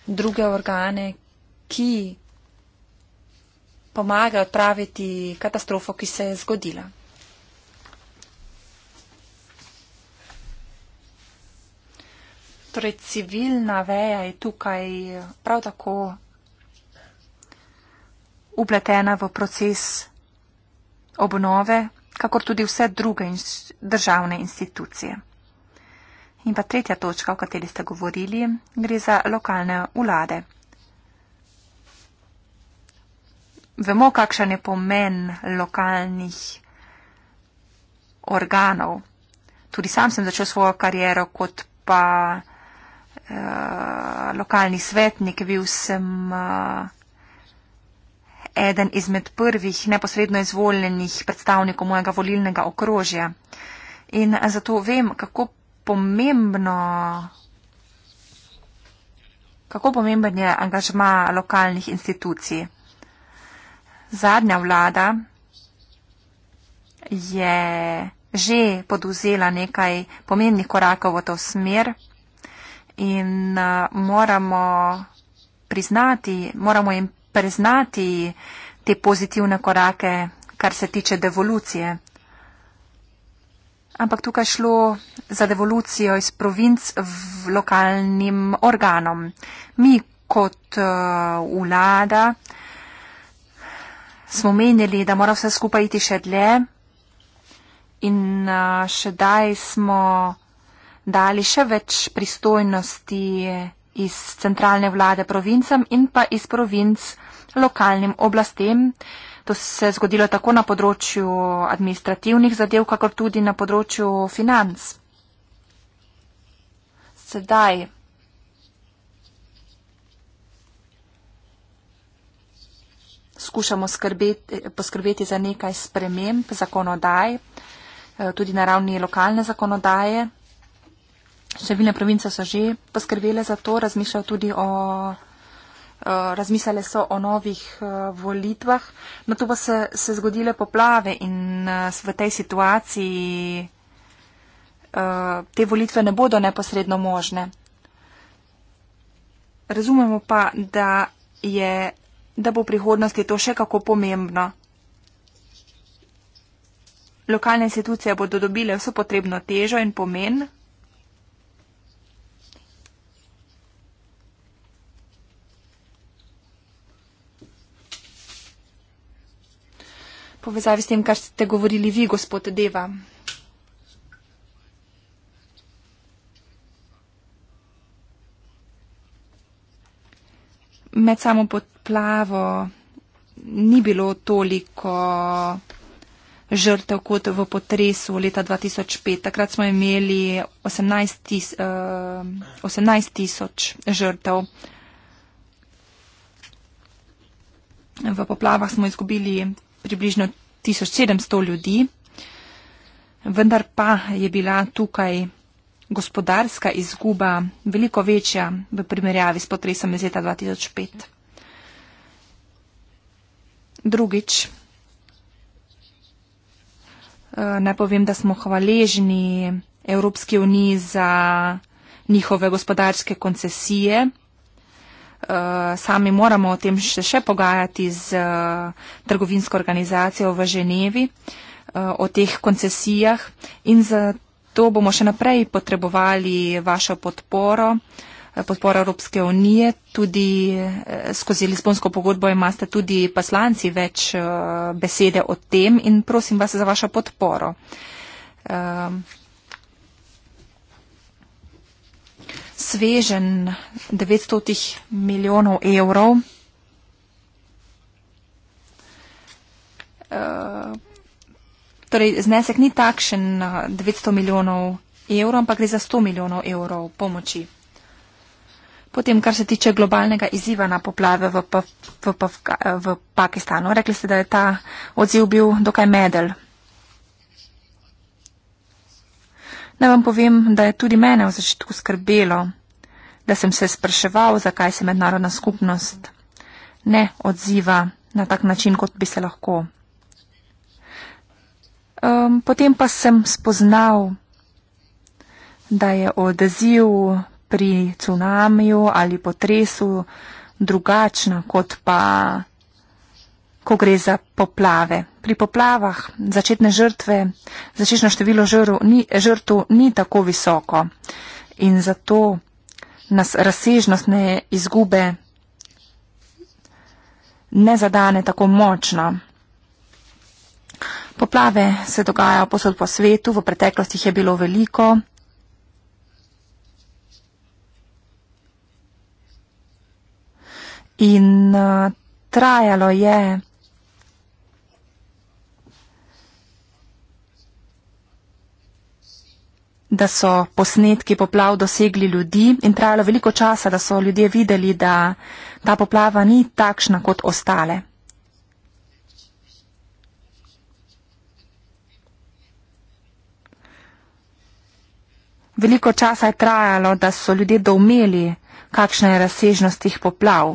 druge organe, ki pomagajo odpraviti katastrofo, ki se je zgodila. Torej, civilna veja je tukaj prav tako upletena v proces obnove, kakor tudi vse druge inš, državne institucije. In pa tretja točka, o kateri ste govorili, gre za lokalne vlade. Vemo, kakšen je pomen lokalnih organov. Tudi sam sem začel svojo kariero kot pa eh, lokalni svetnik, bil sem. Eh, eden izmed prvih neposredno izvoljenih predstavnikov mojega volilnega okrožja. In zato vem, kako pomembno. Kako pomemben je angažma lokalnih institucij? Zadnja vlada je že poduzela nekaj pomembnih korakov v to smer in eh, moramo priznati, moramo jim priznati te pozitivne korake, kar se tiče devolucije. Ampak tukaj šlo za devolucijo iz provinc v lokalnim organom. Mi kot eh, vlada smo menili, da mora vse skupaj iti še dlje in eh, še daj smo dali še več pristojnosti iz centralne vlade provincem in pa iz provinc lokalnim oblastem. To se je zgodilo tako na področju administrativnih zadev, kakor tudi na področju financ. Sedaj. Skušamo skrbeti, poskrbeti za nekaj sprememb zakonodaj, eh, tudi na ravni lokalne zakonodaje. Številne province so že poskrbele za to, razmišljajo tudi o Eh, razmisljale so o novih eh, volitvah, na no, to pa se, se zgodile poplave in eh, v tej situaciji te volitve ne bodo neposredno možne. Razumemo pa, da, je, da bo v prihodnosti to še kako pomembno. Lokalne institucije bodo dobile vso potrebno težo in pomen, povezavi s tem, kar ste govorili vi, gospod Deva. Med samo podplavo ni bilo toliko žrtev kot v potresu leta 2005. Takrat smo imeli 18 eh, tisoč žrtev. V poplavah smo izgubili približno 1700 ljudi, vendar pa je bila tukaj gospodarska izguba veliko večja v primerjavi s potresom iz leta 2005. Drugič, eh, naj povem, da smo hvaležni Evropski uniji za njihove gospodarske koncesije. Eh, sami moramo o tem še, še pogajati z eh, trgovinsko organizacijo v Ženevi, eh, o teh koncesijah in zato bomo še naprej potrebovali vašo podporo, podporo Evropske unije, tudi skozi Lisbonsko pogodbo imate tudi poslanci več besede o tem in prosim vas za vašo podporo. svežen 900 milijonov evrov. Eh, torej, znesek ni takšen 900 milijonov evrov, ampak gre za 100 milijonov evrov pomoči. Potem, kar se tiče globalnega izziva na poplave v, v, v, v, v Pakistanu, rekli ste, da je ta odziv bil dokaj medel. Naj vam povem, da je tudi mene v začetku skrbelo, da sem se spraševal, zakaj se mednarodna skupnost ne odziva na tak način, kot bi se lahko. Um, potem pa sem spoznal, da je odziv pri cunamiju ali potresu drugačna kot pa ko gre za poplave. Pri poplavah začetne žrtve, začetno število žrtv ni, ni tako visoko in zato nas razsežnostne izgube ne zadane tako močno. Poplave se dogajajo posod po svetu, v preteklosti jih je bilo veliko. In uh, trajalo je da so posnetki poplav dosegli ljudi in trajalo veliko časa, da so ljudje videli, da ta poplava ni takšna kot ostale. Veliko časa je trajalo, da so ljudje domeli, kakšna je razsežnost tih poplav.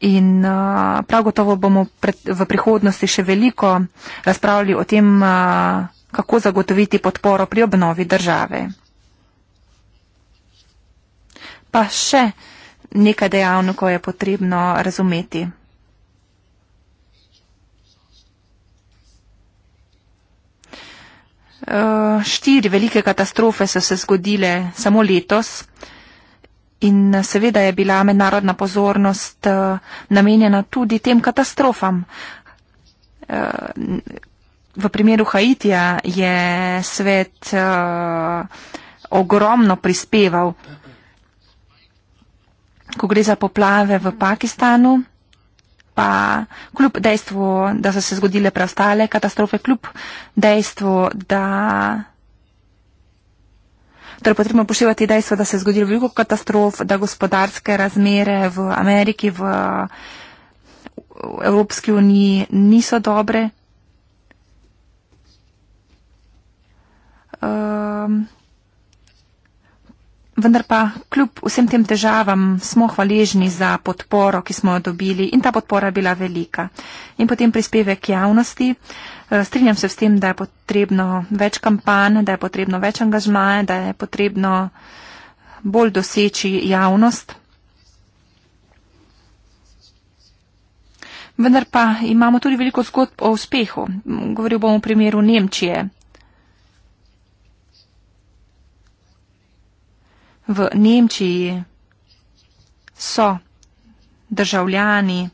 In uh, prav gotovo bomo pred, v prihodnosti še veliko razpravljali o tem, uh, kako zagotoviti podporo pri obnovi države. Pa še nekaj dejavnikov je potrebno razumeti. Uh, štiri velike katastrofe so se zgodile samo letos in eh, seveda je bila mednarodna pozornost uh, namenjena tudi tem katastrofam. Uh, v primeru Haitija je svet uh, ogromno prispeval. Ko gre za poplave v Pakistanu, pa kljub dejstvu, da so se zgodile preostale katastrofe, kljub dejstvu, da. Torej, potrebno upoštevati dejstvo, da se je zgodilo veliko katastrof, da gospodarske razmere v Ameriki, v Evropski uniji niso dobre. Um, vendar pa kljub vsem tem težavam smo hvaležni za podporo, ki smo jo dobili in ta podpora je bila velika. In potem prispevek javnosti. Eh, strinjam se s tem, da je potrebno več kampanj, da je potrebno več angažmaja, da je potrebno bolj doseči javnost. Vendar pa imamo tudi veliko zgodb o uspehu. Govoril bom o primeru Nemčije. v Nemčiji so državljani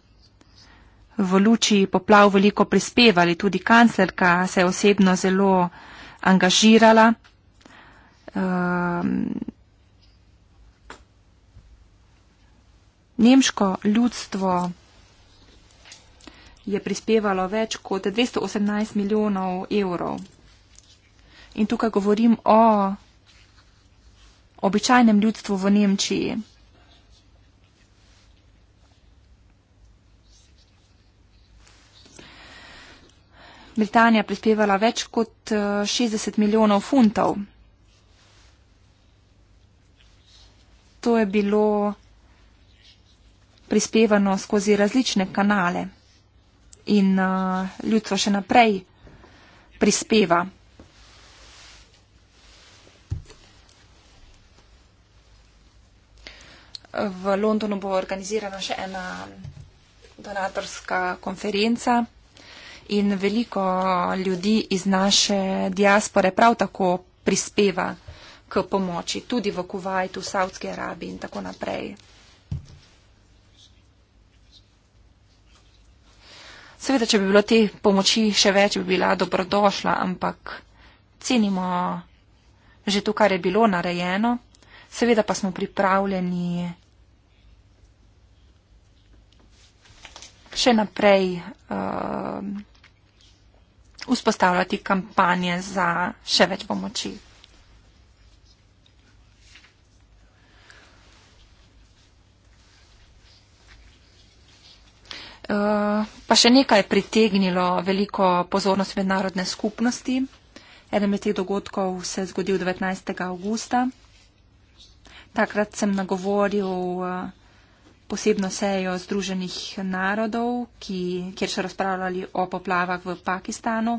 v luči poplav veliko prispevali, tudi kanclerka se je osebno zelo angažirala. Ehm, nemško ljudstvo je prispevalo več kot 218 milijonov evrov. In tukaj govorim o običajnem ljudstvu v Nemčiji. Britanija prispevala več kot 60 eh, milijonov funtov. To je bilo prispevano skozi različne kanale in uh, ljudstvo še naprej prispeva. v Londonu bo organizirana še ena donatorska konferenca in veliko ljudi iz naše diaspore prav tako prispeva k pomoči, tudi v Kuwaitu, v Saudski Arabiji in tako naprej. Seveda, če bi bilo te pomoči še več, bi bila dobrodošla, ampak cenimo že to, kar je bilo narejeno. Seveda pa smo pripravljeni še naprej uh, vzpostavljati kampanje za še več pomoči. Uh, pa še nekaj je pritegnilo veliko pozornost mednarodne skupnosti. Eden med teh dogodkov se je zgodil 19. augusta. Takrat sem nagovoril uh, posebno sejo Združenih narodov, ki, kjer so razpravljali o poplavah v Pakistanu.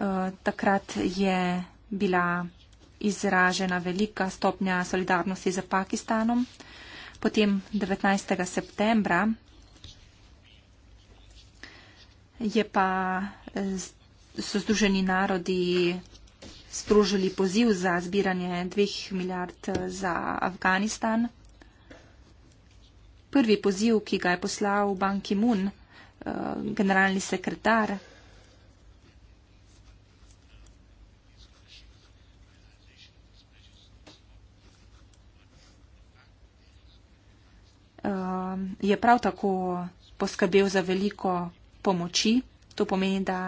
Eh, takrat je bila izražena velika stopnja solidarnosti z Pakistanom. Potem 19. septembra je pa so Združeni narodi sprožili poziv za zbiranje dveh milijard eh, za Afganistan. Prvi poziv, ki ga je poslal Ban Ki-moon, eh, generalni sekretar, eh, je prav tako poskrbel za veliko pomoči. To pomeni, da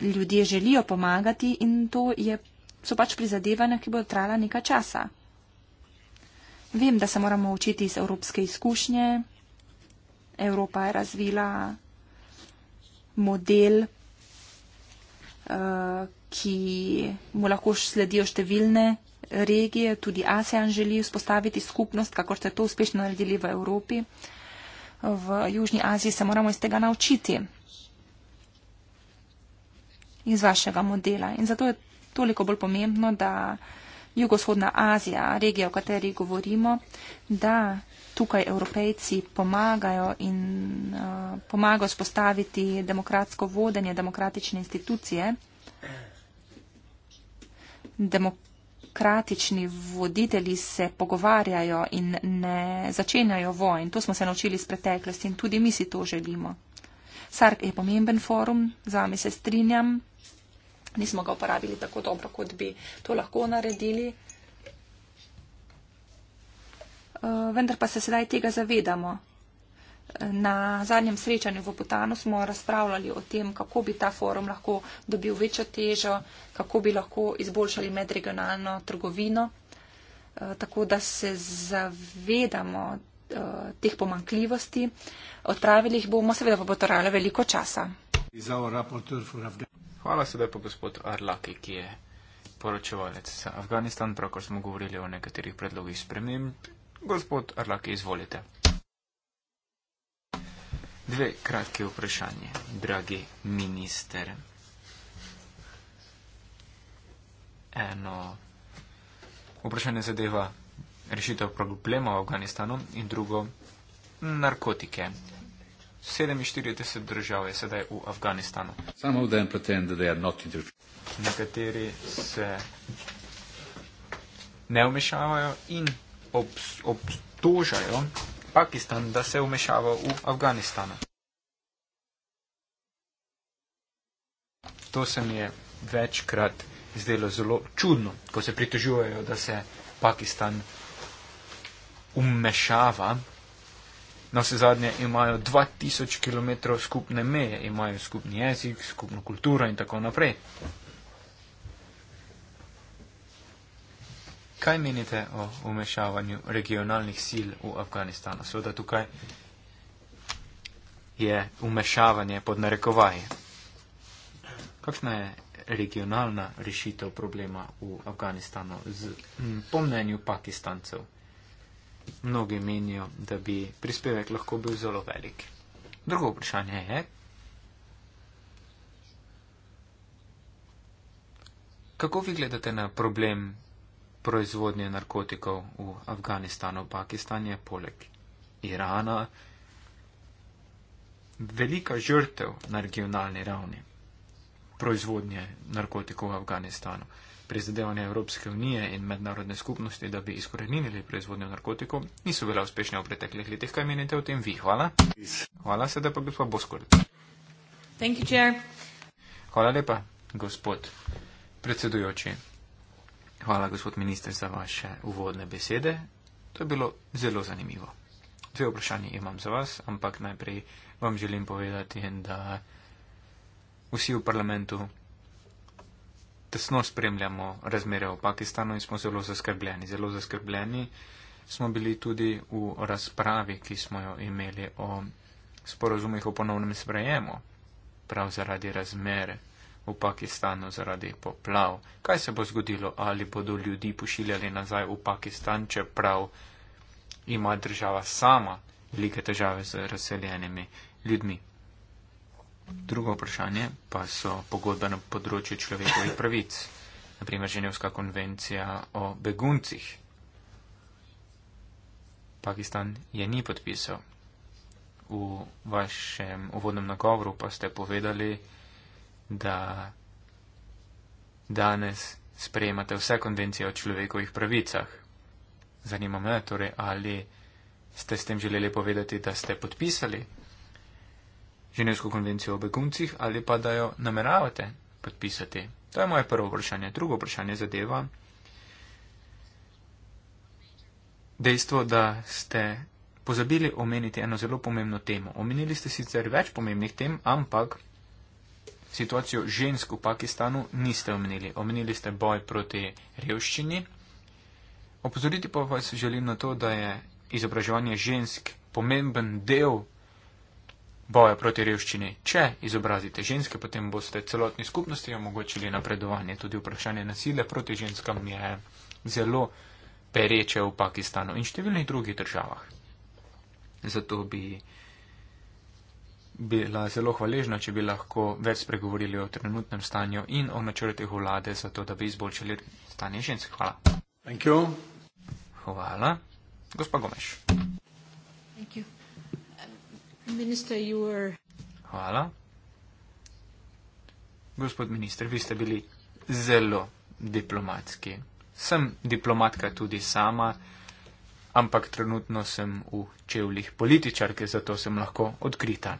ljudje želijo pomagati in to je, so pač prizadevanja, ki bodo trajala nekaj časa. Vem, da se moramo učiti iz evropske izkušnje. Evropa je razvila model, eh, ki mu lahko sledijo številne regije, tudi ASEAN želi vzpostaviti skupnost, kako ste to uspešno naredili v Evropi. V Južni Aziji se moramo iz tega naučiti iz vašega modela. In zato je toliko bolj pomembno, da jugoshodna Azija, regija, o kateri govorimo, da tukaj evropejci pomagajo in uh, pomagajo spostaviti demokratsko vodenje, demokratične institucije, demokratični voditelji se pogovarjajo in ne začenjajo vojn. To smo se naučili iz preteklosti in tudi mi si to želimo. SARK je pomemben forum, z vami se strinjam nismo ga uporabili tako dobro, kot bi to lahko naredili. Eh, vendar pa se sedaj tega zavedamo. Na zadnjem srečanju v Butanu smo razpravljali o tem, kako bi ta forum lahko dobil večjo težo, kako bi lahko izboljšali medregionalno trgovino, eh, tako da se zavedamo eh, teh pomankljivosti. Odpravili jih bomo, seveda pa bo to trajalo veliko časa. Hvala sedaj pa gospod Arlaki, ki je poročevalec za Afganistan, pravkar smo govorili o nekaterih predlogih sprememb. Gospod Arlaki, izvolite. Dve kratke vprašanje, dragi minister. Eno vprašanje zadeva rešitev problema v Afganistanu in drugo narkotike. 47 držav je sedaj v Afganistanu. Nekateri se ne vmešavajo in obs, obtožajo Pakistan, da se vmešava v Afganistanu. To se mi je večkrat zdelo zelo čudno, ko se pritožujejo, da se Pakistan umešava na vse zadnje imajo 2000 km skupne meje, imajo skupni jezik, skupno kulturo in tako naprej. Kaj menite o umešavanju regionalnih sil v Afganistanu? Seveda tukaj je umešavanje pod narekovaji. Kakšna je regionalna rešitev problema v Afganistanu z, m, po mnenju Pakistancev? mnogi menijo, da bi prispevek lahko bil zelo velik. Drugo vprašanje je. Kako vi gledate na problem proizvodnje narkotikov v Afganistanu, Pakistan je poleg Irana velika žrtev na regionalni ravni proizvodnje narkotikov v Afganistanu? Uh, prizadevanja Evropske unije in mednarodne skupnosti, da bi izkorenili proizvodnjo narkotikov, niso bila uspešna v preteklih letih. Kaj menite o tem vi? Hvala. Hvala sedaj pa gospod Boskolič. Hvala lepa, gospod predsedujoči. Hvala, gospod minister, za vaše uvodne besede. To je bilo zelo zanimivo. Dve vprašanje imam za vas, ampak najprej vam želim povedati, da vsi v parlamentu tesno spremljamo razmere v Pakistanu in smo zelo zaskrbljeni. Zelo zaskrbljeni smo bili tudi v razpravi, ki smo jo imeli o sporozumih o ponovnem sprejemu, prav zaradi razmere v Pakistanu, zaradi poplav. Kaj se bo zgodilo, ali bodo ljudi pošiljali nazaj v Pakistan, čeprav ima država sama velike težave z razseljenimi ljudmi. Drugo vprašanje pa so pogodbe na področju človekovih pravic, naprimer Ženevska konvencija o beguncih. Pakistan je ni podpisal. V vašem uvodnem nagovoru pa ste povedali, da danes sprejemate vse konvencije o človekovih pravicah. Zanima me torej, ali ste s tem želeli povedati, da ste podpisali Ženevsko konvencijo o beguncih ali pa da jo nameravate podpisati. To je moje prvo vprašanje. Drugo vprašanje zadeva dejstvo, da ste pozabili omeniti eno zelo pomembno temo. Omenili ste sicer več pomembnih tem, ampak situacijo žensk v Pakistanu niste omenili. Omenili ste boj proti revščini. Opozoriti pa vas želim na to, da je izobraževanje žensk pomemben del boja proti revščini. Če izobrazite ženske, potem boste celotni skupnosti omogočili napredovanje. Tudi vprašanje nasilja proti ženskam je zelo pereče v Pakistanu in številnih drugih državah. Zato bi bila zelo hvaležna, če bi lahko več spregovorili o trenutnem stanju in o načrtih vlade, zato da bi izboljšali stanje žensk. Hvala. Hvala. Gospa Gomeš. Thank you. Minister, you were... Hvala. Gospod minister, vi ste bili zelo diplomatski. Sem diplomatka tudi sama, ampak trenutno sem v čevljih političarke, zato sem lahko odkrita.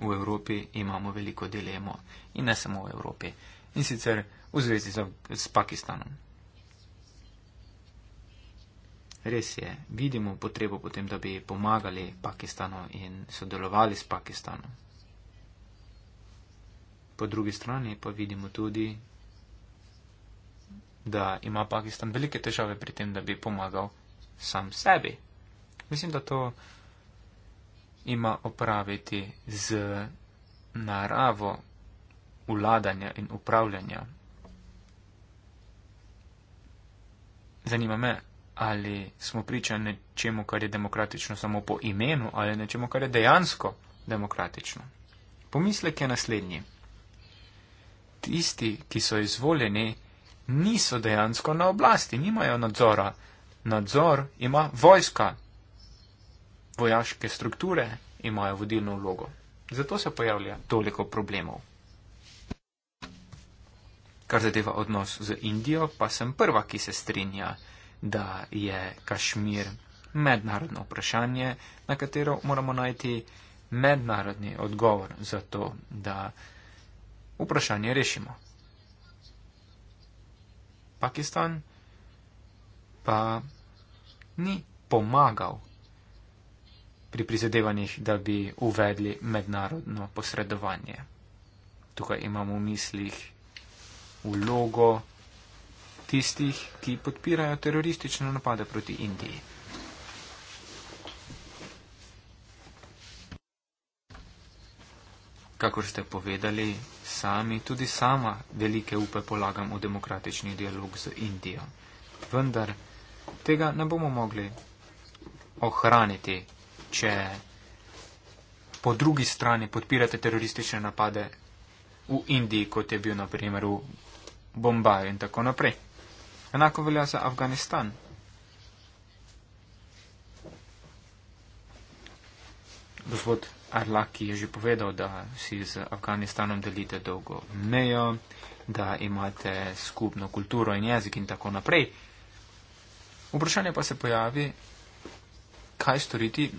V Evropi imamo veliko dilemo in ne samo v Evropi. In sicer v zvezi z, z Pakistanom. Res je, vidimo potrebo potem, da bi pomagali Pakistanu in sodelovali s Pakistanom. Po drugi strani pa vidimo tudi, da ima Pakistan velike težave pri tem, da bi pomagal sam sebi. Mislim, da to ima opraviti z naravo vladanja in upravljanja. Zanima me, ali smo priča nečemu, kar je demokratično samo po imenu, ali nečemu, kar je dejansko demokratično. Pomislek je naslednji. Tisti, ki so izvoljeni, niso dejansko na oblasti, nimajo nadzora. Nadzor ima vojska. Vojaške strukture imajo vodilno vlogo. Zato se pojavlja toliko problemov. Kar zadeva odnos z Indijo, pa sem prva, ki se strinja da je Kašmir mednarodno vprašanje, na katero moramo najti mednarodni odgovor za to, da vprašanje rešimo. Pakistan pa ni pomagal pri prizadevanjih, da bi uvedli mednarodno posredovanje. Tukaj imamo v mislih vlogo, tistih, ki podpirajo teroristične napade proti Indiji. Kakor ste povedali sami, tudi sama velike upe polagam v demokratični dialog z Indijo. Vendar tega ne bomo mogli ohraniti, če po drugi strani podpirate teroristične napade v Indiji, kot je bil na primer v Bombaju in tako naprej. Enako velja za Afganistan. Gospod Arlaki je že povedal, da si z Afganistanom delite dolgo mejo, da imate skupno kulturo in jezik in tako naprej. Vprašanje pa se pojavi, kaj storiti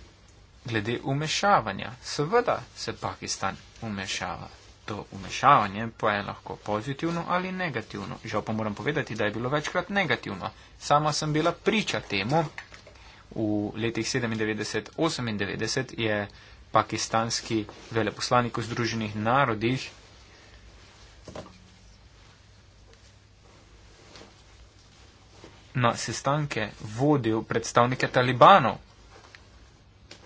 glede umešavanja. Seveda se Pakistan umešava to umešavanje pa je lahko pozitivno ali negativno. Žal pa moram povedati, da je bilo večkrat negativno. Sama sem bila priča temu. V letih 97-98 je pakistanski veleposlanik v Združenih narodih na sestanke vodil predstavnike talibanov,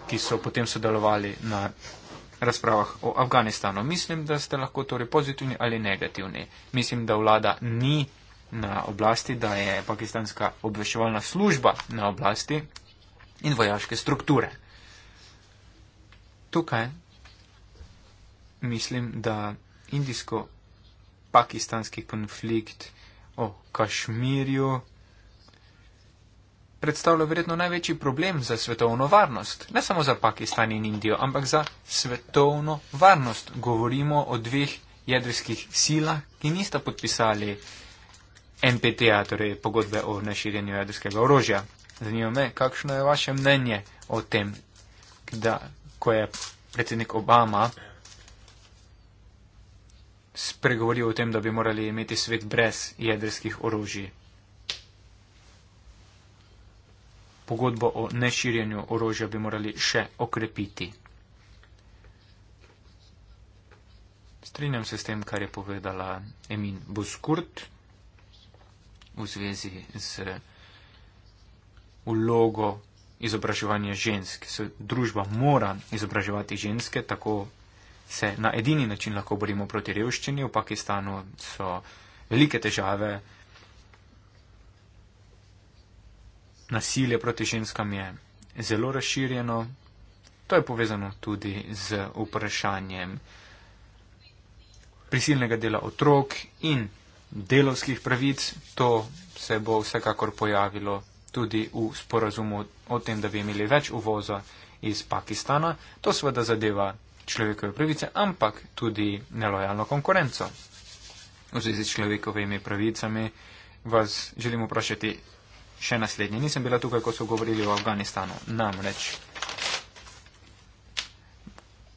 ki so potem sodelovali na razpravah o Afganistanu. Mislim, da ste lahko torej pozitivni ali negativni. Mislim, da vlada ni na oblasti, da je pakistanska obveščevalna služba na oblasti in vojaške strukture. Tukaj mislim, da indijsko-pakistanski konflikt o Kašmirju predstavlja verjetno največji problem za svetovno varnost. Ne samo za Pakistan in Indijo, ampak za svetovno varnost. Govorimo o dveh jedrskih silah, ki nista podpisali NPT-a, torej pogodbe o neširjenju jedrskega orožja. Zanima me, kakšno je vaše mnenje o tem, da ko je predsednik Obama spregovoril o tem, da bi morali imeti svet brez jedrskih orožij. pogodbo o neširjenju orožja bi morali še okrepiti. Strinjam se s tem, kar je povedala Emin Buskurt v zvezi z ulogo izobraževanja žensk. Se družba mora izobraževati ženske, tako se na edini način lahko borimo proti revščini. V Pakistanu so velike težave. nasilje proti ženskam je zelo razširjeno. To je povezano tudi z vprašanjem prisilnega dela otrok in delovskih pravic. To se bo vsekakor pojavilo tudi v sporazumu o tem, da bi imeli več uvoza iz Pakistana. To seveda zadeva človekove pravice, ampak tudi nelojalno konkurenco. V zvezi s človekovimi pravicami vas želim vprašati, še naslednje. Nisem bila tukaj, ko so govorili o Afganistanu. Namreč,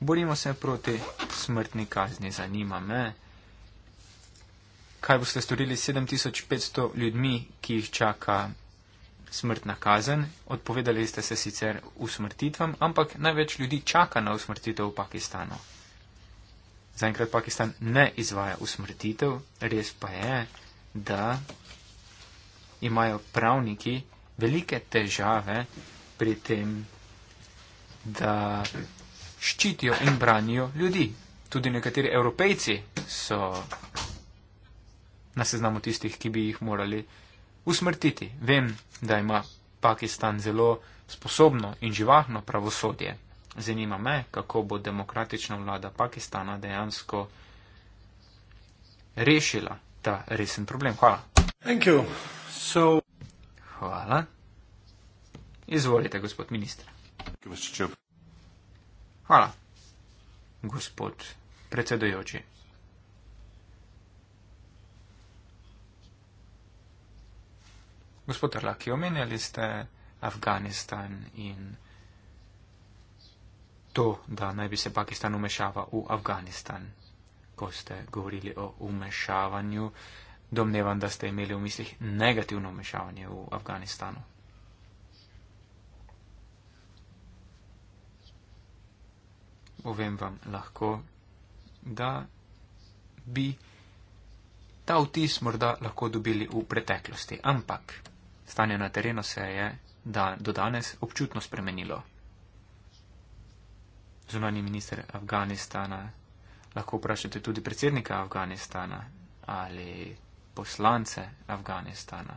borimo se proti smrtni kazni, zanima me. Kaj boste storili s 7500 ljudmi, ki jih čaka smrtna kazen? Odpovedali ste se sicer usmrtitvam, ampak največ ljudi čaka na usmrtitev v Pakistanu. Zaenkrat Pakistan ne izvaja usmrtitev, res pa je, da imajo pravniki velike težave pri tem, da ščitijo in branijo ljudi. Tudi nekateri evropejci so na seznamu tistih, ki bi jih morali usmrtiti. Vem, da ima Pakistan zelo sposobno in živahno pravosodje. Zanima me, kako bo demokratična vlada Pakistana dejansko rešila ta resen problem. Hvala. Thank you so. Hvala. Izvolite, gospod ministr. Hvala, gospod predsedojoči. Gospod Arlaki, omenjali ste Afganistan in to, da naj bi se Pakistan umešava v Afganistan, ko ste govorili o umešavanju domnevam, da ste imeli v mislih negativno vmešavanje v Afganistanu. Povem vam lahko, da bi ta vtis morda lahko dobili v preteklosti, ampak stanje na terenu se je da do danes občutno spremenilo. Zunani minister Afganistana, lahko vprašate tudi predsednika Afganistana, ali poslance Afganistana.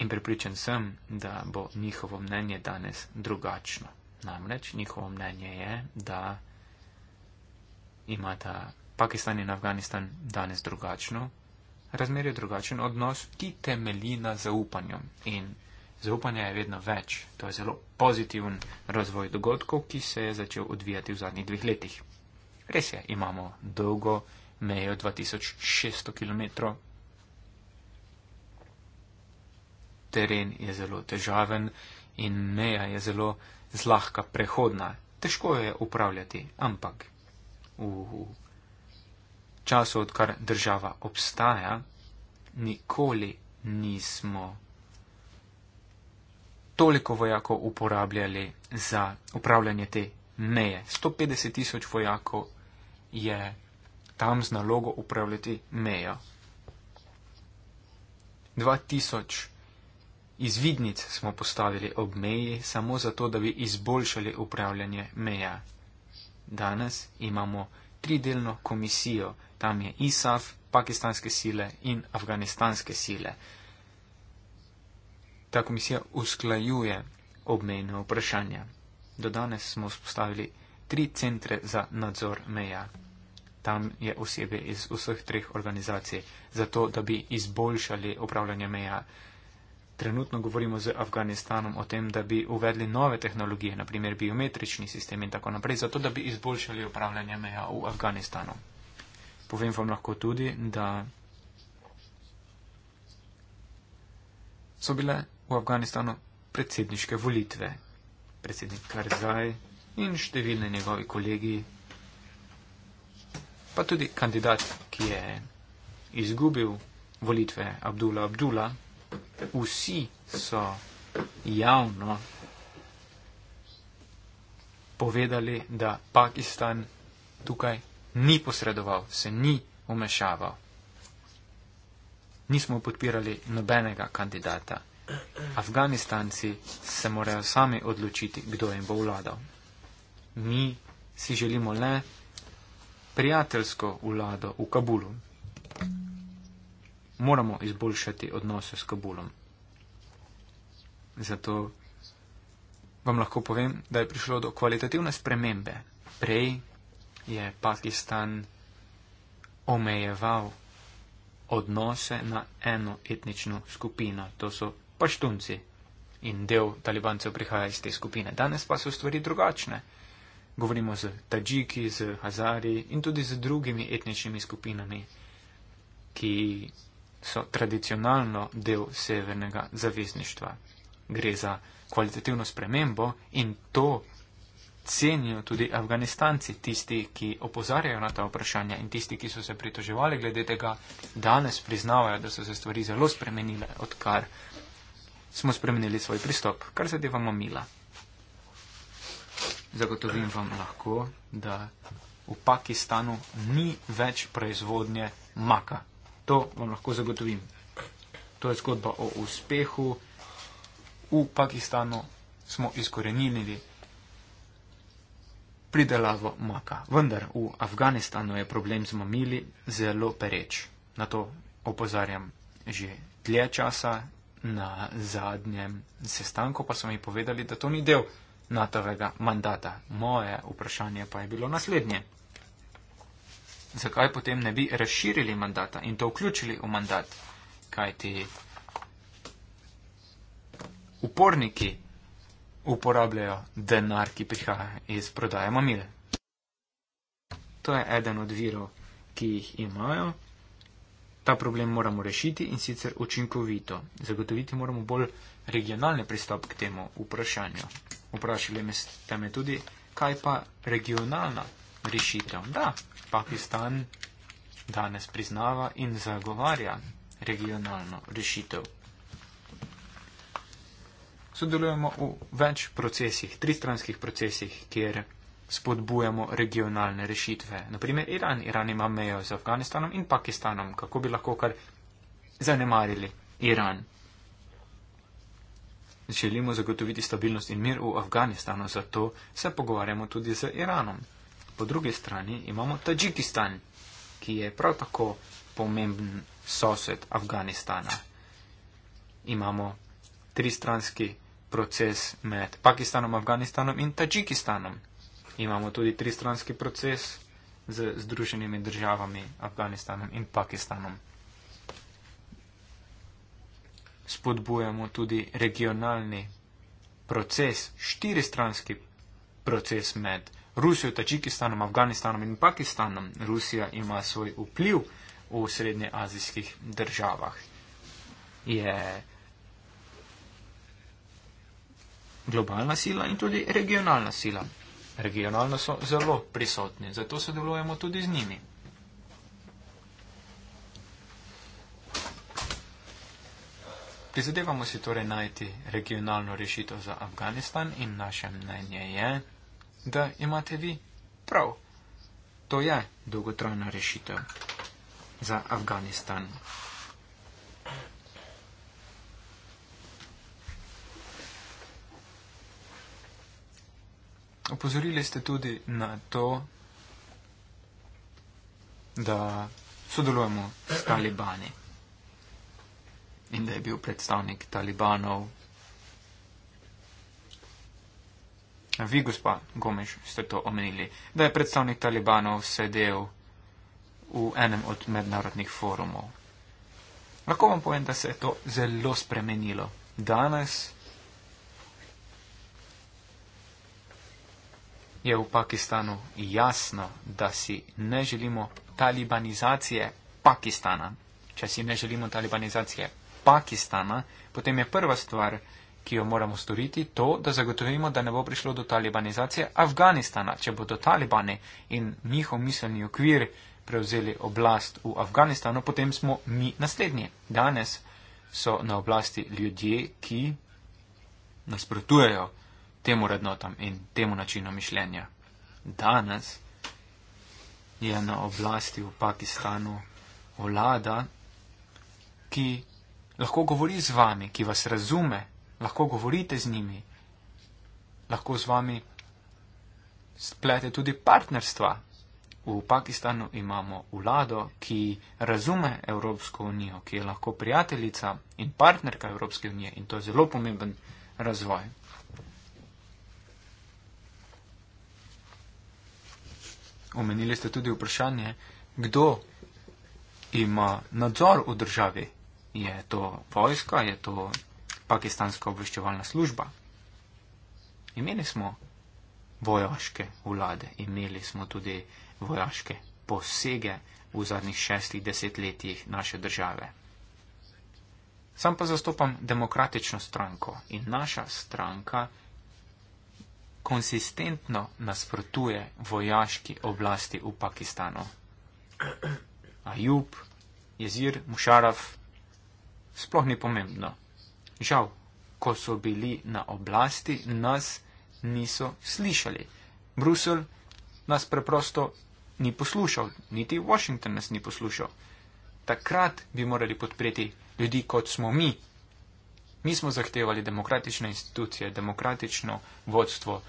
In pripričan sem, da bo njihovo mnenje danes drugačno. Namreč njihovo mnenje je, da imata Pakistan in Afganistan danes drugačno razmerje, drugačen odnos, ki temelji na zaupanju. In zaupanja je vedno več. To je zelo pozitiven razvoj dogodkov, ki se je začel odvijati v zadnjih dveh letih. Res je, imamo dolgo mejo 2600 km. Teren je zelo težaven in meja je zelo zlahka prehodna. Težko jo je upravljati, ampak v času, odkar država obstaja, nikoli nismo toliko vojakov uporabljali za upravljanje te meje. 150 tisoč vojakov je tam z nalogo upravljati mejo. 2000 izvidnic smo postavili ob meji samo zato, da bi izboljšali upravljanje meja. Danes imamo tridelno komisijo, tam je ISAF, pakistanske sile in afganistanske sile. Ta komisija usklajuje obmejne vprašanja. Do danes smo vzpostavili tri centre za nadzor meja tam je osebe iz vseh treh organizacij, zato da bi izboljšali upravljanje meja. Trenutno govorimo z Afganistanom o tem, da bi uvedli nove tehnologije, naprimer biometrični sistem in tako naprej, zato da bi izboljšali upravljanje meja v Afganistanu. Povem vam lahko tudi, da so bile v Afganistanu predsedniške volitve. Predsednik Karzaj in številni njegovi kolegi pa tudi kandidat, ki je izgubil volitve Abdula Abdula, vsi so javno povedali, da Pakistan tukaj ni posredoval, se ni umešaval. Nismo podpirali nobenega kandidata. Afganistanci se morajo sami odločiti, kdo jim bo vladal. Mi si želimo le prijateljsko vlado v Kabulu. Moramo izboljšati odnose s Kabulom. Zato vam lahko povem, da je prišlo do kvalitativne spremembe. Prej je Pakistan omejeval odnose na eno etnično skupino, to so paštunci in del talibancev prihaja iz te skupine. Danes pa so stvari drugačne. Govorimo z Tadžiki, z Hazari in tudi z drugimi etničnimi skupinami, ki so tradicionalno del severnega zavezništva. Gre za kvalitativno spremembo in to cenijo tudi Afganistanci, tisti, ki opozarjajo na ta vprašanja in tisti, ki so se pritoževali glede tega, danes priznavajo, da so se stvari zelo spremenile, odkar smo spremenili svoj pristop, kar zadeva Mamila. Zagotovim vam lahko, da v Pakistanu ni več proizvodnje maka. To vam lahko zagotovim. To je zgodba o uspehu. V Pakistanu smo izkorenili pridelavo maka. Vendar v Afganistanu je problem z mamili zelo pereč. Na to opozarjam že dlje časa. Na zadnjem sestanku pa so mi povedali, da to ni del NATO-vega mandata. Moje vprašanje pa je bilo naslednje. Zakaj potem ne bi razširili mandata in to vključili v mandat? Kaj ti uporniki uporabljajo denar, ki prihaja iz prodaje mamile? To je eden od virov, ki jih imajo. Ta problem moramo rešiti in sicer učinkovito. Zagotoviti moramo bolj regionalni pristop k temu vprašanju. Vprašali ste me tudi, kaj pa regionalna rešitev. Da, Pakistan danes priznava in zagovarja regionalno rešitev. Sodelujemo v več procesih, tristranskih procesih, kjer spodbujamo regionalne rešitve. Naprimer, Iran. Iran ima mejo z Afganistanom in Pakistanom. Kako bi lahko kar zanemarili Iran? Želimo zagotoviti stabilnost in mir v Afganistanu, zato se pogovarjamo tudi z Iranom. Po drugi strani imamo Tadžikistan, ki je prav tako pomemben sosed Afganistana. Imamo tristranski proces med Pakistanom, Afganistanom in Tadžikistanom. Imamo tudi tristranski proces z Združenimi državami, Afganistanom in Pakistanom spodbujamo tudi regionalni proces, štiristranski proces med Rusijo, Tačikistanom, Afganistanom in Pakistanom. Rusija ima svoj vpliv v srednjeazijskih državah. Je globalna sila in tudi regionalna sila. Regionalno so zelo prisotni, zato sodelujemo tudi z njimi. Prizadevamo si torej najti regionalno rešitev za Afganistan in naše mnenje je, da imate vi prav. To je dolgotrajna rešitev za Afganistan. Opozorili ste tudi na to, da sodelujemo s talibani in da je bil predstavnik talibanov. Vi, gospa Gomeš, ste to omenili, da je predstavnik talibanov sedel v enem od mednarodnih forumov. Lahko vam povem, da se je to zelo spremenilo. Danes je v Pakistanu jasno, da si ne želimo talibanizacije Pakistana. Če si ne želimo talibanizacije Pakistana, potem je prva stvar, ki jo moramo storiti, to, da zagotovimo, da ne bo prišlo do talibanizacije Afganistana. Če bodo talibani in njihov miselni okvir prevzeli oblast v Afganistanu, potem smo mi naslednji. Danes so na oblasti ljudje, ki nasprotujejo temu rednotam in temu načinu mišljenja. Danes je na oblasti v Pakistanu vlada, ki lahko govori z vami, ki vas razume, lahko govorite z njimi, lahko z vami splete tudi partnerstva. V Pakistanu imamo vlado, ki razume Evropsko unijo, ki je lahko prijateljica in partnerka Evropske unije in to je zelo pomemben razvoj. Omenili ste tudi vprašanje, kdo ima nadzor v državi. Je to vojska, je to pakistanska obveščevalna služba. Imeli smo vojaške vlade, imeli smo tudi vojaške posege v zadnjih šestih desetletjih naše države. Sam pa zastopam demokratično stranko in naša stranka konsistentno nasprotuje vojaški oblasti v Pakistanu. Ajub, Jezir, Mušaraf, sploh ni pomembno. Žal, ko so bili na oblasti, nas niso slišali. Bruselj nas preprosto ni poslušal, niti Washington nas ni poslušal. Takrat bi morali podpreti ljudi, kot smo mi. Mi smo zahtevali demokratične institucije, demokratično vodstvo,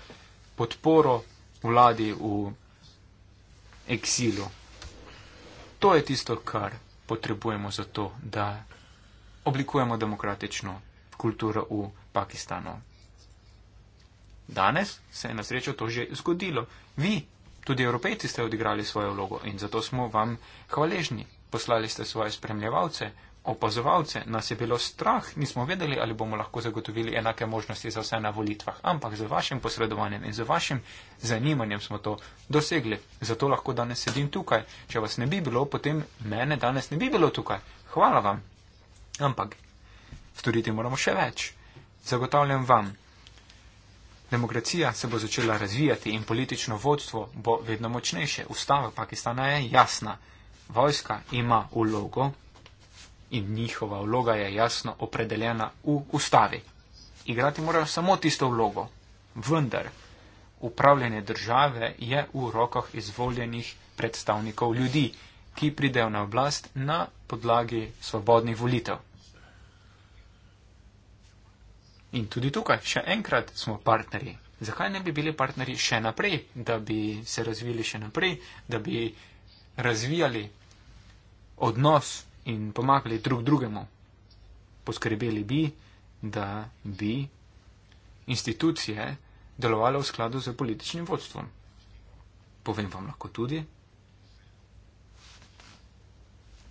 podporo vladi v eksilu. To je tisto, kar potrebujemo za to, da oblikujemo demokratično kulturo v Pakistanu. Danes se je na srečo to že zgodilo. Vi, tudi evropejci, ste odigrali svojo vlogo in zato smo vam hvaležni. Poslali ste svoje spremljevalce, opazovalce, nas je bilo strah, nismo vedeli, ali bomo lahko zagotovili enake možnosti za vse na volitvah, ampak z vašim posredovanjem in z vašim zanimanjem smo to dosegli. Zato lahko danes sedim tukaj. Če vas ne bi bilo, potem mene danes ne bi bilo tukaj. Hvala vam. Ampak storiti moramo še več. Zagotavljam vam, demokracija se bo začela razvijati in politično vodstvo bo vedno močnejše. Ustava Pakistana je jasna. Vojska ima ulogo in njihova vloga je jasno opredeljena v ustavi. Igrati morajo samo tisto vlogo. Vendar, upravljanje države je v rokah izvoljenih predstavnikov ljudi, ki pridejo na oblast na podlagi svobodnih volitev. In tudi tukaj, še enkrat smo partnerji. Zakaj ne bi bili partnerji še naprej, da bi se razvili še naprej, da bi razvijali odnos in pomagali drug drugemu? Poskrbeli bi, da bi institucije delovale v skladu z političnim vodstvom. Povem vam lahko tudi,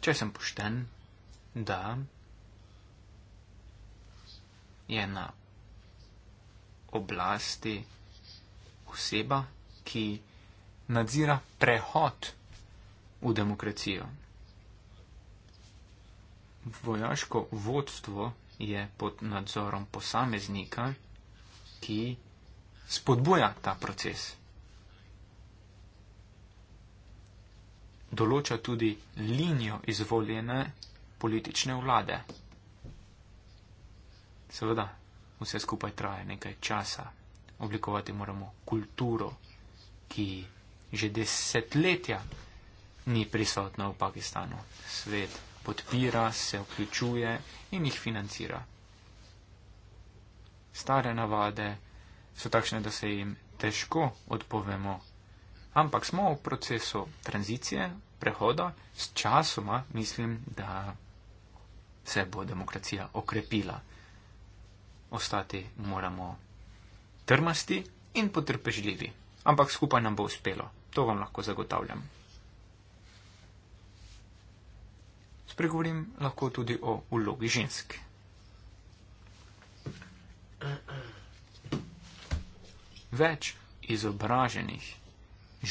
če sem pošten, da je na oblasti oseba, ki nadzira prehod v demokracijo. Vojaško vodstvo je pod nadzorom posameznika, ki spodbuja ta proces. Določa tudi linijo izvoljene politične vlade seveda, vse skupaj traja nekaj časa. Oblikovati moramo kulturo, ki že desetletja ni prisotna v Pakistanu. Svet podpira, se vključuje in jih financira. Stare navade so takšne, da se jim težko odpovemo, ampak smo v procesu tranzicije, prehoda, s časoma mislim, da se bo demokracija okrepila ostati moramo trmasti in potrpežljivi. Ampak skupaj nam bo uspelo, to vam lahko zagotavljam. Spregovorim lahko tudi o vlogi žensk. Več izobraženih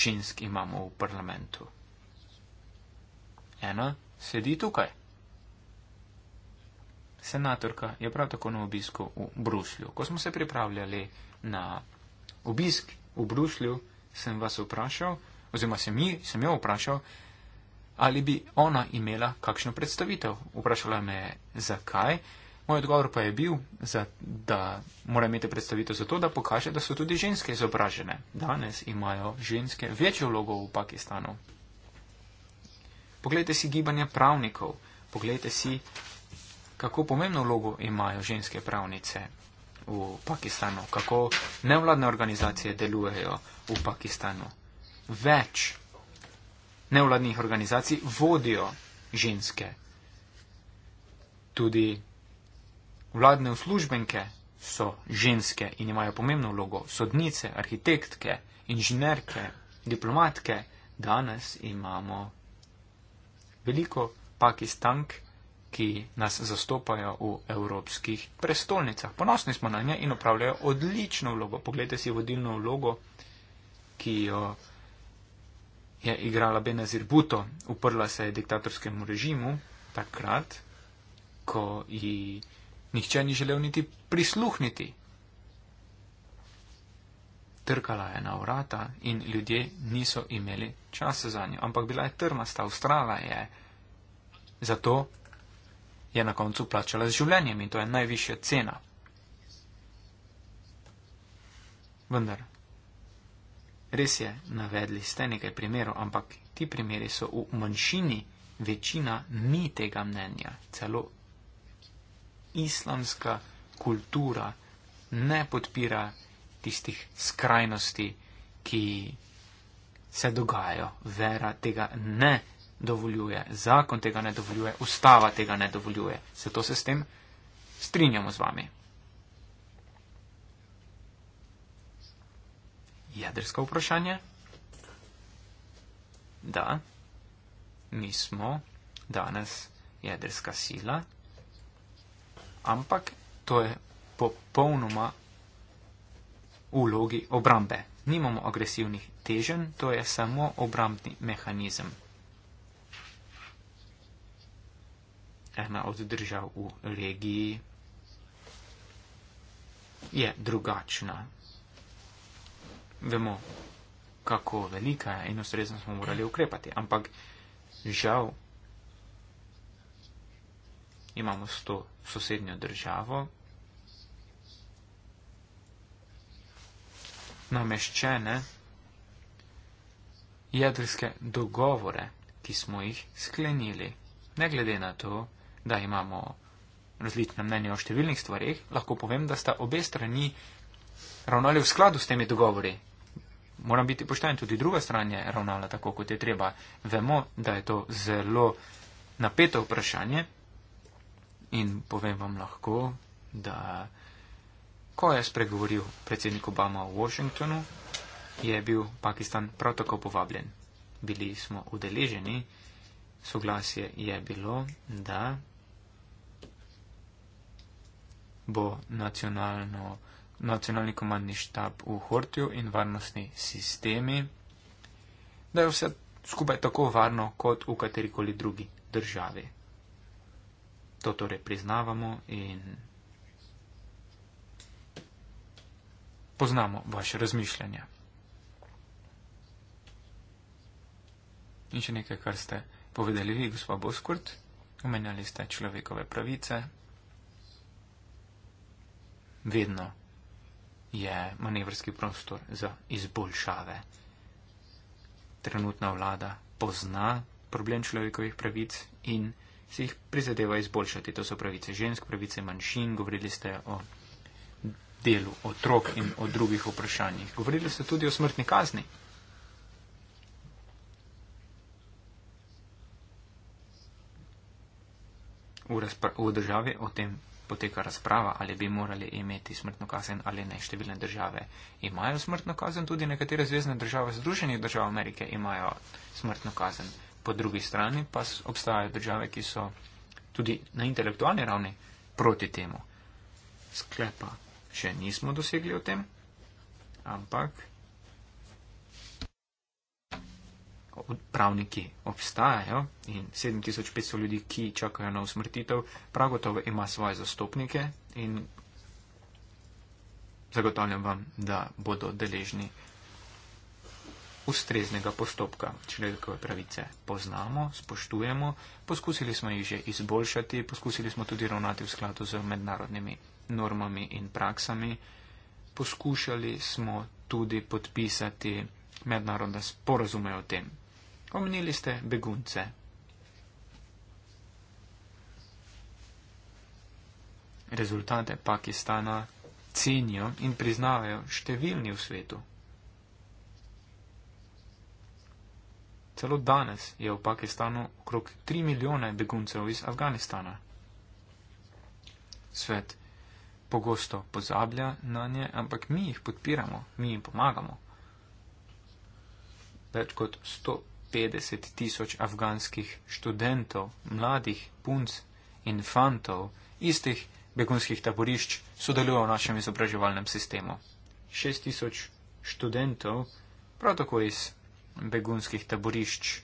žensk imamo v parlamentu. Ena sedi tukaj. Senatorka je prav tako na obisku v Bruslju. Ko smo se pripravljali na obisk v Bruslju, sem vas vprašal, oziroma sem, ji, sem jo vprašal, ali bi ona imela kakšno predstavitev. Vprašala me je, zakaj. Moj odgovor pa je bil, da mora imeti predstavitev zato, da pokaže, da so tudi ženske izobražene. Danes imajo ženske večjo vlogo v Pakistanu. Poglejte si gibanje pravnikov, poglejte si kako pomembno vlogo imajo ženske pravnice v Pakistanu, kako nevladne organizacije delujejo v Pakistanu. Več nevladnih organizacij vodijo ženske. Tudi vladne uslužbenke so ženske in imajo pomembno vlogo. Sodnice, arhitektke, inženerke, diplomatke. Danes imamo veliko pakistank, ki nas zastopajo v evropskih prestolnicah. Ponosni smo na nje in upravljajo odlično vlogo. Poglejte si vodilno vlogo, ki jo je igrala Benazir Buto. Uprla se je diktatorskemu režimu takrat, ko ji nihče ni želel niti prisluhniti. Trkala je na vrata in ljudje niso imeli časa za njo, ampak bila je trmasta, ustrala je. Zato je na koncu plačala z življenjem in to je najvišja cena. Vendar, res je, navedli ste nekaj primerov, ampak ti primeri so v manjšini, večina ni tega mnenja. Celo islamska kultura ne podpira tistih skrajnosti, ki se dogajajo. Vera tega ne dovoljuje, zakon tega ne dovoljuje, ustava tega ne dovoljuje. Zato se s tem strinjamo z vami. Jedrsko vprašanje? Da, mi smo danes jedrska sila, ampak to je popolnoma ulogi obrambe. Nimamo agresivnih teženj, to je samo obrambni mehanizem. ena od držav v regiji, je drugačna. Vemo, kako velika je in ustrezno smo morali ukrepati, ampak žal imamo s to sosednjo državo nameščene jedrske dogovore, ki smo jih sklenili. Ne glede na to, da imamo različne mnenje o številnih stvarih, lahko povem, da sta obe strani ravnali v skladu s temi dogovori. Moram biti pošten, tudi druga stran je ravnala tako, kot je treba. Vemo, da je to zelo napeto vprašanje in povem vam lahko, da ko je spregovoril predsednik Obama v Washingtonu, je bil Pakistan prav tako povabljen. Bili smo udeleženi, soglasje je bilo, da bo nacionalni komandni štab v Hortju in varnostni sistemi, da je vse skupaj tako varno kot v katerikoli drugi državi. To torej priznavamo in poznamo vaše razmišljanje. In še nekaj, kar ste povedali vi, gospod Boskurt, omenjali ste človekove pravice vedno je manevrski prostor za izboljšave. Trenutna vlada pozna problem človekovih pravic in si jih prizadeva izboljšati. To so pravice žensk, pravice manjšin, govorili ste o delu otrok in o drugih vprašanjih. Govorili ste tudi o smrtni kazni. V, razpra- v državi o tem poteka razprava, ali bi morali imeti smrtno kazen ali ne. Številne države imajo smrtno kazen, tudi nekatere zvezdne države Združenih držav Amerike imajo smrtno kazen. Po drugi strani pa obstajajo države, ki so tudi na intelektualni ravni proti temu. Sklepa še nismo dosegli o tem, ampak pravniki obstajajo in 7500 ljudi, ki čakajo na usmrtitev, prav gotovo ima svoje zastopnike in zagotavljam vam, da bodo deležni ustreznega postopka. Človekove pravice poznamo, spoštujemo, poskusili smo jih že izboljšati, poskusili smo tudi ravnati v skladu z mednarodnimi normami in praksami, poskušali smo tudi podpisati mednarodne sporazume o tem. Omenili ste begunce. Rezultate Pakistana cenijo in priznavajo številni v svetu. Celo danes je v Pakistanu okrog 3 milijone beguncev iz Afganistana. Svet pogosto pozablja na nje, ampak mi jih podpiramo, mi jim pomagamo. Več kot 100 50 tisoč afganskih študentov, mladih punc in fantov istih begunskih taborišč sodelujo v našem izobraževalnem sistemu. 6 tisoč študentov, prav tako iz begunskih taborišč,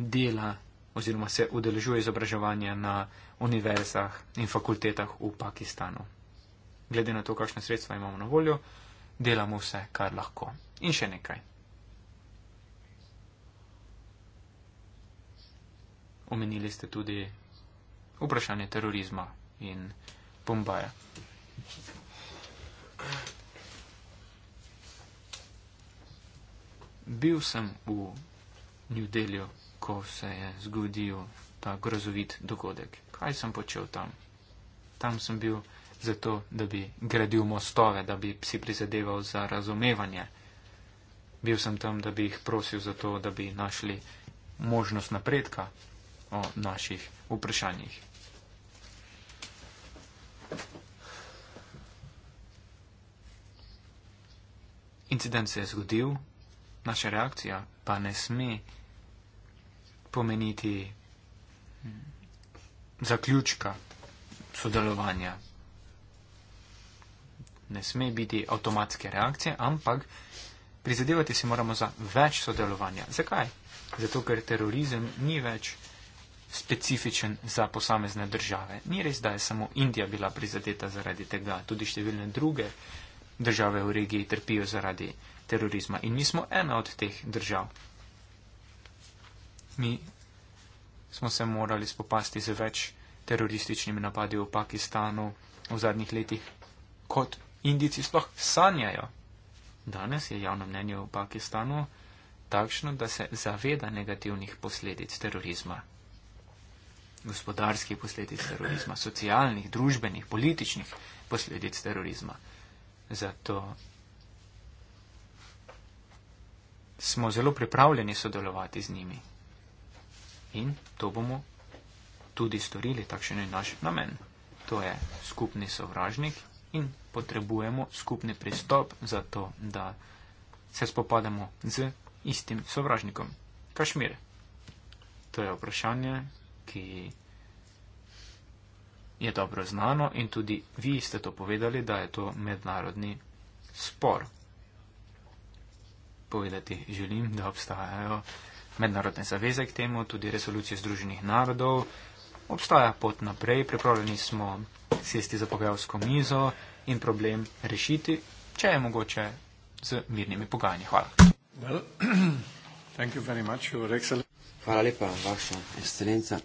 dela oziroma se udeležuje izobraževanja na univerzah in fakultetah v Pakistanu. Glede na to, kakšne sredstva imamo na voljo, delamo vse, kar lahko. In še nekaj. omenili ste tudi vprašanje terorizma in bombaja. Bil sem v New Delhiu, ko se je zgodil ta grozovit dogodek. Kaj sem počel tam? Tam sem bil zato, da bi gradil mostove, da bi si prizadeval za razumevanje. Bil sem tam, da bi jih prosil za to, da bi našli možnost napredka, o naših vprašanjih. Incident se je zgodil, naša reakcija pa ne sme pomeniti hm, zaključka sodelovanja. Ne sme biti avtomatske reakcije, ampak prizadevati se moramo za več sodelovanja. Zakaj? Zato, ker terorizem ni več specifičen za posamezne države. Ni res, da je samo Indija bila prizadeta zaradi tega, tudi številne druge države v regiji trpijo zaradi terorizma in mi smo ena od teh držav. Mi smo se morali spopasti z več terorističnimi napadi v Pakistanu v zadnjih letih, kot Indijci sploh sanjajo. Danes je javno mnenje v Pakistanu takšno, da se zaveda negativnih posledic terorizma gospodarskih posledic terorizma, socialnih, družbenih, političnih posledic terorizma. Zato smo zelo pripravljeni sodelovati z njimi in to bomo tudi storili, takšen je naš namen. To je skupni sovražnik in potrebujemo skupni pristop za to, da se spopademo z istim sovražnikom. Kašmir. To je vprašanje ki je dobro znano in tudi vi ste to povedali, da je to mednarodni spor. Povedati želim, da obstajajo mednarodne zaveze k temu, tudi resolucije Združenih narodov, obstaja pot naprej, pripravljeni smo sesti za pogajalsko mizo in problem rešiti, če je mogoče z mirnimi pogajanji. Hvala. Well, Hvala lepa, vaša ekscelenca.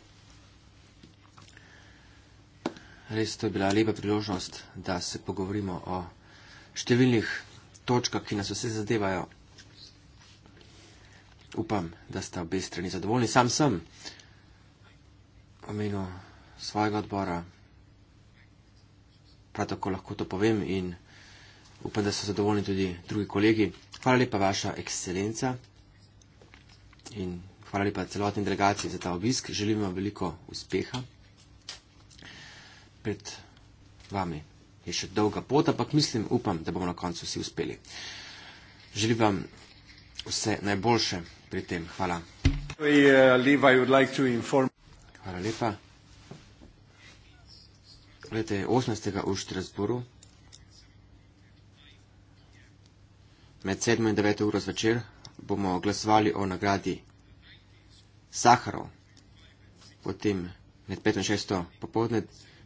Res to je bila lepa priložnost, da se pogovorimo o številnih točkah, ki nas vse zadevajo. Upam, da sta obe strani zadovoljni. Sam sem omenil svojega odbora. Prav tako lahko to povem in upam, da so zadovoljni tudi drugi kolegi. Hvala lepa vaša ekscelenca in hvala lepa celotni delegaciji za ta obisk. Želim vam veliko uspeha spet vami. Je še dolga pot, ampak mislim, upam, da bomo na koncu vsi uspeli. Želim vam vse najboljše pri tem. Hvala. Uh, Hvala lepa. Glede 18. v Štrasburu, med 7. in 9. uro zvečer, bomo glasovali o nagradi Saharov, potem med 5. in 6. popovdne.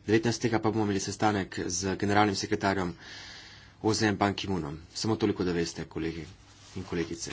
19. pa bomo imeli sestanek z generalnim sekretarjem OZN Bankimunom. Samo toliko, da veste, kolegi in kolegice.